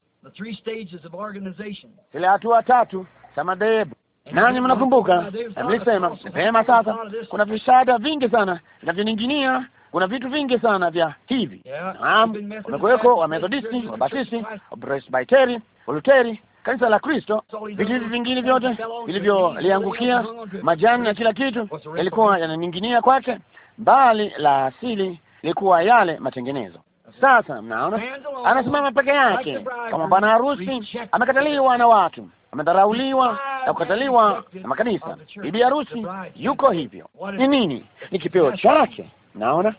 Zile hatua tatu za madhehebu Nanyi mnakumbuka nilisema pema. Sasa kuna vishada vingi sana vinavyoninginia, kuna vitu vingi sana vya hivi. Naam, kumekuweko Wamethodisti, Wabatisti, Wapresbiteri, Waluteri, kanisa la Kristo, vijiji vingine vyote vilivyoliangukia majani na kila kitu yalikuwa yananing'inia kwake, bali la asili lilikuwa yale matengenezo. Sasa mnaona, anasimama peke yake kama bwana harusi, amekataliwa na watu, amedharauliwa na kukataliwa na makanisa. Bibi harusi yuko hivyo. Ni nini? Ni kipeo chake, naona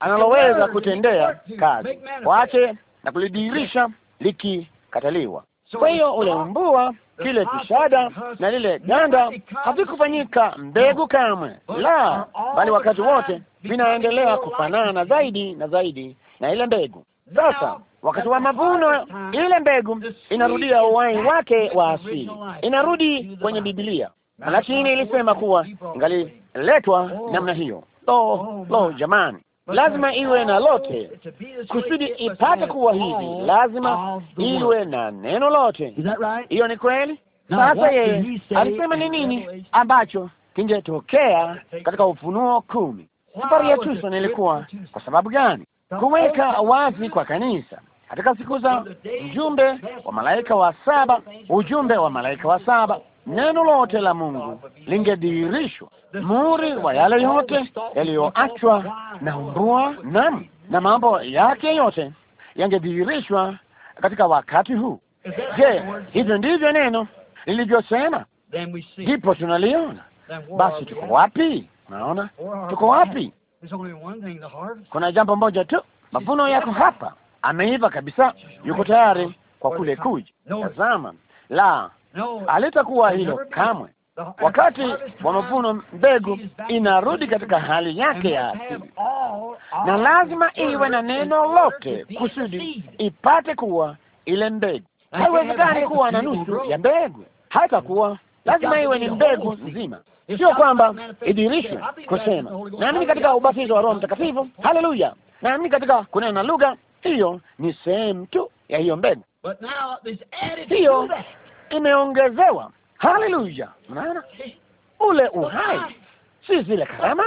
analoweza kutendea kazi kwake na kulidirisha likikataliwa kwa hiyo ule mbua, kile kishada na lile ganda havikufanyika mbegu kamwe, la bali wakati wote vinaendelea kufanana zaidi na zaidi na ile mbegu. Sasa wakati wa mavuno, ile mbegu inarudia uwai wake wa asili, inarudi kwenye Biblia, lakini ilisema kuwa ingaliletwa namna hiyo. Oh, oh oh, lo, lo, jamani! lazima iwe na lote kusudi ipate kuwa hivi, lazima iwe na neno lote. Hiyo ni kweli. Sasa yeye alisema ni nini ambacho kingetokea katika Ufunuo kumi? Safari ya Tuso ilikuwa kwa sababu gani? Kuweka wazi kwa kanisa katika siku za ujumbe wa malaika wa saba, ujumbe wa malaika wa saba neno lote la Mungu lingedhihirishwa, muhuri wa yale yote yaliyoachwa na umbua nam na mambo yake yote yangedhihirishwa katika wakati huu. Je, hivyo ndivyo neno lilivyosema? Ndipo tunaliona basi. Tuko wapi? Unaona, tuko wapi? Kuna jambo moja tu, mavuno yako hapa. Ameiva kabisa, yuko tayari kwa kule kuja. Tazama la Alitakuwa hilo kamwe. Wakati wa mavuno, mbegu inarudi katika hali yake ya asili, na lazima iwe na neno lote kusudi ipate kuwa ile mbegu. Haiwezekani kuwa na nusu ya mbegu, hata kuwa lazima iwe ni mbegu nzima, sio kwamba idirishwe kusema. Naamini katika ubatizo wa Roho Mtakatifu, haleluya. Naamini katika kunena na lugha, hiyo ni sehemu tu ya hiyo mbegu. Hiyo imeongezewa. Haleluya! Unaona ule uhai, si zile karama,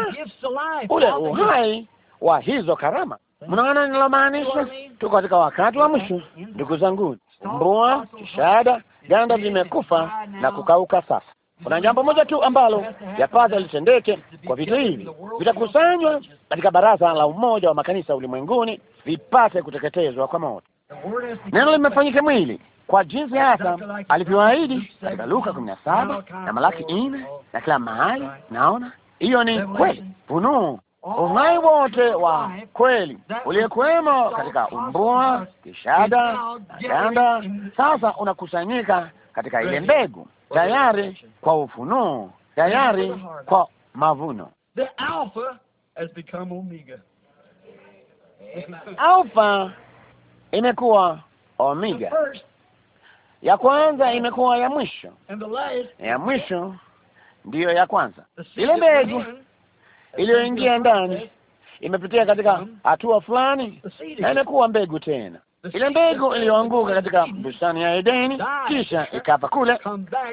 ule uhai wa hizo karama. Mnaona ninalomaanisha? Tuko katika wakati wa mwisho, ndugu zangu. Mbua, shahada, ganda vimekufa ah, na kukauka. Sasa kuna jambo moja tu ambalo yapata litendeke kwa vitu hivi, vitakusanywa katika baraza la umoja wa makanisa ulimwenguni, vipate kuteketezwa kwa moto. Neno limefanyika mwili kwa jinsi hasa alivyoahidi katika Luka kumi na saba na Malaki nne na kila mahali. Naona hiyo ni kweli, funuu uhai wote wa kweli uliyekuwemo katika umbua, kishada na ganda, sasa unakusanyika katika ile mbegu tayari kwa ufunuo, tayari kwa mavuno. Alfa imekuwa omega ya kwanza imekuwa ya mwisho, ya mwisho ndiyo ya kwanza. Ile mbegu iliyoingia ndani imepitia katika hatua fulani na imekuwa mbegu tena. Ile mbegu iliyoanguka katika bustani ya Edeni kisha ikapa kule,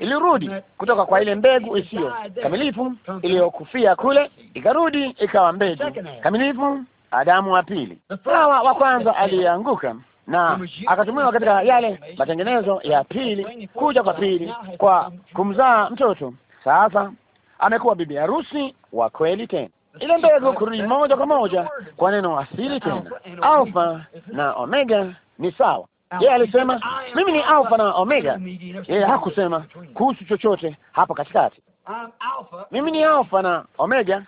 ilirudi kutoka kwa ile mbegu isiyo kamilifu iliyokufia kule, ikarudi ikawa mbegu kamilifu. Adamu wa pili, Hawa wa kwanza aliyeanguka na akatumiwa katika yale matengenezo ya pili kuja kwa pili kwa kumzaa mtoto. Sasa amekuwa bibi harusi wa kweli tena. Ile mbegu kurudi moja kwa moja kwa neno asili tena, alfa na omega ni sawa. Yeye alisema mimi ni alfa na omega, yeye hakusema kuhusu chochote hapa katikati. Mimi ni alfa na omega,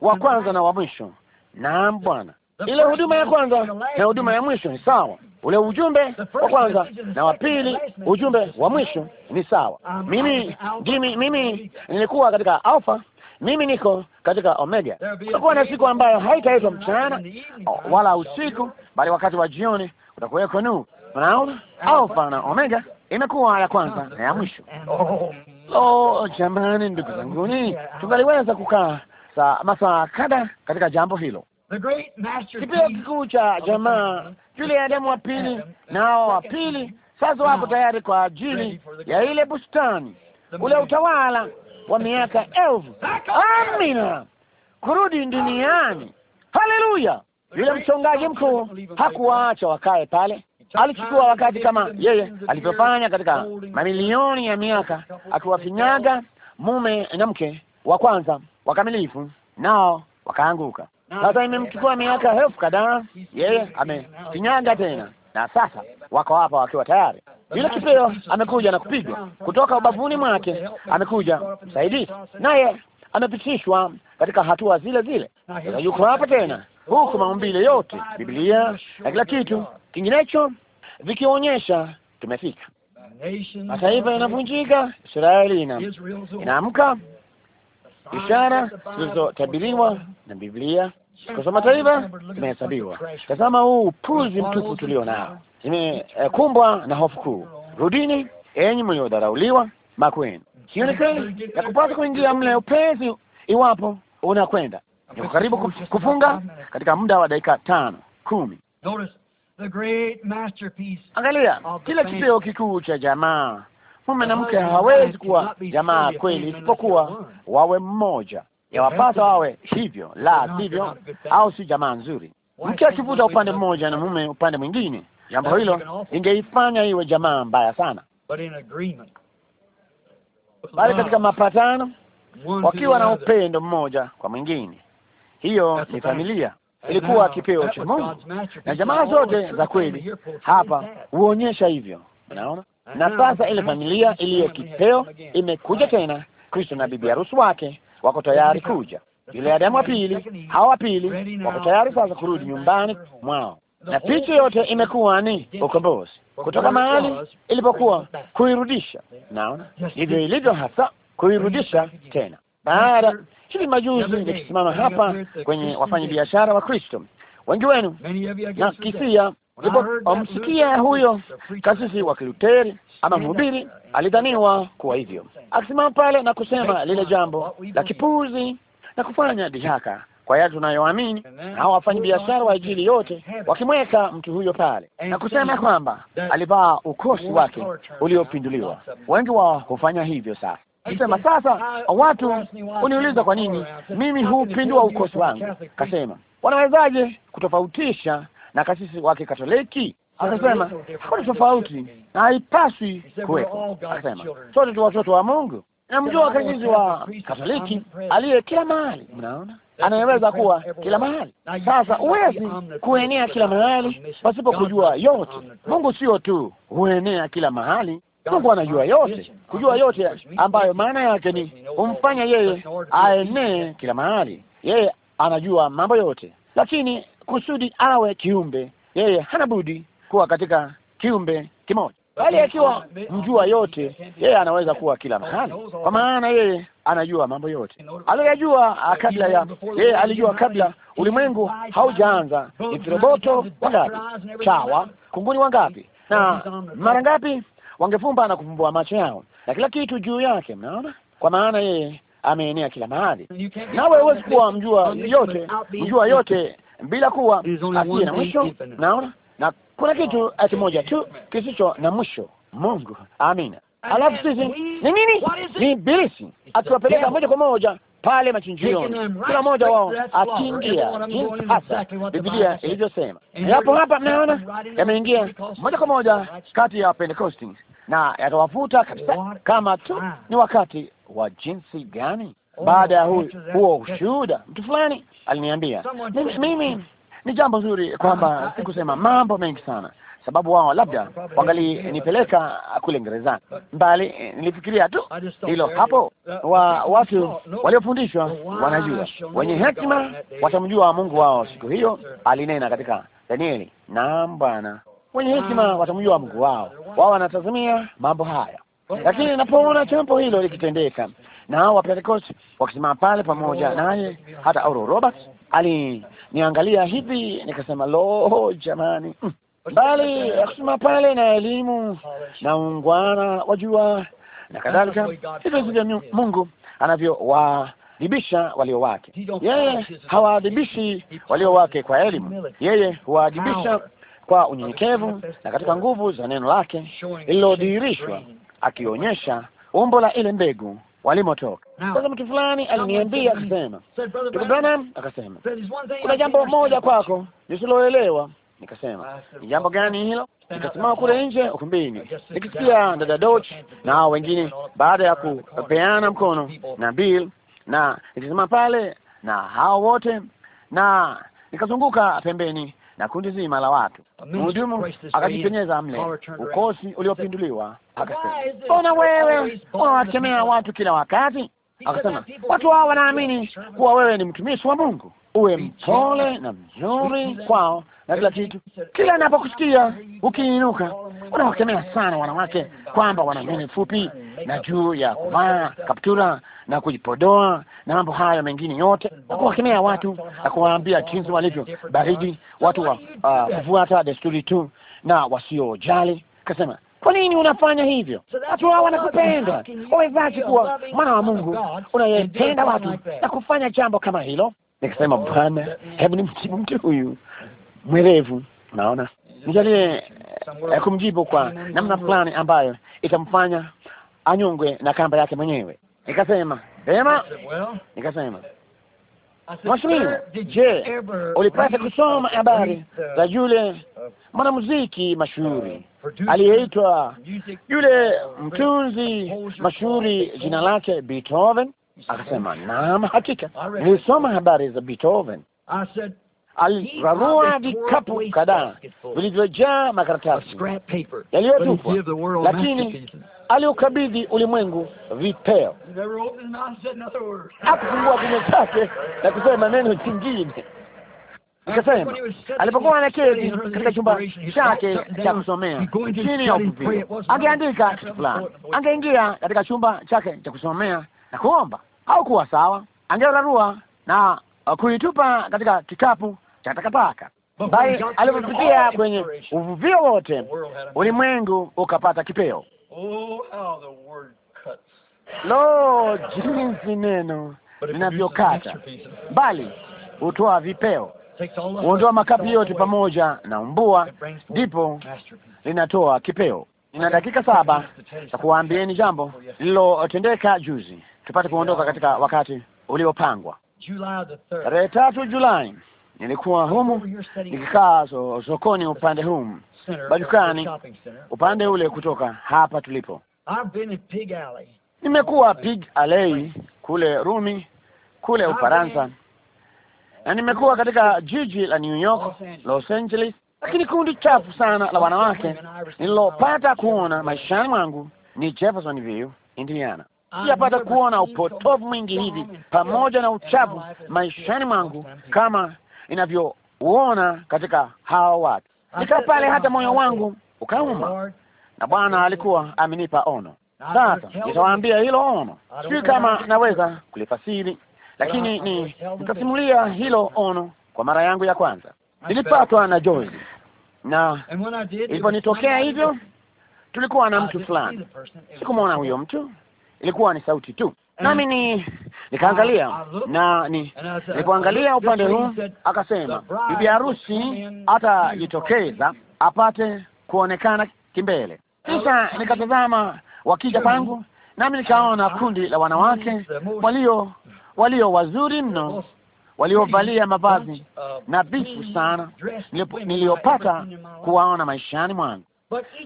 wa kwanza na wa mwisho. Naam Bwana, ile huduma ya kwanza na huduma ya mwisho ni sawa ule ujumbe wa kwanza na wa pili, ujumbe wa mwisho ni sawa. Mimi ndimi, mimi nilikuwa katika alpha mimi niko katika Omega. kutakuwa na siku ambayo haitaitwa mchana wala usiku, bali wakati wa jioni utakuweko nuru. Unaona, alpha na Omega imekuwa ya kwanza na ya mwisho. Oh, oh, jamani, ndugu zanguni, tungaliweza kukaa saa masaa kadha katika jambo hilo kipeo kikuu cha jamaa yule Adamu wa pili, nao wa pili sasa wako tayari kwa ajili ya ile bustani, ule utawala wa miaka elfu. Amina, kurudi duniani. Haleluya! Yule mchungaji mkuu hakuwaacha wakae pale, alichukua wakati kama yeye alivyofanya katika mamilioni ya miaka, akiwafinyaga mume na mke wa kwanza wakamilifu, nao wakaanguka. Sasa imemchukua miaka elfu kadhaa, yeye amekinyaga tena, na sasa wako hapa wakiwa tayari bila kipeo. Amekuja na kupigwa kutoka ubavuni mwake, amekuja msaidizi, naye amepitishwa katika hatua zile zile. Sasa yuko hapa tena, huku maumbile yote, Biblia na kila kitu kinginecho vikionyesha tumefika. Mataifa yanavunjika, Israeli ina inaamka ishara zilizotabiriwa na Biblia kwa mataifa imehesabiwa. Tazama huu upuzi mtupu tulio nao, imekumbwa na hofu kuu. Rudini enyi mliodharauliwa, makwenu sioni kweli ya kupata kuingia mle upesi. Iwapo unakwenda niko karibu kufunga katika muda wa dakika tano kumi. Angalia kile kipeo kikuu cha jamaa mume na mke hawezi kuwa jamaa kweli isipokuwa wawe mmoja, yawapasa wawe hivyo, la sivyo, au si jamaa nzuri. Mke akivuta upande mmoja na mume upande mwingine, jambo hilo lingeifanya iwe jamaa mbaya sana, bali katika mapatano, wakiwa na upendo mmoja kwa mwingine, hiyo ni familia ilikuwa kipeo cha Mungu na jamaa zote za kweli hapa huonyesha hivyo. Unaona, na sasa ile familia iliyo kipeo imekuja tena. Kristo na bibi harusi wake wako tayari kuja. Yule Adamu wa pili, hawa wa pili wako tayari sasa kurudi nyumbani mwao, na picha yote imekuwa ni ukombozi kutoka mahali ilipokuwa, kuirudisha. Naona hivyo ilivyo hasa, kuirudisha tena. Baada hivi majuzi, nikisimama hapa kwenye wafanyabiashara wa Kristo, wengi wenu na kisia amsikia huyo kasisi wa Kiluteri ama mhubiri, alidhaniwa kuwa hivyo, akisimama pale na kusema lile jambo la kipuzi na kufanya dhihaka kwa yale tunayoamini, na hao biashara wa Injili yote wakimweka mtu huyo pale na kusema kwamba alivaa ukosi wake uliopinduliwa. Wengi wao hufanya hivyo sasa Sema sasa, watu uniuliza kwa nini mimi hupindua ukosi wangu. Kasema, wanawezaje kutofautisha na kasisi wake katoliki Akasema kuna tofauti na haipaswi kuwepo. Akasema sote tu watoto wa Mungu. Namjua kasisi wa Katoliki aliye kila mahali, mnaona anayeweza kuwa kila mahali. Sasa huwezi kuenea kila mahali pasipo kujua yote. Mungu sio tu huenea kila mahali, Mungu anajua yote. Kujua yote ambayo maana yake ni humfanya yeye aenee kila mahali, yeye anajua mambo yote, lakini kusudi awe kiumbe, yeye hana budi kuwa katika kiumbe kimoja, bali akiwa mjua yote, yeye anaweza kuwa kila mahali, kwa maana yeye anajua mambo yote aliyajua kabla ya yeye, alijua kabla ulimwengu haujaanza, ni viroboto wangapi, chawa kunguni wangapi, na mara ngapi wangefumba na kufumbua macho yao na kila kitu juu yake. Mnaona, kwa maana yeye ameenea kila mahali, nawe huwezi kuwa mjua yote, mjua yote bila kuwa asiye na mwisho. Naona na kuna kitu oh. kimoja tu kisicho na mwisho, Mungu. Amina. Alafu sisi ni nini? Ni bilisi akiwapeleka moja kwa moja pale machinjioni, kila mmoja wao akiingia hasa Biblia ilivyosema. Yapo hapa, mnaona yameingia moja kwa moja kati ya Pentecosti na yatawavuta kabisa, kama tu ni wakati wa jinsi gani baada ya huo ushuhuda, mtu fulani aliniambia mimi, ni jambo zuri kwamba ah, ah, sikusema mambo mengi sana, sababu wao labda wangalinipeleka kule gerezani, bali nilifikiria tu hilo hapo. Uh, wa watu waliofundishwa wanajua, wenye hekima watamjua Mungu wao siku hiyo, alinena katika Danieli. Naam Bwana, wenye ah, hekima watamjua Mungu wao. Wao wanatazamia mambo haya, lakini napoona jambo hilo likitendeka na hao Wapentekoste wakisimama pale pamoja oh. naye. Hata Oral Roberts aliniangalia hivi, nikasema lo, jamani mm. Bali akusimama pale na elimu na ungwana wajua na kadhalika, hivyo ndivyo Mungu anavyowaadhibisha walio wake. Yeye hawaadhibishi walio wake kwa elimu, yeye huwaadhibisha kwa unyenyekevu na katika nguvu za neno lake lililodhihirishwa, akionyesha umbo la ile mbegu walimotoka. Sasa mtu fulani aliniambia akasema, ndugu Branham, akasema kuna jambo moja kwako nisiloelewa. Nikasema ni jambo gani hilo? Nikasimama kule nje ukumbini nikisikia dada Doch na hao wengine, baada ya kupeana mkono na Bill, na nikisimama pale na hao wote, na nikazunguka pembeni na kundi zima la watu. Mhudumu akajipenyeza mle, ukosi uliopinduliwa. Akasema, mbona wewe unawakemea watu kila wakati? Akasema, watu hao wanaamini kuwa wewe ni mtumishi wa Mungu uwe mpole na mzuri kwao na kila kitu. Kila anapokusikia ukiinuka, unawakemea sana wanawake kwamba wana nywele fupi na juu ya kuvaa kaptura na kujipodoa na mambo hayo mengine yote, na kuwakemea watu na kuwaambia jinsi walivyo baridi, watu wa uh, kufuata uh, desturi tu na wasiojali. Kasema, kwa nini unafanya hivyo? Watu hao wanakupenda. Wawezaje kuwa mwana wa Mungu unayependa watu na kufanya jambo kama hilo? nikasema, Bwana, hebu nimjibu mtu huyu mwerevu, naona nijalie eh, kumjibu kwa namna fulani ambayo itamfanya anyongwe na kamba yake mwenyewe. Nikasema sema, nikasema Mwashimiwa, je, ulipata kusoma habari za uh, yule uh, mwanamuziki mashuhuri uh, aliyeitwa yule mtunzi mashuhuri, jina lake Beethoven? Akasema, naam, hakika nilisoma habari za Beethoven. Alirarua vikapu kadhaa vilivyojaa makaratasi yaliyotupwa, lakini aliukabidhi ulimwengu vipeo. Hakufungua kinywa chake na kusema neno jingine. Akasema alipokuwa anaketi katika chumba chake cha kusomea chini ya upupili, angeandika kitu fulani, angeingia katika chumba chake cha kusomea na kuomba uh, au kuwa sawa, angeorarua na kuitupa katika kikapu cha takataka, bali alipopitia kwenye uvuvio wote ulimwengu ukapata kipeo. Oh, Lo, jinsi neno linavyokata bali hutoa vipeo, huondoa makapi yote pamoja na umbua, ndipo linatoa kipeo. Nina dakika saba za kuwaambieni jambo lililotendeka juzi tupate kuondoka katika wakati uliopangwa. Tarehe tatu Julai nilikuwa humu nikikaa so, sokoni upande humu badukani uh, upande ule kutoka hapa tulipo. Nimekuwa Pig Alley kule Rumi kule Ufaransa, na nimekuwa katika jiji la New York, Los Angeles, lakini kundi chafu sana la wanawake nililopata kuona maishani mwangu ni Jeffersonville, Indiana. Ah, sijapata kuona upotovu mwingi hivi pamoja na uchafu maishani mwangu kama inavyouona katika hawa watu. Ah, Nikaa pale hata moyo wangu ukauma, na Bwana alikuwa amenipa ono. Sasa nitawaambia hilo ono, sijui kama naweza kulifasiri, lakini ni nikasimulia hilo ono kwa mara yangu ya kwanza. Nilipatwa na jozi, na iliponitokea hivyo, tulikuwa na mtu fulani, sikumwona huyo mtu ilikuwa ni sauti tu, nami ni nikaangalia ah, na ni nilipoangalia upande huu, akasema bibi harusi atajitokeza apate kuonekana kimbele. Kisha nikatazama wakija pangu, nami nikaona kundi la wanawake walio walio wazuri mno waliovalia mavazi nadhifu sana niliyopata kuwaona maishani mwangu.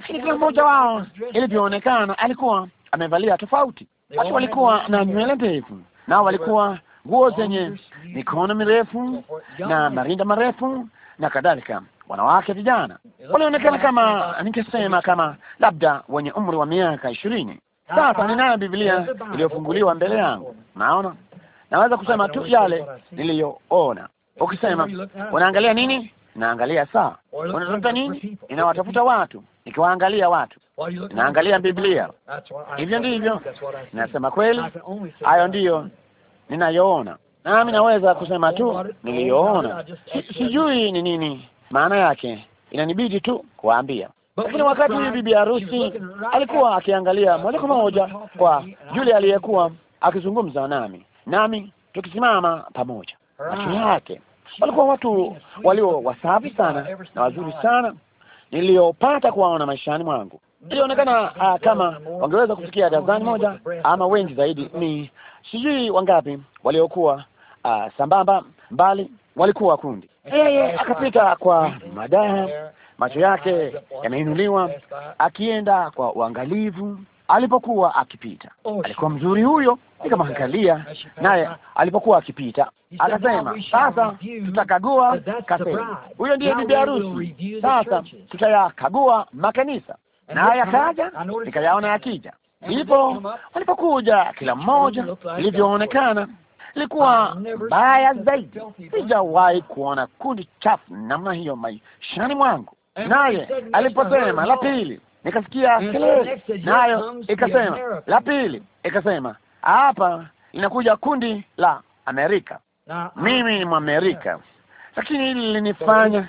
Kila mmoja wao ilivyoonekana alikuwa amevalia tofauti. Watu walikuwa na nywele ndefu, nao walikuwa nguo zenye mikono mirefu na marinda marefu na kadhalika. Wanawake vijana walionekana kama, ningesema kama labda wenye umri wa miaka ishirini. Sasa ninayo Biblia iliyofunguliwa mbele yangu, naona naweza kusema tu yale niliyoona. Ukisema unaangalia nini? Naangalia saa, unatafuta nini? inawatafuta watu, nikiwaangalia watu, naangalia Biblia. Hivyo ndivyo nasema kweli, hayo ndiyo ninayoona, nami naweza kusema tu niliyoona. Sijui ni nini maana yake, inanibidi tu kuwaambia. Lakini wakati huyu bibi harusi alikuwa akiangalia moja kwa moja kwa yule aliyekuwa akizungumza nami, nami tukisimama pamoja, macho yake walikuwa watu walio wasafi sana na wazuri sana niliyopata kuwaona maishani mwangu. Ilionekana uh, kama wangeweza kufikia dazani moja ama wengi zaidi. Ni sijui wangapi waliokuwa uh, sambamba mbali, walikuwa kundi. Yeye akapita kwa madaha, macho yake yameinuliwa, akienda kwa uangalivu alipokuwa akipita. Oh, Alikuwa mzuri huyo, nikamwangalia naye alipokuwa akipita, akasema, sasa tutakagua kasema Huyo ndiye bibi harusi, sasa tutayakagua makanisa. Naye akaja, nikayaona yakija. Ndipo walipokuja kila mmoja, ilivyoonekana ilikuwa mbaya zaidi. Sijawahi kuona kundi chafu namna hiyo maishani mwangu. Naye aliposema la pili nikasikia mm. kelele, nayo ikasema la pili, ikasema hapa inakuja kundi la Amerika. Mimi ni Mwamerika, lakini hili linifanya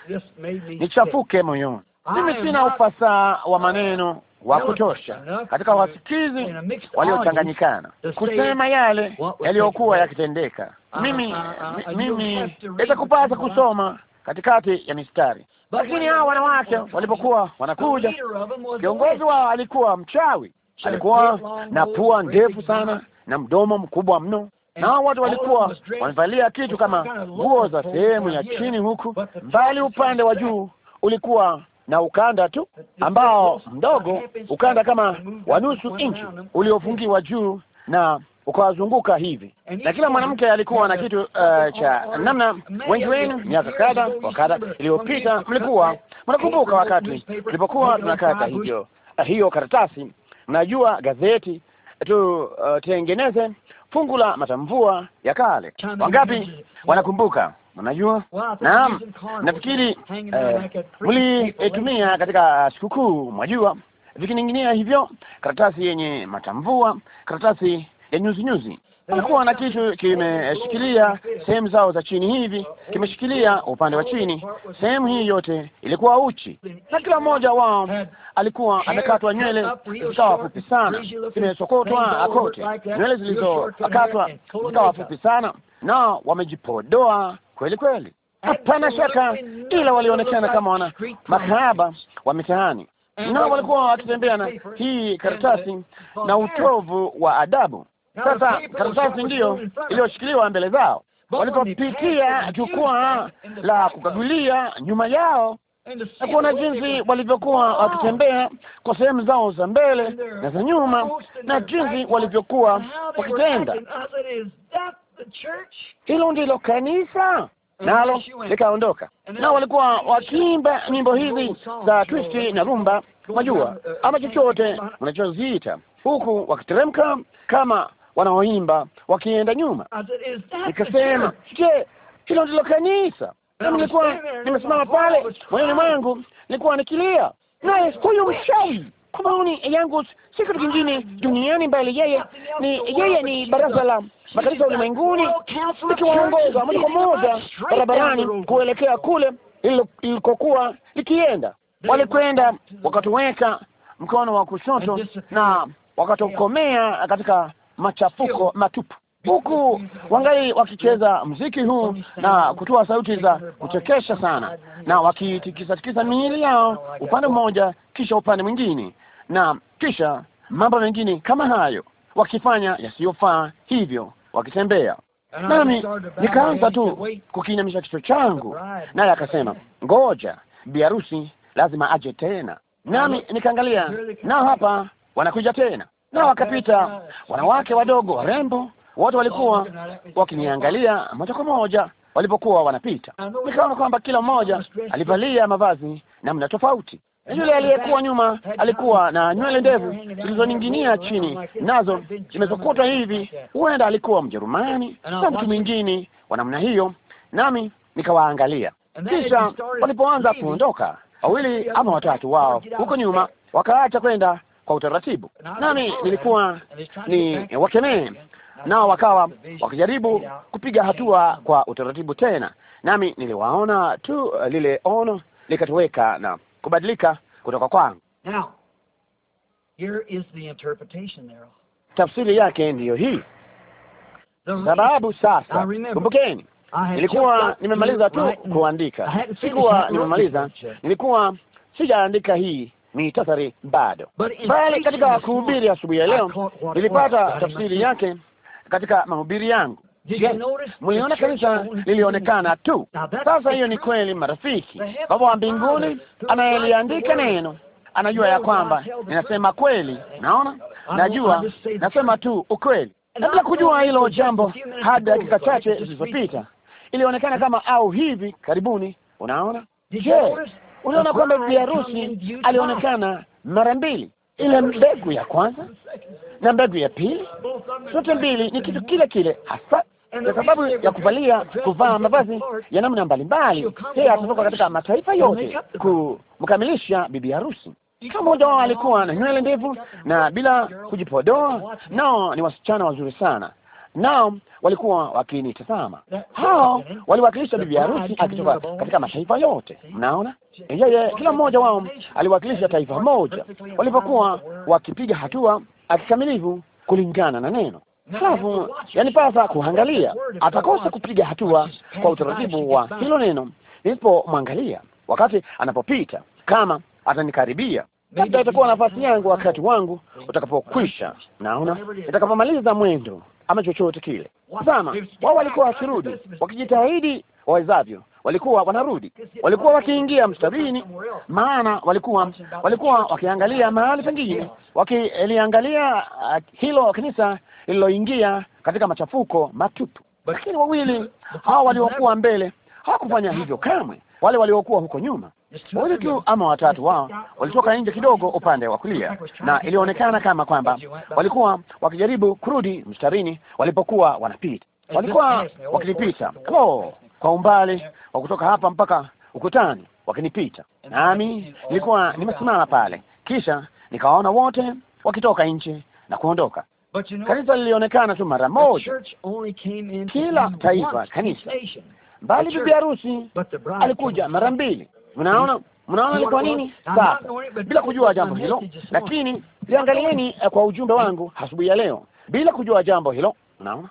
nichafuke moyoni. Mimi sina ufasaha wa maneno wa kutosha katika wasikizi waliochanganyikana kusema yale yaliyokuwa yakitendeka. Uh, mimi uh, uh, mimi itakupasa kusoma katikati ya mistari lakini hao wanawake walipokuwa wanakuja, kiongozi wao alikuwa mchawi, alikuwa na pua ndefu sana na mdomo mkubwa mno, na hao watu walikuwa wamevalia kitu kama nguo za sehemu ya chini, huku mbali upande wa juu ulikuwa na ukanda tu ambao mdogo, ukanda kama wa nusu inchi uliofungiwa juu na ukawazunguka hivi, na kila mwanamke alikuwa na kitu uh, cha namna. Wengi wenu miaka kadha kadha iliyopita mlikuwa mnakumbuka wakati tulipokuwa tunakata hivyo uh, hiyo karatasi, mnajua gazeti tutengeneze uh, fungu la matamvua ya kale. Wangapi wanakumbuka? Unajua, naam, nafikiri uh, mlitumia katika uh, sikukuu, mwajua, vikining'inia hivyo, karatasi yenye matamvua, karatasi ya nyuzi nyuzi. Kulikuwa na kitu kimeshikilia sehemu zao za chini hivi, kimeshikilia upande wa chini. Sehemu hii yote ilikuwa uchi, na kila mmoja wao alikuwa amekatwa nywele zikawa fupi sana, zimesokotwa akote, nywele zilizokatwa zikawa fupi sana, na wamejipodoa kweli kweli, hapana shaka, ila walionekana kama wana makahaba wa mitihani, na walikuwa wakitembea na hii karatasi na utovu wa adabu sasa karatasi ndiyo iliyoshikiliwa mbele zao walipopitia jukwaa la kukagulia nyuma yao na kuona jinsi walivyokuwa wakitembea kwa sehemu zao za mbele na za nyuma, na jinsi walivyokuwa wakitenda. Hilo ndilo kanisa, nalo likaondoka. Na walikuwa wakiimba nyimbo hizi za twisti na rumba, majua uh, ama chochote unachoziita, huku wakiteremka kama wanaoimba wakienda nyuma. Nikasema, je, hilo ndilo kanisa? Nami nilikuwa nimesimama pale, moyoni mwangu nilikuwa nikilia, naye huyu mshai kwa maoni yangu si kitu kingine duniani mbali, yeye ni yeye ni baraza la makanisa ulimwenguni, likiwaongoza moja kwa moja barabarani kuelekea kule ilikokuwa likienda. Walikwenda wakatuweka mkono wa kushoto na wakatokomea katika machafuko matupu, huku wangali wakicheza mziki huu na kutoa sauti za kuchekesha sana, na wakitikisatikisa miili yao upande mmoja kisha upande mwingine, na kisha mambo mengine kama hayo, wakifanya yasiyofaa hivyo, wakitembea nami nikaanza tu kukinyamisha kichwa changu, naye akasema, ngoja biarusi lazima aje tena. Nami nikaangalia, nao hapa wanakuja tena na wakapita wanawake wadogo warembo, wote walikuwa wakiniangalia moja kwa moja walipokuwa wanapita. Nikaona kwamba kila mmoja alivalia mavazi namna tofauti. Yule aliyekuwa nyuma alikuwa na nywele ndevu zilizoning'inia chini, nazo zimesokotwa hivi, huenda alikuwa Mjerumani na mtu mwingine wa namna hiyo, nami nikawaangalia. Kisha walipoanza kuondoka, wawili ama watatu wao huko nyuma wakaacha kwenda kwa utaratibu, nami nilikuwa ni wakemee, nao wakawa wakijaribu kupiga hatua kwa utaratibu tena, nami niliwaona tu uh, lile ono likatoweka na kubadilika kutoka kwangu. Tafsiri yake ndiyo hii sababu. Sasa kumbukeni, nilikuwa nimemaliza tu kuandika, sikuwa nimemaliza, nilikuwa sijaandika hii mitasari bado, bali katika kuhubiri asubuhi ya leo nilipata tafsiri yake katika mahubiri yangu. Mliona kanisa lilionekana tu. Sasa hiyo ni kweli, marafiki. Baba wa mbinguni anayeliandika neno anajua ya kwamba ninasema kweli. Naona, najua, nasema tu ukweli. nabila kujua hilo jambo, hadi dakika chache zilizopita ilionekana kama au hivi karibuni. Unaona, je, Unaona kwamba harusi alionekana mara mbili, ile mbegu ya kwanza na mbegu ya pili, zote mbili ni kitu kile kile hasa kwa sababu ya kuvalia kuvaa mavazi ya namna mbalimbali. Yeye atatoka katika mataifa yote kumkamilisha bibi harusi. Kama mmoja wao alikuwa na nywele ndefu na bila kujipodoa, nao ni wasichana wazuri sana nao walikuwa wakinitazama. Hao waliwakilisha bibi harusi akitoka katika mataifa yote. Mnaona, yeye, kila mmoja wao aliwakilisha taifa moja, walipokuwa wakipiga hatua akikamilifu kulingana na neno. Halafu yanipasa kuangalia, atakosa kupiga hatua kwa utaratibu wa hilo neno nilipomwangalia wakati anapopita. Kama atanikaribia labda itakuwa nafasi yangu wakati wangu utakapokwisha. Naona itakapomaliza mwendo ama chochote kile. sama wao walikuwa wakirudi wakijitahidi wawezavyo, walikuwa wanarudi, walikuwa wakiingia mstarini, maana walikuwa walikuwa wakiangalia mahali pengine, wakiliangalia uh, hilo kanisa lililoingia katika machafuko matupu. Lakini wawili hao waliokuwa mbele hawakufanya hivyo kamwe. Wale waliokuwa huko nyuma mmoja tu ama watatu wao walitoka nje kidogo upande wa kulia, na ilionekana kama kwamba walikuwa wakijaribu kurudi mstarini walipokuwa wanapita. Walikuwa wakinipita ko kwa umbali wa kutoka hapa mpaka ukutani, wakinipita nami nilikuwa nimesimama pale, kisha nikawaona wote wakitoka nje na kuondoka. Kanisa lilionekana tu mara moja, kila taifa kanisa, mbali bibi harusi alikuja mara mbili. Mnaona, mnaona ni kwa nini sasa, bila kujua jambo hilo, lakini liangalieni eh, kwa ujumbe wangu asubuhi ya leo, bila kujua jambo hilo. Mnaona,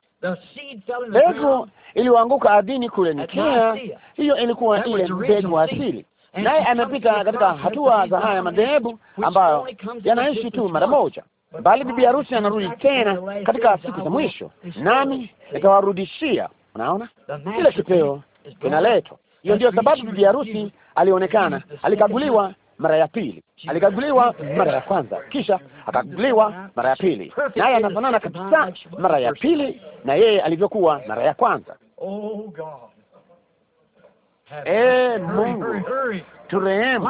mbegu iliyoanguka ardhini kule Nikea, hiyo ilikuwa ile mbegu asili naye amepita katika hatua za haya madhehebu ambayo yanaishi tu mara moja, bali bibi harusi anarudi tena katika siku za mwisho, nami nitawarudishia. Unaona, kile kipeo kinaletwa hiyo ndio sababu bibi harusi alionekana, alikaguliwa mara ya pili, alikaguliwa mara ya kwanza, kisha akaguliwa mara ya pili, naye anafanana kabisa mara ya pili na yeye alivyokuwa mara ya kwanza. Oh, e, Mungu turehemu.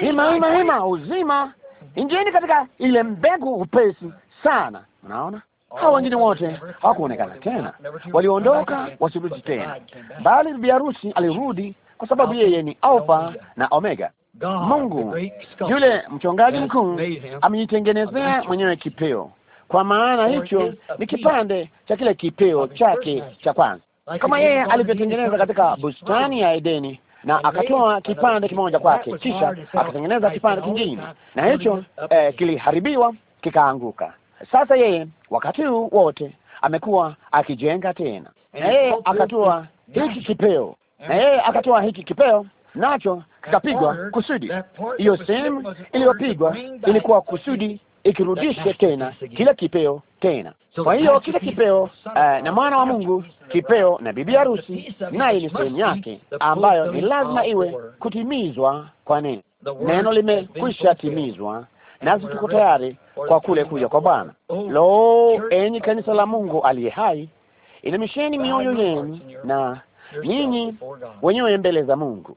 Hima, hima, hima, uzima! Ingieni katika ile mbegu upesi sana. Unaona, hao wengine wote hawakuonekana tena, waliondoka wasirudi tena, bali bibi harusi alirudi, kwa sababu yeye ni Alfa na Omega. Mungu yule mchongaji mkuu amejitengenezea mwenyewe kipeo, kwa maana hicho ni kipande cha kile kipeo chake cha kwanza, kama yeye alivyotengeneza katika bustani ya Edeni na akatoa kipande kimoja kwake, kisha akatengeneza kipande kingine, na hicho eh, kiliharibiwa kikaanguka sasa yeye wakati huu wote amekuwa akijenga tena, na yeye akatoa hiki kipeo, na yeye akatoa hiki kipeo, nacho kikapigwa kusudi. Hiyo sehemu iliyopigwa ilikuwa kusudi ikirudishe tena kile kipeo tena. Kwa hiyo kile kipeo uh, na mwana wa Mungu kipeo na bibi harusi, naye ni sehemu yake ambayo ni lazima iwe kutimizwa kwa neno. Neno limekwisha timizwa nasi tuko tayari kwa kule kuja kwa Bwana. Lo, enyi kanisa la Mungu aliye hai, inamisheni mioyo yenu na ninyi wenyewe mbele za Mungu.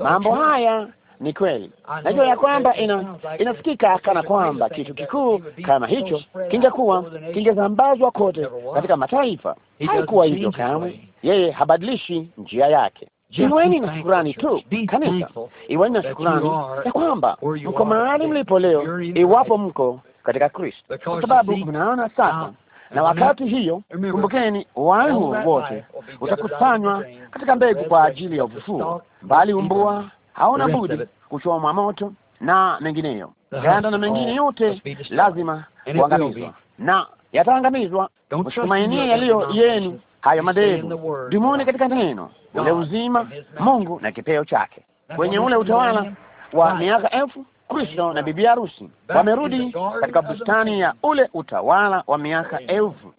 Mambo haya ni kweli. Najua ya kwamba ina, inasikika kana kwamba kitu kikuu kama hicho kingekuwa kingesambazwa kote katika mataifa. Haikuwa hivyo kamwe. Yeye habadilishi njia yake. Jiweni na shukurani tu kanisa, iweni na shukurani ya kwamba mko mahali mlipo leo, iwapo mko katika Kristo, kwa sababu mnaona sasa na wakati hiyo, kumbukeni, wanu wote utakusanywa katika mbegu kwa ajili ya ufufuo, bali umbua haona budi kuchomwa moto na mengineyo. Ganda na mengine yote lazima kuangamizwa na yataangamizwa. Msitumainie yaliyo yenu hayo madhehebu. Dumuni katika neno, ule uzima, Mungu na kipeo chake, kwenye ule utawala wa miaka elfu. Kristo na bibi harusi wamerudi katika bustani ya ule utawala wa miaka elfu.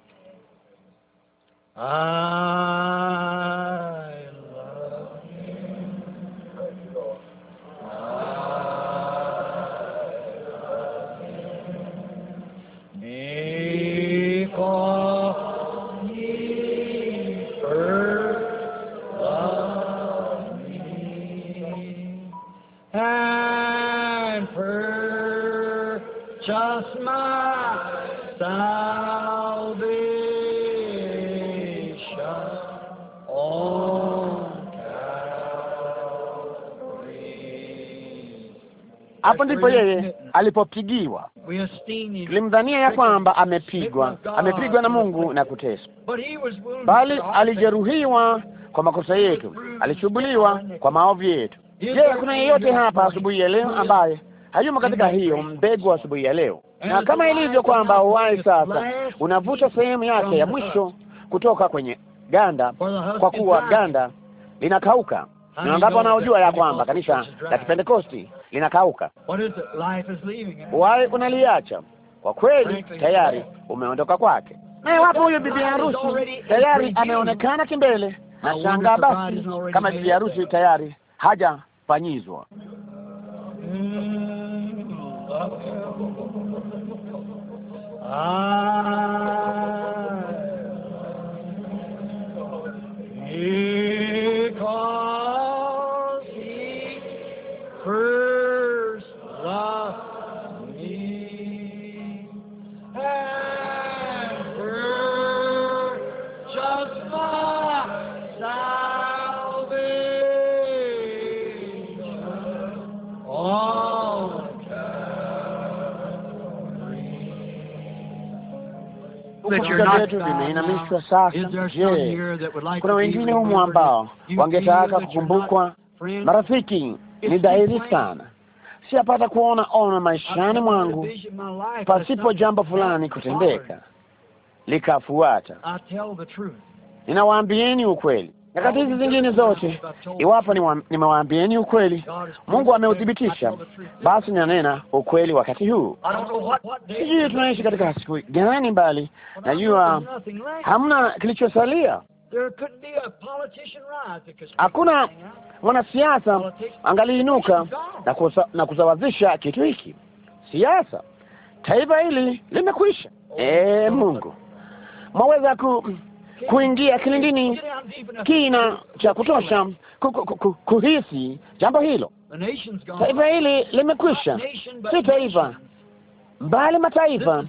I Hapo ndipo yeye alipopigiwa. Tulimdhania ya kwamba amepigwa, amepigwa na Mungu na kuteswa, bali alijeruhiwa kwa makosa yetu, alichubuliwa kwa maovu yetu. Je, kuna yeyote hapa asubuhi ya leo ambaye hayumo katika hiyo mbegu asubuhi ya leo? Na kama ilivyo kwamba uwai sasa unavuta sehemu yake ya mwisho kutoka kwenye ganda, kwa kuwa ganda linakauka. Ni wangapi wanaojua ya kwamba kanisa la Kipentekosti linakauka, eh? uhai unaliacha. Kwa kweli tayari umeondoka kwake. Na iwapo huyu bibi harusi tayari ameonekana kimbele, na shangaa basi kama bibi harusi tayari hajafanyizwa mm, ah. vichwa vimeinamishwa sasa. Je, kuna wengine humu ambao wangetaka kukumbukwa? Marafiki, ni dhahiri sana siyapata kuona ona maishani mwangu pasipo jambo fulani kutendeka likafuata. Ninawaambieni ukweli, nyakati hizi zingine zote, iwapo nimewaambieni ukweli, Mungu ameuthibitisha, basi nanena ukweli wakati huu. Sijui tunaishi katika siku gani, mbali najua hamna kilichosalia. Hakuna mwanasiasa angaliinuka na, kusa, na kusawazisha kitu hiki. Siasa taifa hili limekwisha. E, Mungu mwaweza ku kuingia kilindini kina cha kutosha kuhisi jambo hilo. Taifa hili limekwisha, si taifa mbali mataifa.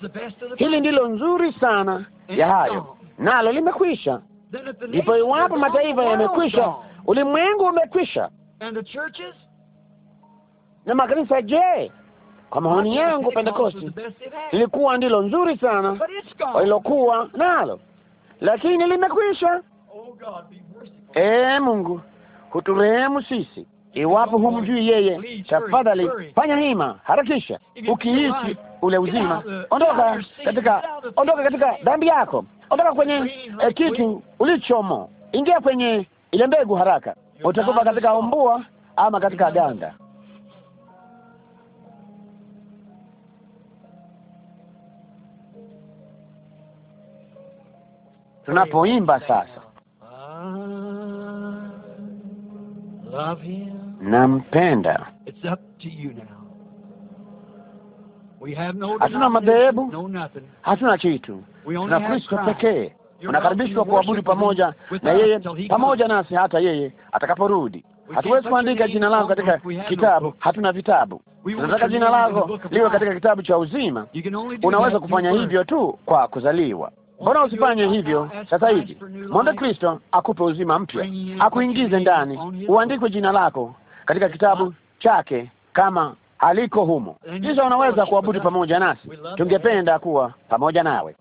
Hili ndilo nzuri sana ya hayo, nalo limekwisha. Ndipo iwapo mataifa yamekwisha, ulimwengu umekwisha, na makanisa je? Kwa maoni yangu, Pentekosti lilikuwa ndilo nzuri sana walilokuwa nalo lakini limekwisha. Ee Mungu, huturehemu sisi. Iwapo humjui yeye, tafadhali fanya hima, harakisha, ukiishi ule uzima. Ondoka katika, ondoka katika dhambi yako, ondoka kwenye eh, kitu ulichomo, ingia kwenye ile mbegu haraka. Utakufa katika umbua ama katika ganda. tunapoimba sasa, nampenda. Hatuna madhehebu, hatuna kitu, tuna Kristo pekee. Unakaribishwa kuabudu pamoja na yeye, pamoja nasi, hata yeye atakaporudi. Hatuwezi kuandika jina lako katika kitabu, hatuna vitabu. Tunataka jina lako liwe katika kitabu cha uzima. Unaweza kufanya hivyo tu kwa kuzaliwa Mbona usifanye hivyo sasa hivi? Mwombe Kristo akupe uzima mpya, akuingize ndani, uandikwe jina lako katika kitabu chake kama haliko humo. Kisha unaweza kuabudu pamoja nasi. Tungependa kuwa pamoja nawe.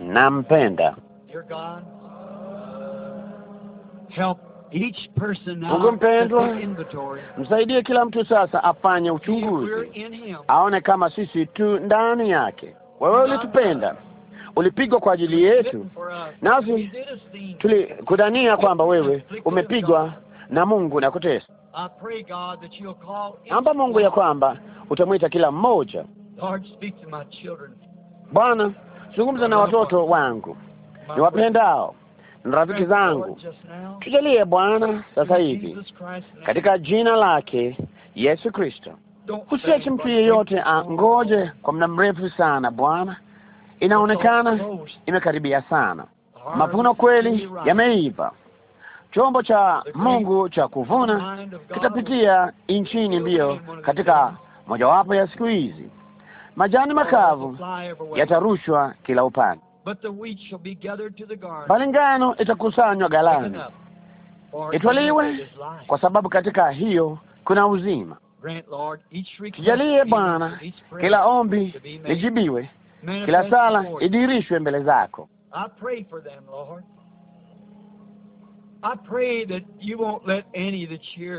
Nampenda. Mungu mpendwa, msaidie kila mtu sasa afanye uchunguzi, aone kama sisi tu ndani yake. Wewe ulitupenda, ulipigwa kwa ajili yetu, nasi tulikudania kwamba wewe umepigwa na Mungu na kutesa. Naomba Mungu ya kwamba utamwita kila mmoja. Bwana, zungumza na watoto wangu niwapendao rafiki zangu, tujalie Bwana sasa hivi katika jina lake Yesu Kristo. Usiache mtu yeyote angoje kwa muda mrefu sana. Bwana, inaonekana imekaribia sana, mavuno kweli yameiva. Chombo cha Mungu cha kuvuna kitapitia nchini mbio katika mojawapo ya siku hizi. Majani makavu yatarushwa kila upande bali ngano itakusanywa ghalani itwaliwe, kwa sababu katika hiyo kuna uzima. Tujalie Bwana, kila ombi lijibiwe, kila sala idirishwe mbele zako.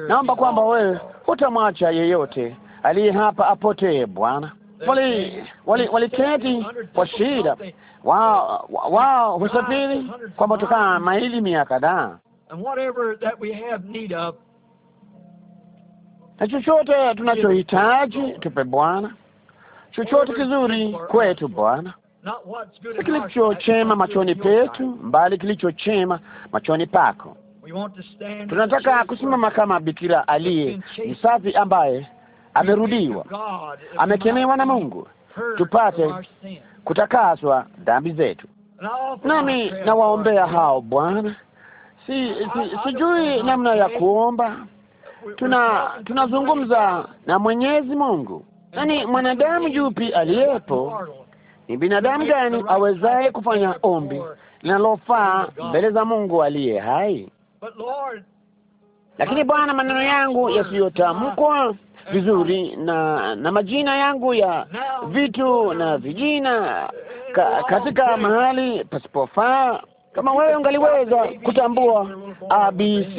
Naomba kwamba wewe hutamwacha yeyote aliye hapa apotee, Bwana wali waliketi kwa shida, wao wao husafiri kwa motokaa maili mia kadhaa, na chochote tunachohitaji tupe Bwana, chochote kizuri kwetu Bwana, si kilichochema machoni petu, mbali kilichochema machoni pako. Tunataka kusimama kama bikira aliye msafi ambaye amerudiwa, amekemewa na Mungu tupate kutakaswa dhambi zetu. Nami nawaombea hao Bwana. Si, si, sijui namna ya kuomba. Tuna tunazungumza na Mwenyezi Mungu. nani mwanadamu yupi aliyepo, ni binadamu gani awezaye kufanya ombi linalofaa mbele za Mungu aliye hai? Lakini Bwana, maneno yangu yasiyotamkwa vizuri na na majina yangu ya vitu na vijina ka, katika mahali pasipofaa. Kama wewe ungaliweza kutambua ABC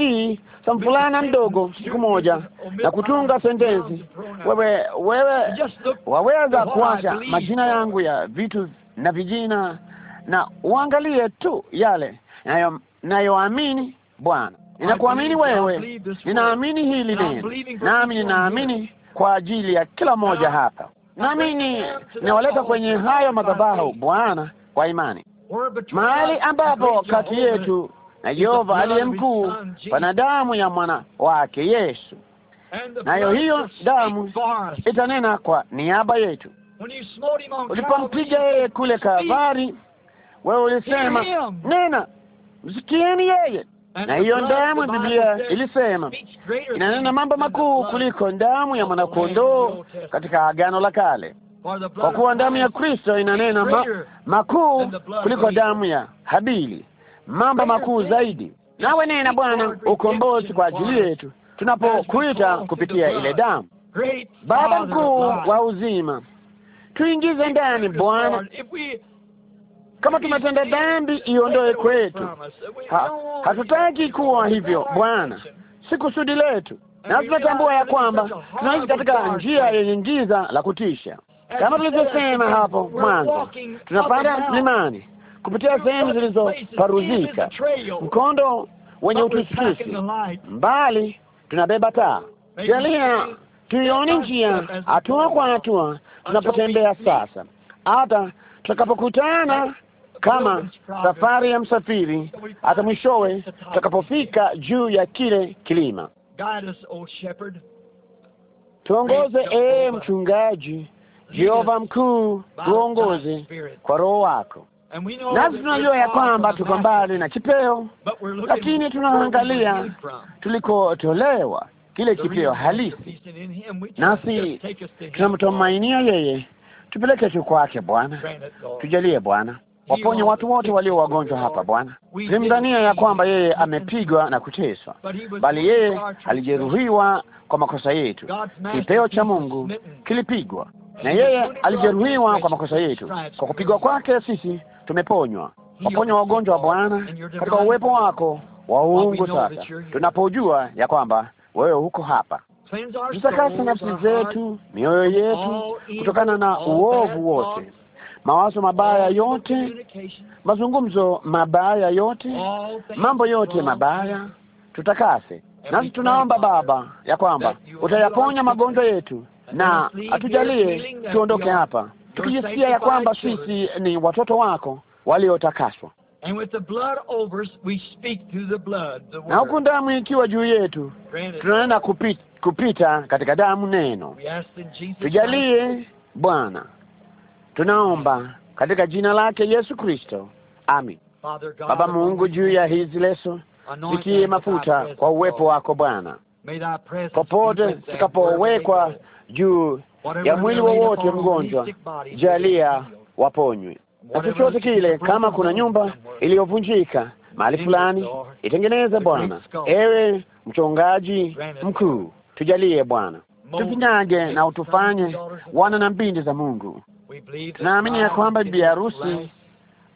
samfulana mdogo siku moja na kutunga sentensi, wewe wewe waweza kuacha majina yangu ya vitu na vijina, na uangalie tu yale nayoamini Bwana ninakuamini wewe, ninaamini hili neno, nami ninaamini kwa ajili ya kila mmoja hapa, nami ninawaleta kwenye hayo madhabahu Bwana kwa imani, mahali ambapo kati yetu na Jehova aliye mkuu pana damu ya mwana wake Yesu, nayo hiyo damu itanena kwa niaba yetu. Ulipompiga yeye kule Kavari, wewe ulisema nena, msikieni yeye na hiyo damu Biblia ilisema inanena mambo makuu kuliko damu ya mwanakondoo katika Agano la Kale, kwa kuwa damu ya Kristo inanena ma, makuu kuliko damu ya Habili, mambo makuu zaidi. Nawe nena Bwana ukombozi kwa ajili yetu, tunapokuita kupitia ile damu. Baba mkuu wa uzima, tuingize ndani Bwana kama tumetenda dhambi, iondoe kwetu. Ha, hatutaki kuwa hivyo Bwana, si kusudi letu, na tunatambua ya kwamba tunaishi katika njia yenye giza la kutisha. Kama tulivyosema hapo mwanzo, tunapanda mlimani kupitia sehemu zilizoparuzika, mkondo wenye utisikisi mbali tunabeba taa. Jalia tuione njia hatua kwa hatua tunapotembea sasa, hata tutakapokutana kama safari ya msafiri hata mwishowe tutakapofika juu ya kile kilima. Tuongoze, ee mchungaji Jehova mkuu, tuongoze kwa Roho wako. Nasi tunajua ya kwamba tuko mbali na chipeo, lakini tunaangalia tulikotolewa kile kipeo halisi, nasi tunamtumainia yeye. Tupeleke tu kwake Bwana, tujalie Bwana waponye watu wote walio wagonjwa hapa Bwana. Tulimdhania ya kwamba yeye amepigwa na kuteswa, bali yeye alijeruhiwa kwa makosa yetu. Kipeo cha Mungu kilipigwa, na yeye alijeruhiwa kwa makosa yetu. Kwa kupigwa kwake sisi tumeponywa. Waponye wagonjwa Bwana, katika uwepo wako wa uungu. Sasa tunapojua ya kwamba wewe huko hapa tutakasa nafsi zetu, mioyo yetu, kutokana na uovu wote, mawazo mabaya yote, mazungumzo mabaya yote, mambo yote mabaya tutakase. Nasi tunaomba Baba ya kwamba utayaponya magonjwa yetu na atujalie tuondoke hapa tukijisikia ya kwamba sisi ni watoto wako waliotakaswa, na huku damu ikiwa juu yetu tunaenda kupita, kupita katika damu neno. Tujalie Bwana Tunaomba katika jina lake Yesu Kristo, amin. Baba Mungu, juu ya hizi leso zitie mafuta kwa uwepo wako Bwana, popote zitakapowekwa juu ya mwili wowote mgonjwa, jalia waponywe na chochote kile. Kama kuna nyumba iliyovunjika mahali fulani, itengeneze Bwana. Ewe mchongaji mkuu, tujalie Bwana, tupinage na utufanye wana na mbindi za Mungu. Tunaamini ya kwamba bibi harusi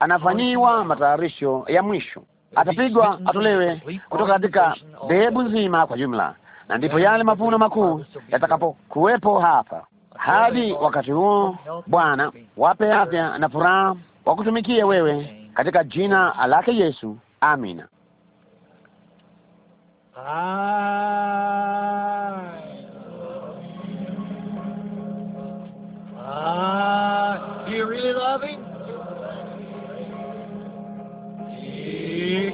anafanyiwa matayarisho ya mwisho, atapigwa atolewe kutoka katika dhehebu nzima kwa jumla, na ndipo yale mavuno makuu yatakapokuwepo hapa. Hadi wakati huo, Bwana wape afya na furaha wakutumikie wewe katika jina lake Yesu, amina. Ah, do you really love him? He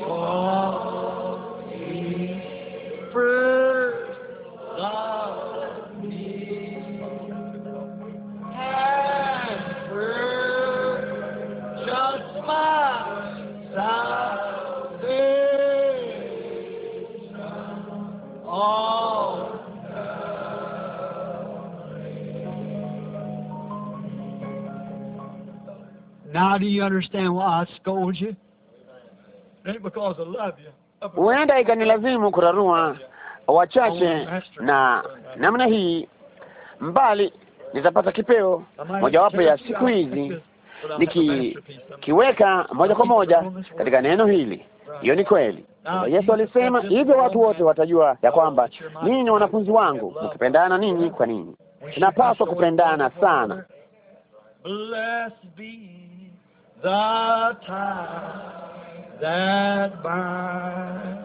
do you understand why I scold you? Ain't because I love you. Huenda ikanilazimu kurarua wachache na namna hii, mbali nitapata kipeo mojawapo ya siku hizi nikikiweka moja kwa moja katika neno hili. Hiyo ni kweli. Yesu alisema hivyo, watu wote watajua ya kwamba ninyi ni wanafunzi wangu mkipendana ninyi kwa ninyi. Tunapaswa kupendana sana. the ties that bind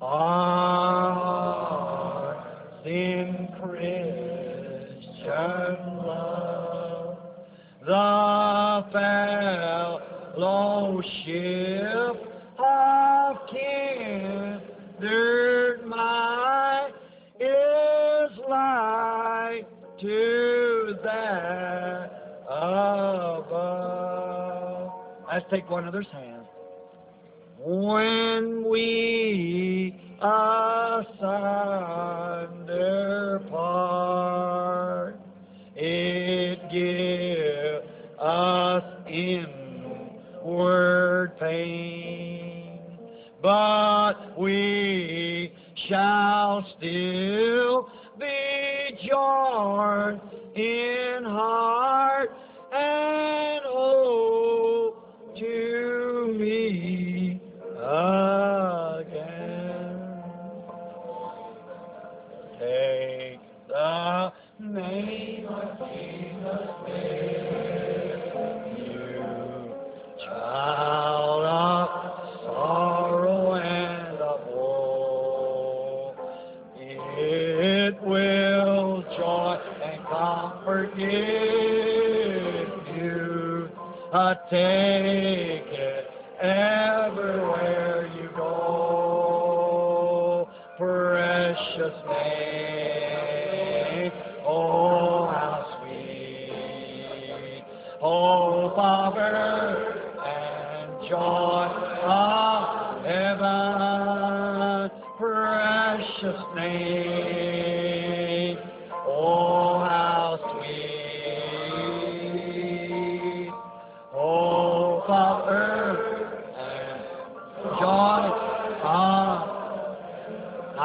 our hearts in Christian love, the fellowship of kindred mind is like to that. take one another's hand. When we asunder part, it give us inward pain, but we shall still be joined in heart Take it everywhere you go, precious name. Oh, how sweet. Oh, Father, and joy of ah, heaven, precious name.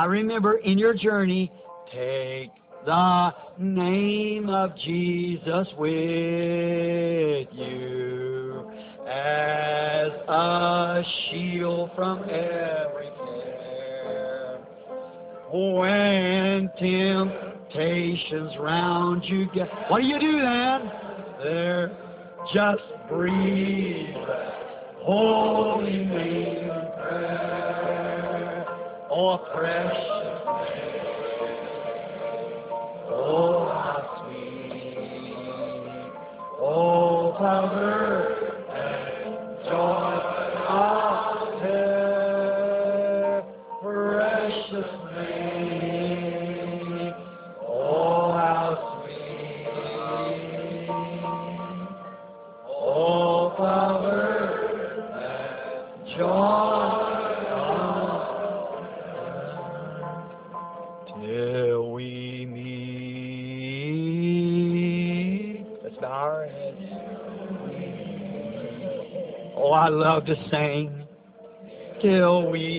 I remember in your journey, take the name of Jesus with you as a shield from every care. When temptations round you get, what do you do then? There, just breathe, holy name more precious Oh, how sweet, oh, how the same Still, we